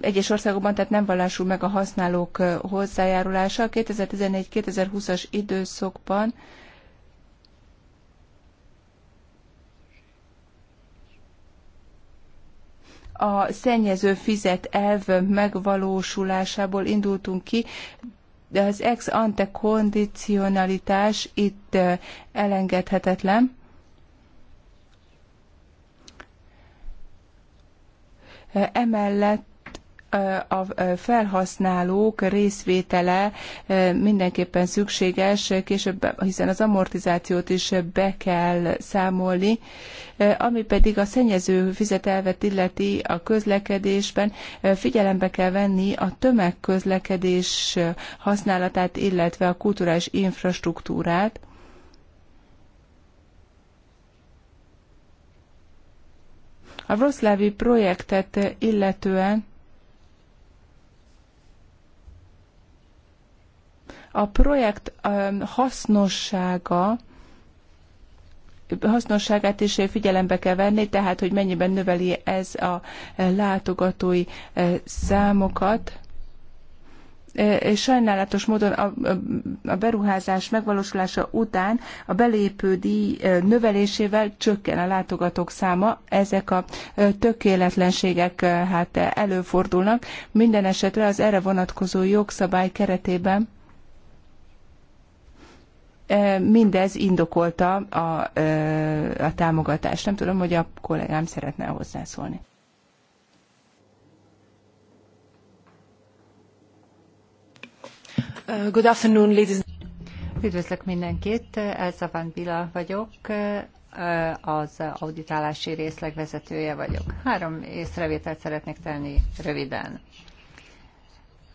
egyes országokban tehát nem valósul meg a használók hozzájárulása. 2014-2020-as időszakban a szennyező fizet elv megvalósulásából indultunk ki, de az ex ante kondicionalitás itt elengedhetetlen. Emellett a felhasználók részvétele mindenképpen szükséges, később, hiszen az amortizációt is be kell számolni, ami pedig a szennyező fizetelvet illeti a közlekedésben, figyelembe kell venni a tömegközlekedés használatát, illetve a kulturális infrastruktúrát A Vroszlávi projektet illetően a projekt um, hasznossága hasznosságát is figyelembe kell venni, tehát hogy mennyiben növeli ez a látogatói eh, számokat. Eh, és sajnálatos módon a beruházás megvalósulása után a belépő díj eh, növelésével csökken a látogatók száma. Ezek a eh, tökéletlenségek hát előfordulnak. Minden esetre az erre vonatkozó jogszabály keretében mindez indokolta a, a támogatást. Nem tudom, hogy a kollégám szeretne hozzászólni. Uh, good afternoon, ladies. Üdvözlök
mindenkit, Elsa Van Bila vagyok, uh, az auditálási részleg vezetője vagyok. Három észrevételt szeretnék tenni röviden.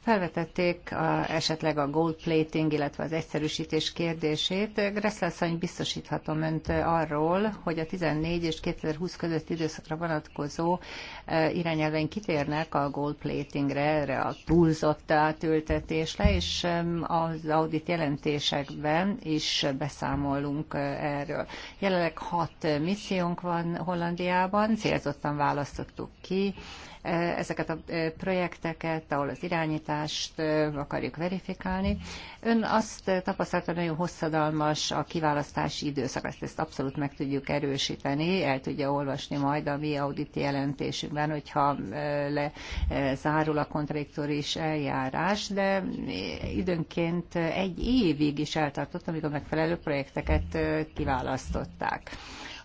Felvetették a, esetleg a gold plating, illetve az egyszerűsítés kérdését. Gresszelszany biztosíthatom önt arról, hogy a 14 és 2020 között időszakra vonatkozó e, irányelven kitérnek a gold platingre, erre a túlzott átültetésre, és e, az audit jelentésekben is beszámolunk e, erről. Jelenleg hat missziónk van Hollandiában, célzottan választottuk ki E, ezeket a e, projekteket, ahol az irányítást e, akarjuk verifikálni. Ön azt tapasztalta, nagyon hosszadalmas a kiválasztási időszak, ezt, ezt abszolút meg tudjuk erősíteni, el tudja olvasni majd a mi auditi jelentésünkben, hogyha lezárul a kontradiktoris eljárás, de időnként egy évig is eltartott, amíg a megfelelő projekteket kiválasztották.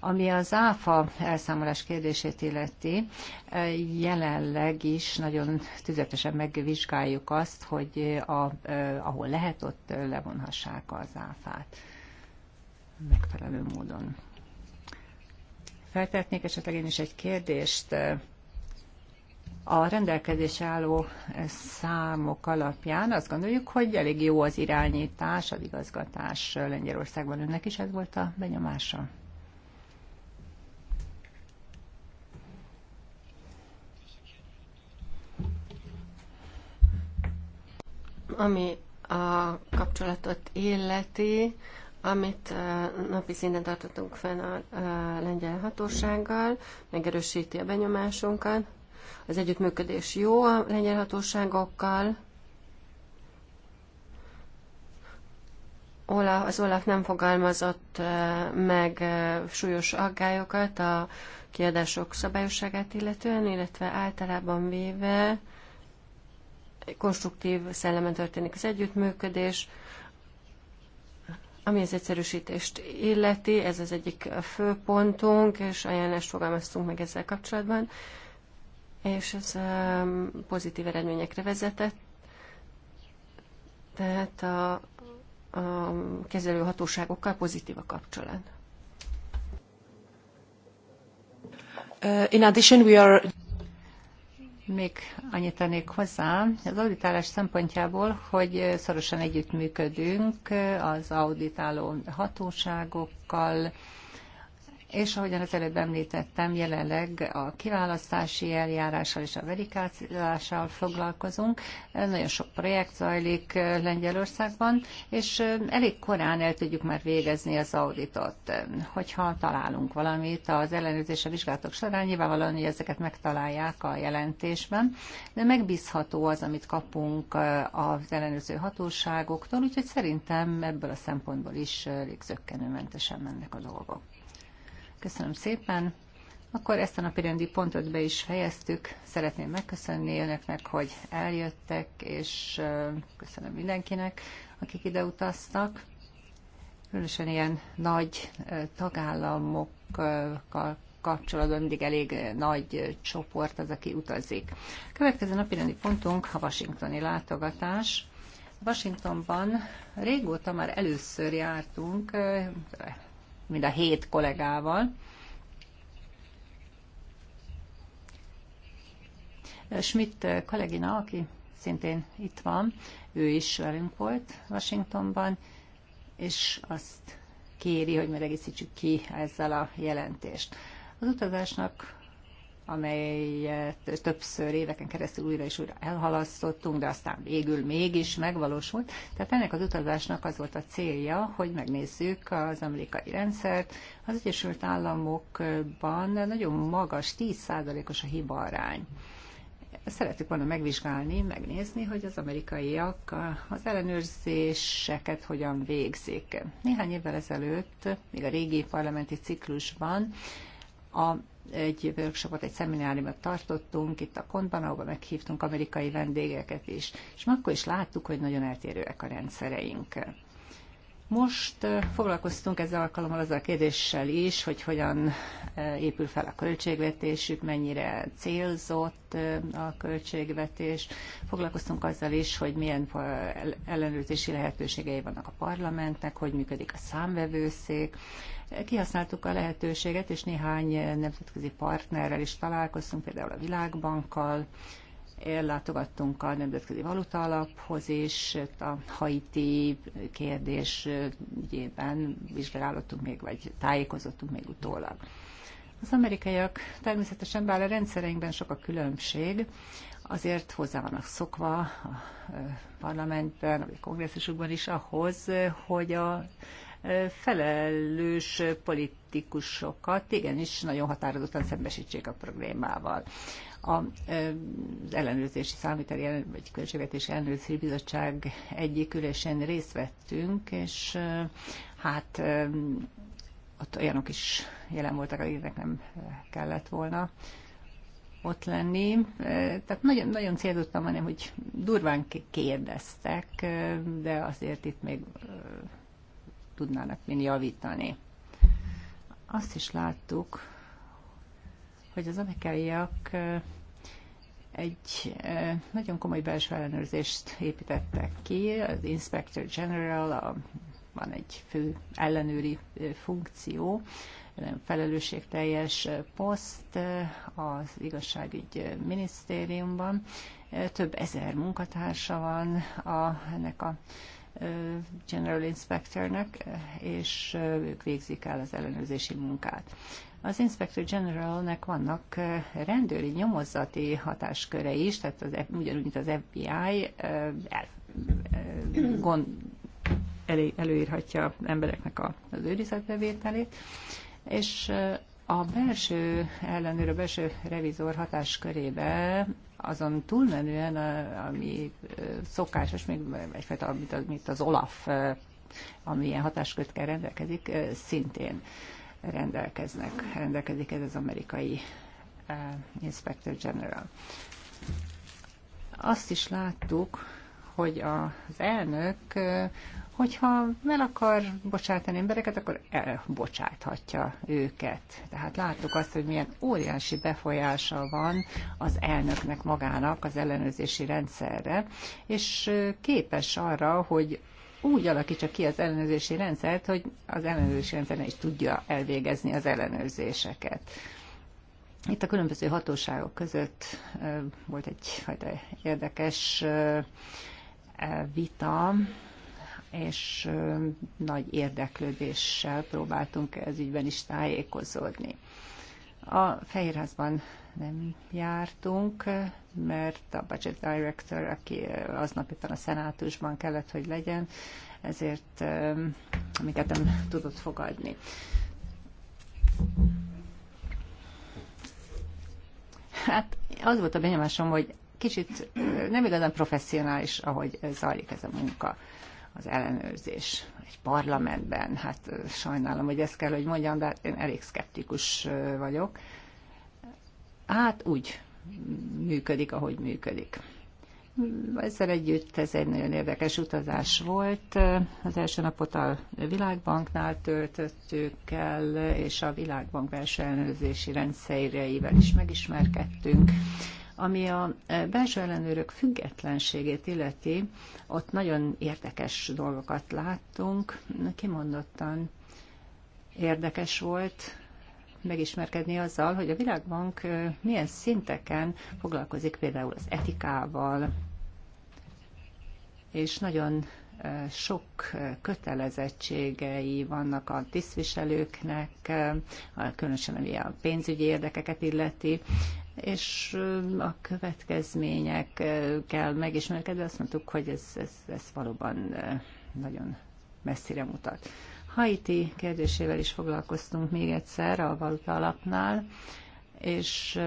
Ami az áfa elszámolás kérdését illeti, eh, jelenleg is nagyon tüzetesen megvizsgáljuk azt, hogy a, eh, ahol lehet, ott levonhassák az áfát megfelelő módon. Feltetnék esetleg én is egy kérdést. A rendelkezés álló számok alapján azt gondoljuk, hogy elég jó az irányítás, az igazgatás Lengyelországban. Önnek is ez volt a benyomása?
Ami a kapcsolatot illeti, amit napi szinten tartottunk fenn a lengyel hatósággal, megerősíti a benyomásunkat. Az együttműködés jó a lengyel hatóságokkal. Az Olaf nem fogalmazott meg súlyos aggályokat a kiadások szabályosságát illetően, illetve általában véve konstruktív szellemen történik az együttműködés, ami az egyszerűsítést illeti, ez az egyik fő pontunk, és ajánlást fogalmaztunk meg ezzel kapcsolatban, és ez um, pozitív eredményekre vezetett. Tehát a, a kezelő
hatóságokkal pozitív a kapcsolat.
Uh, in addition, we are
még annyit tennék hozzá, az auditálás szempontjából, hogy szorosan együttműködünk az auditáló hatóságokkal, és ahogyan az előbb említettem, jelenleg a kiválasztási eljárással és a verikálással foglalkozunk. Nagyon sok projekt zajlik Lengyelországban, és elég korán el tudjuk már végezni az auditot. Hogyha találunk valamit az ellenőrzés a vizsgálatok során, nyilvánvalóan, hogy ezeket megtalálják a jelentésben, de megbízható az, amit kapunk az ellenőrző hatóságoktól, úgyhogy szerintem ebből a szempontból is régzökkenőmentesen mennek a dolgok. Köszönöm szépen. Akkor ezt a napirendi pontot be is fejeztük. Szeretném megköszönni önöknek, hogy eljöttek, és köszönöm mindenkinek, akik ide utaztak. Különösen ilyen nagy tagállamokkal kapcsolatban mindig elég nagy csoport az, aki utazik. Következő napirendi pontunk a washingtoni látogatás. Washingtonban régóta már először jártunk, mind a hét kollégával. Schmidt kollégina, aki szintén itt van, ő is velünk volt Washingtonban, és azt kéri, hogy melegítsük ki ezzel a jelentést. Az utazásnak amelyet többször éveken keresztül újra és újra elhalasztottunk, de aztán végül mégis megvalósult. Tehát ennek az utazásnak az volt a célja, hogy megnézzük az amerikai rendszert. Az Egyesült Államokban nagyon magas, 10%-os a hibarány. Szeretük volna megvizsgálni, megnézni, hogy az amerikaiak az ellenőrzéseket hogyan végzik. Néhány évvel ezelőtt, még a régi parlamenti ciklusban, a egy workshopot, egy szemináriumot tartottunk itt a Kontban, ahol meghívtunk amerikai vendégeket is, és már akkor is láttuk, hogy nagyon eltérőek a rendszereink. Most foglalkoztunk ezzel alkalommal azzal a kérdéssel is, hogy hogyan épül fel a költségvetésük, mennyire célzott a költségvetés. Foglalkoztunk azzal is, hogy milyen ellenőrzési lehetőségei vannak a parlamentnek, hogy működik a számvevőszék. Kihasználtuk a lehetőséget, és néhány nemzetközi partnerrel is találkoztunk, például a Világbankkal, ellátogattunk a Nemzetközi Valuta Alaphoz, és a Haiti kérdés ügyében vizsgálódtunk még, vagy tájékozottunk még utólag. Az amerikaiak természetesen, bár a rendszereinkben sok a különbség, azért hozzá vannak szokva a parlamentben, vagy a kongresszusukban is ahhoz, hogy a felelős politikusokat igenis nagyon határozottan szembesítsék a problémával. az ellenőrzési számítani vagy költségvetési ellenőrzési bizottság egyik ülésén részt vettünk, és hát ott olyanok is jelen voltak, akiknek nem kellett volna ott lenni. Tehát nagyon, nagyon célzottan van, hogy durván kérdeztek, de azért itt még tudnának mind javítani. Azt is láttuk, hogy az amerikaiak egy nagyon komoly belső ellenőrzést építettek ki, az Inspector General, a, van egy fő ellenőri funkció, felelősségteljes poszt az igazságügy minisztériumban. Több ezer munkatársa van a, ennek a General Inspectornek, és ők végzik el az ellenőrzési munkát. Az Inspector Generalnek vannak rendőri nyomozati hatásköre is, tehát az, ugyanúgy, mint az FBI el, gond, elé, előírhatja embereknek a, az őrizetbevételét, és a belső ellenőr, a belső revizor hatáskörébe azon túlmenően, ami szokásos, még egyfajta, az, mint az OLAF, amilyen hatáskötkel rendelkezik, szintén rendelkeznek, rendelkezik ez az amerikai Inspector General. Azt is láttuk, hogy az elnök hogyha el akar bocsátani embereket, akkor elbocsáthatja őket. Tehát láttuk azt, hogy milyen óriási befolyása van az elnöknek magának az ellenőrzési rendszerre, és képes arra, hogy úgy alakítsa ki az ellenőrzési rendszert, hogy az ellenőrzési rendszer is tudja elvégezni az ellenőrzéseket. Itt a különböző hatóságok között volt egy érdekes vita, és nagy érdeklődéssel próbáltunk ez ügyben is tájékozódni. A Fehérházban nem jártunk, mert a budget director, aki aznap itt a szenátusban kellett, hogy legyen, ezért amiket nem tudott fogadni. Hát az volt a benyomásom, hogy kicsit nem igazán professzionális, ahogy zajlik ez a munka az ellenőrzés egy parlamentben. Hát sajnálom, hogy ezt kell, hogy mondjam, de hát én elég szkeptikus vagyok. Hát úgy működik, ahogy működik. Ezzel együtt ez egy nagyon érdekes utazás volt. Az első napot a Világbanknál töltöttük el, és a Világbank belső ellenőrzési rendszereivel is megismerkedtünk. Ami a eh, belső ellenőrök függetlenségét illeti, ott nagyon érdekes dolgokat láttunk, kimondottan érdekes volt megismerkedni azzal, hogy a Világbank eh, milyen szinteken foglalkozik például az etikával, és nagyon eh, sok kötelezettségei vannak a tisztviselőknek, különösen ami a pénzügyi érdekeket illeti és a következményekkel megismerkedve azt mondtuk, hogy ez, ez, ez valóban nagyon messzire mutat. Haiti kérdésével is foglalkoztunk még egyszer a valuta alapnál, és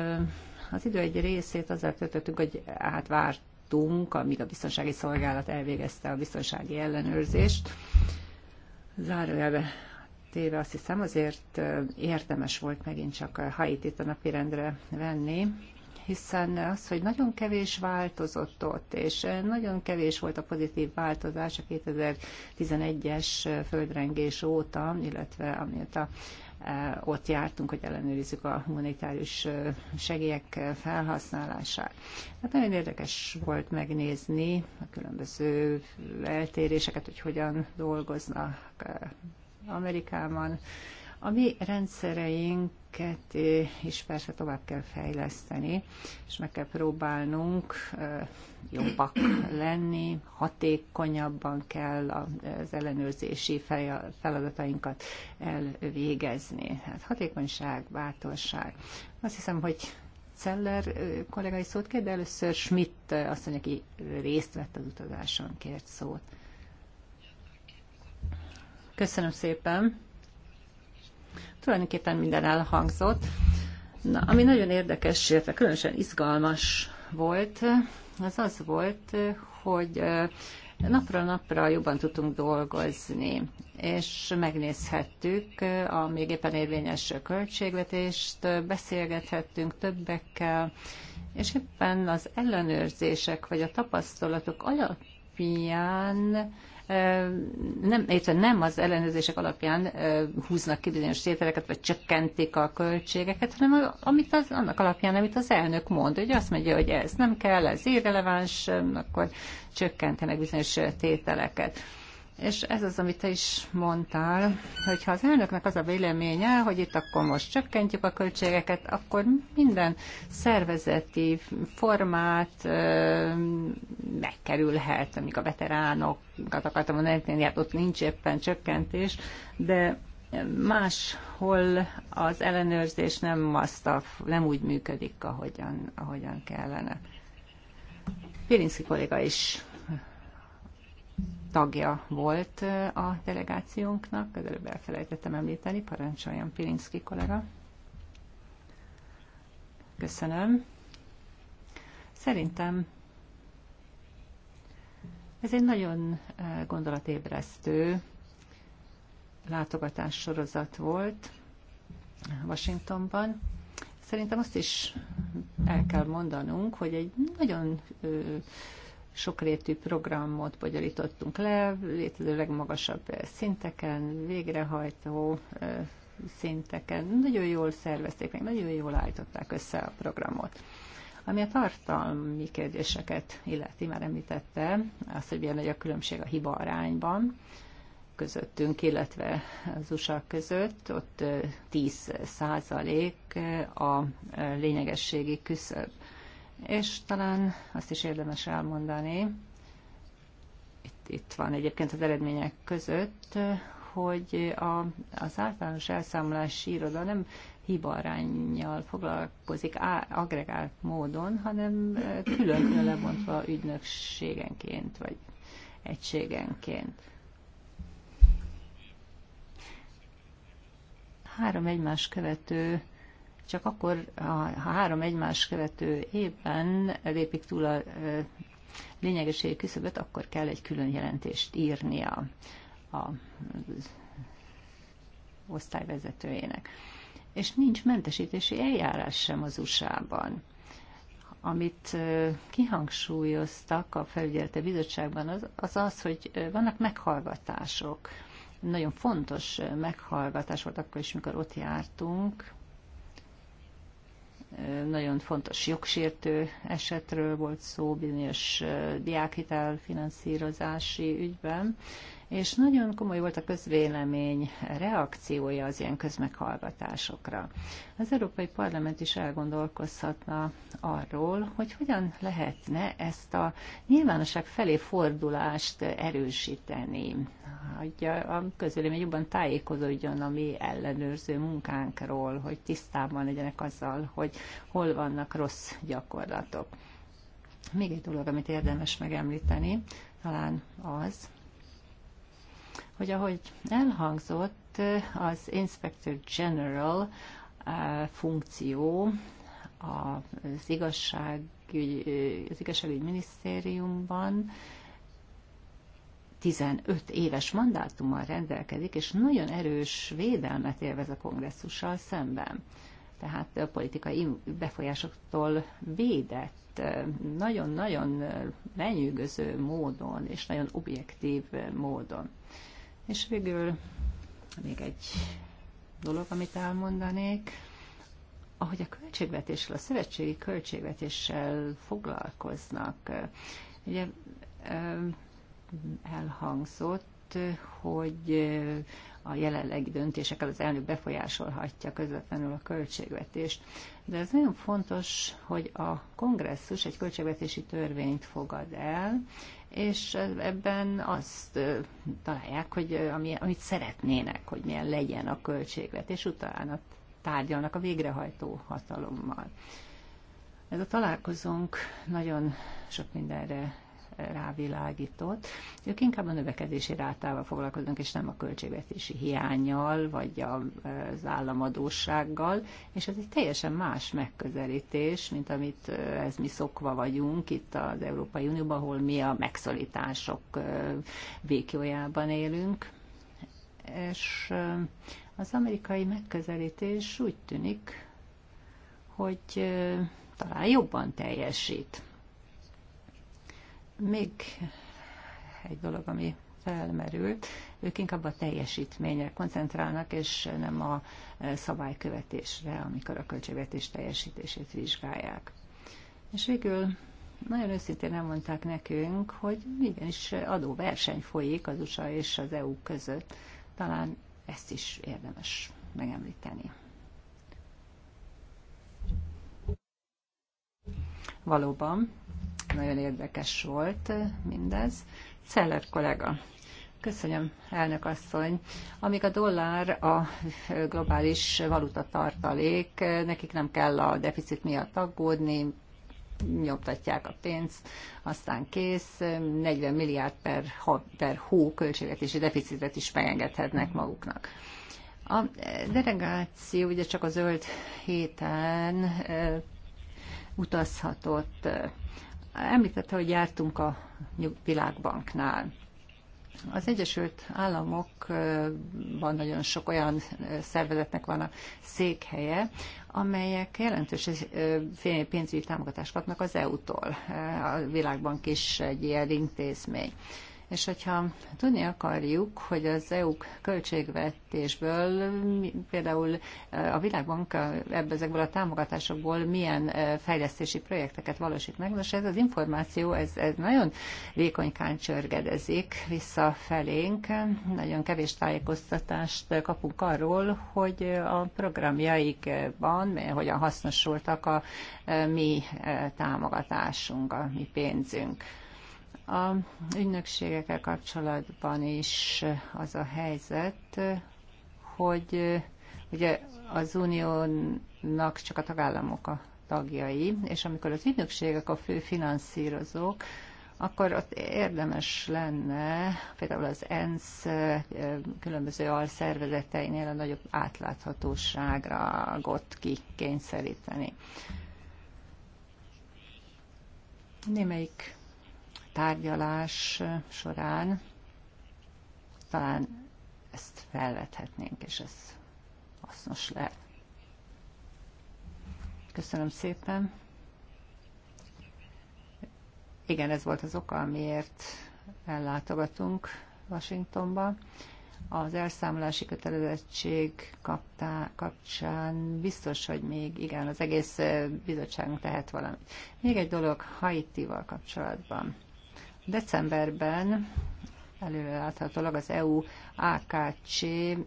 az idő egy részét azzal töltöttük, hogy átvártunk, amíg a biztonsági szolgálat elvégezte a biztonsági ellenőrzést. Zárójelbe éve azt hiszem azért érdemes volt megint csak Haitit a napirendre venni, hiszen az, hogy nagyon kevés változott ott, és nagyon kevés volt a pozitív változás a 2011-es földrengés óta, illetve amióta ott jártunk, hogy ellenőrizzük a humanitárius segélyek felhasználását. Hát nagyon érdekes volt megnézni a különböző eltéréseket, hogy hogyan dolgoznak Amerikában. A mi rendszereinket eh, is persze tovább kell fejleszteni, és meg kell próbálnunk eh, jobbak lenni, hatékonyabban kell az ellenőrzési feladatainkat elvégezni. Hát hatékonyság, bátorság. Azt hiszem, hogy Celler eh, kollégai szót kér, de először Schmidt mondja, aki részt vett az utazáson, kért szót. Köszönöm szépen. Tulajdonképpen minden elhangzott. Na, ami nagyon érdekes, illetve különösen izgalmas volt, az az volt, hogy napra napra jobban tudtunk dolgozni, és megnézhettük a még éppen érvényes költségvetést, beszélgethettünk többekkel, és éppen az ellenőrzések vagy a tapasztalatok alapján nem, nem az ellenőrzések alapján húznak ki bizonyos tételeket, vagy csökkentik a költségeket, hanem amit az, annak alapján, amit az elnök mond, hogy azt mondja, hogy ez nem kell, ez irreleváns, akkor csökkentenek bizonyos tételeket. És ez az, amit te is mondtál, hogyha az elnöknek az a véleménye, hogy itt akkor most csökkentjük a költségeket, akkor minden szervezeti formát ö, megkerülhet, amik a veteránokat akartam mondani, hát ott nincs éppen csökkentés, de máshol az ellenőrzés nem, azt a, nem úgy működik, ahogyan, ahogyan kellene. Pirinszki kolléga is tagja volt a delegációnknak, az előbb elfelejtettem említeni, parancsoljon Pilinszki kollega. Köszönöm. Szerintem ez egy nagyon gondolatébresztő látogatás sorozat volt Washingtonban. Szerintem azt is el kell mondanunk, hogy egy nagyon sokrétű programot bonyolítottunk le, létező legmagasabb szinteken, végrehajtó szinteken. Nagyon jól szervezték, meg nagyon jól állították össze a programot. Ami a tartalmi kérdéseket illeti, már említette, az, hogy milyen nagy a különbség a hiba arányban közöttünk, illetve az USA között, ott 10 százalék a lényegességi küszöb és talán azt is érdemes elmondani, itt, itt van egyébként az eredmények között, hogy a, az általános elszámolási iroda nem hibarányjal foglalkozik á, agregált módon, hanem külön-külön lebontva ügynökségenként, vagy egységenként. Három egymás követő csak akkor, ha három egymás követő évben lépik túl a lényegeségi küszöböt, akkor kell egy külön jelentést írnia a osztályvezetőjének. És nincs mentesítési eljárás sem az USA-ban. Amit kihangsúlyoztak a felügyelete bizottságban, az, az az, hogy vannak meghallgatások. Nagyon fontos meghallgatás volt akkor is, mikor ott jártunk, nagyon fontos jogsértő esetről volt szó bizonyos diákhitel finanszírozási ügyben, és nagyon komoly volt a közvélemény reakciója az ilyen közmeghallgatásokra. Az Európai Parlament is elgondolkozhatna arról, hogy hogyan lehetne ezt a nyilvánosság felé fordulást erősíteni, hogy a közvélemény jobban tájékozódjon a mi ellenőrző munkánkról, hogy tisztában legyenek azzal, hogy hol vannak rossz gyakorlatok. Még egy dolog, amit érdemes megemlíteni, talán az, hogy ahogy elhangzott, az Inspector General eh, funkció az igazságügy, az igazságügy minisztériumban 15 éves mandátummal rendelkezik, és nagyon erős védelmet élvez a kongresszussal szemben. Tehát a politikai befolyásoktól védett, eh, nagyon-nagyon eh, lenyűgöző módon és nagyon objektív módon. És végül még egy dolog, amit elmondanék, ahogy a költségvetéssel, a szövetségi költségvetéssel foglalkoznak, ugye elhangzott, hogy a jelenlegi döntésekkel az elnök befolyásolhatja közvetlenül a költségvetést. De ez nagyon fontos, hogy a kongresszus egy költségvetési törvényt fogad el, és ebben azt találják, hogy ami, amit szeretnének, hogy milyen legyen a költségvet, és utána tárgyalnak a végrehajtó hatalommal. Ez a találkozónk nagyon sok mindenre rávilágított. Ők inkább a növekedési rátával foglalkoznak, és nem a költségvetési hiányjal, vagy az államadósággal, és ez egy teljesen más megközelítés, mint amit ez mi szokva vagyunk itt az Európai Unióban, ahol mi a megszorítások békjójában élünk. És az amerikai megközelítés úgy tűnik, hogy talán jobban teljesít. Még egy dolog, ami felmerült, ők inkább a teljesítményre koncentrálnak, és nem a e, szabálykövetésre, amikor a költségvetés teljesítését vizsgálják. És végül nagyon őszintén elmondták nekünk, hogy igenis adóverseny folyik az USA és az EU között. Talán ezt is érdemes megemlíteni. Valóban, nagyon érdekes volt mindez. Szeller kollega. Köszönöm, elnök asszony. Amíg a dollár a globális valuta tartalék, nekik nem kell a deficit miatt aggódni, nyomtatják a pénzt, aztán kész, 40 milliárd per, ha, per hó költségvetési deficitet is megengedhetnek maguknak. A delegáció ugye csak a zöld héten utazhatott Említette, hogy jártunk a Világbanknál. Az Egyesült Államokban nagyon sok olyan szervezetnek van a székhelye, amelyek jelentős pénzügyi támogatást kapnak az EU-tól. A világbank is egy ilyen intézmény. És hogyha tudni akarjuk, hogy az EU költségvetésből, például eh, a Világbank eh, ebből ezekből a támogatásokból milyen eh, fejlesztési projekteket valósít meg, most ez az információ, ez, ez nagyon vékonykán csörgedezik visszafelénk. Nagyon kevés tájékoztatást kapunk arról, hogy a programjaikban hogyan hasznosultak a mi támogatásunk, a mi pénzünk. A ügynökségekkel kapcsolatban is az a helyzet, hogy ugye az uniónak csak a tagállamok a tagjai, és amikor az ügynökségek a fő finanszírozók, akkor ott érdemes lenne például az ENSZ különböző alszervezeteinél a nagyobb átláthatóságra gott kikényszeríteni. Némelyik tárgyalás során talán ezt felvethetnénk, és ez hasznos lehet. Köszönöm szépen. Igen, ez volt az oka, miért ellátogatunk Washingtonba. Az elszámolási kötelezettség kaptá, kapcsán biztos, hogy még igen, az egész bizottságunk tehet valamit. Még egy dolog Haitival kapcsolatban. Decemberben előreláthatólag az EU AKC eh,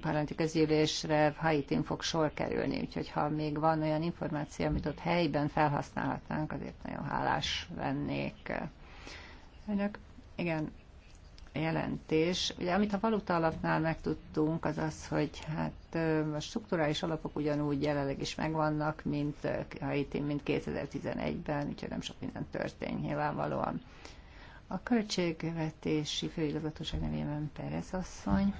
parlamenti közgyűlésre Haitin fog sor kerülni, úgyhogy ha még van olyan információ, amit ott helyben felhasználhatnánk, azért nagyon hálás lennék. Önök, igen, jelentés. Ugye, amit a valuta alapnál megtudtunk, az az, hogy hát eh, a strukturális alapok ugyanúgy jelenleg is megvannak, mint eh, Haiti, mint 2011-ben, úgyhogy nem sok minden történt nyilvánvalóan. A költségvetési főigazgatóság nevében Perez asszony.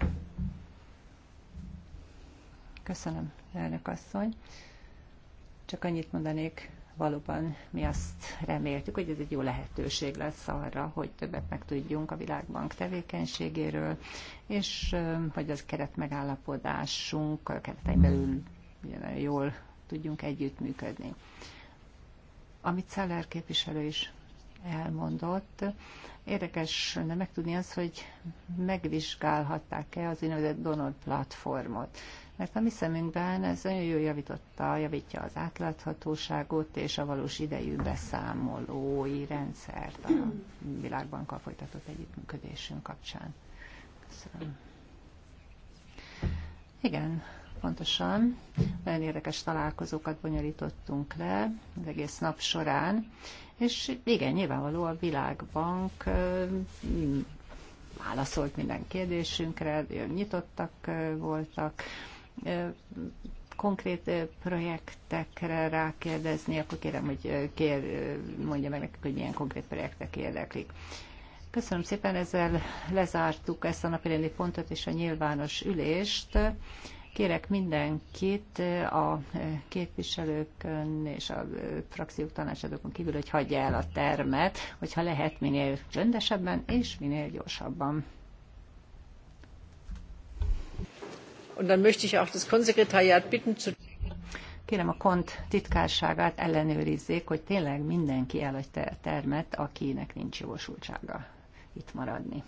Köszönöm, elnök asszony. Csak annyit mondanék, valóban mi azt reméltük, hogy ez egy jó lehetőség lesz arra, hogy többet megtudjunk a Világbank tevékenységéről, és hogy az keret megállapodásunk a keretein belül jól tudjunk együttműködni. Amit Szeller képviselő is elmondott. Érdekes lenne megtudni az, hogy megvizsgálhatták-e az úgynevezett Donald platformot. Mert a mi szemünkben ez nagyon jól javította, javítja az átláthatóságot és a valós idejű beszámolói rendszert a világbankkal folytatott együttműködésünk kapcsán. Köszönöm. Igen, pontosan. Nagyon érdekes találkozókat bonyolítottunk le az egész nap során, és igen, nyilvánvaló a Világbank válaszolt minden kérdésünkre, nyitottak voltak, konkrét projektekre rákérdezni, akkor kérem, hogy kér, mondja meg nekik, hogy milyen konkrét projektek érdeklik. Köszönöm szépen, ezzel lezártuk ezt a napirendi pontot és a nyilvános ülést. Kérek mindenkit a képviselőkön és a frakciók tanácsadókon kívül, hogy hagyja el a termet, hogyha lehet minél rendesebben és minél gyorsabban. Und dann möchte ich auch das Konsekretariat bitten zu kérem a kont titkárságát ellenőrizzék, hogy tényleg mindenki elhagyta a termet, akinek nincs jogosultsága
itt maradni.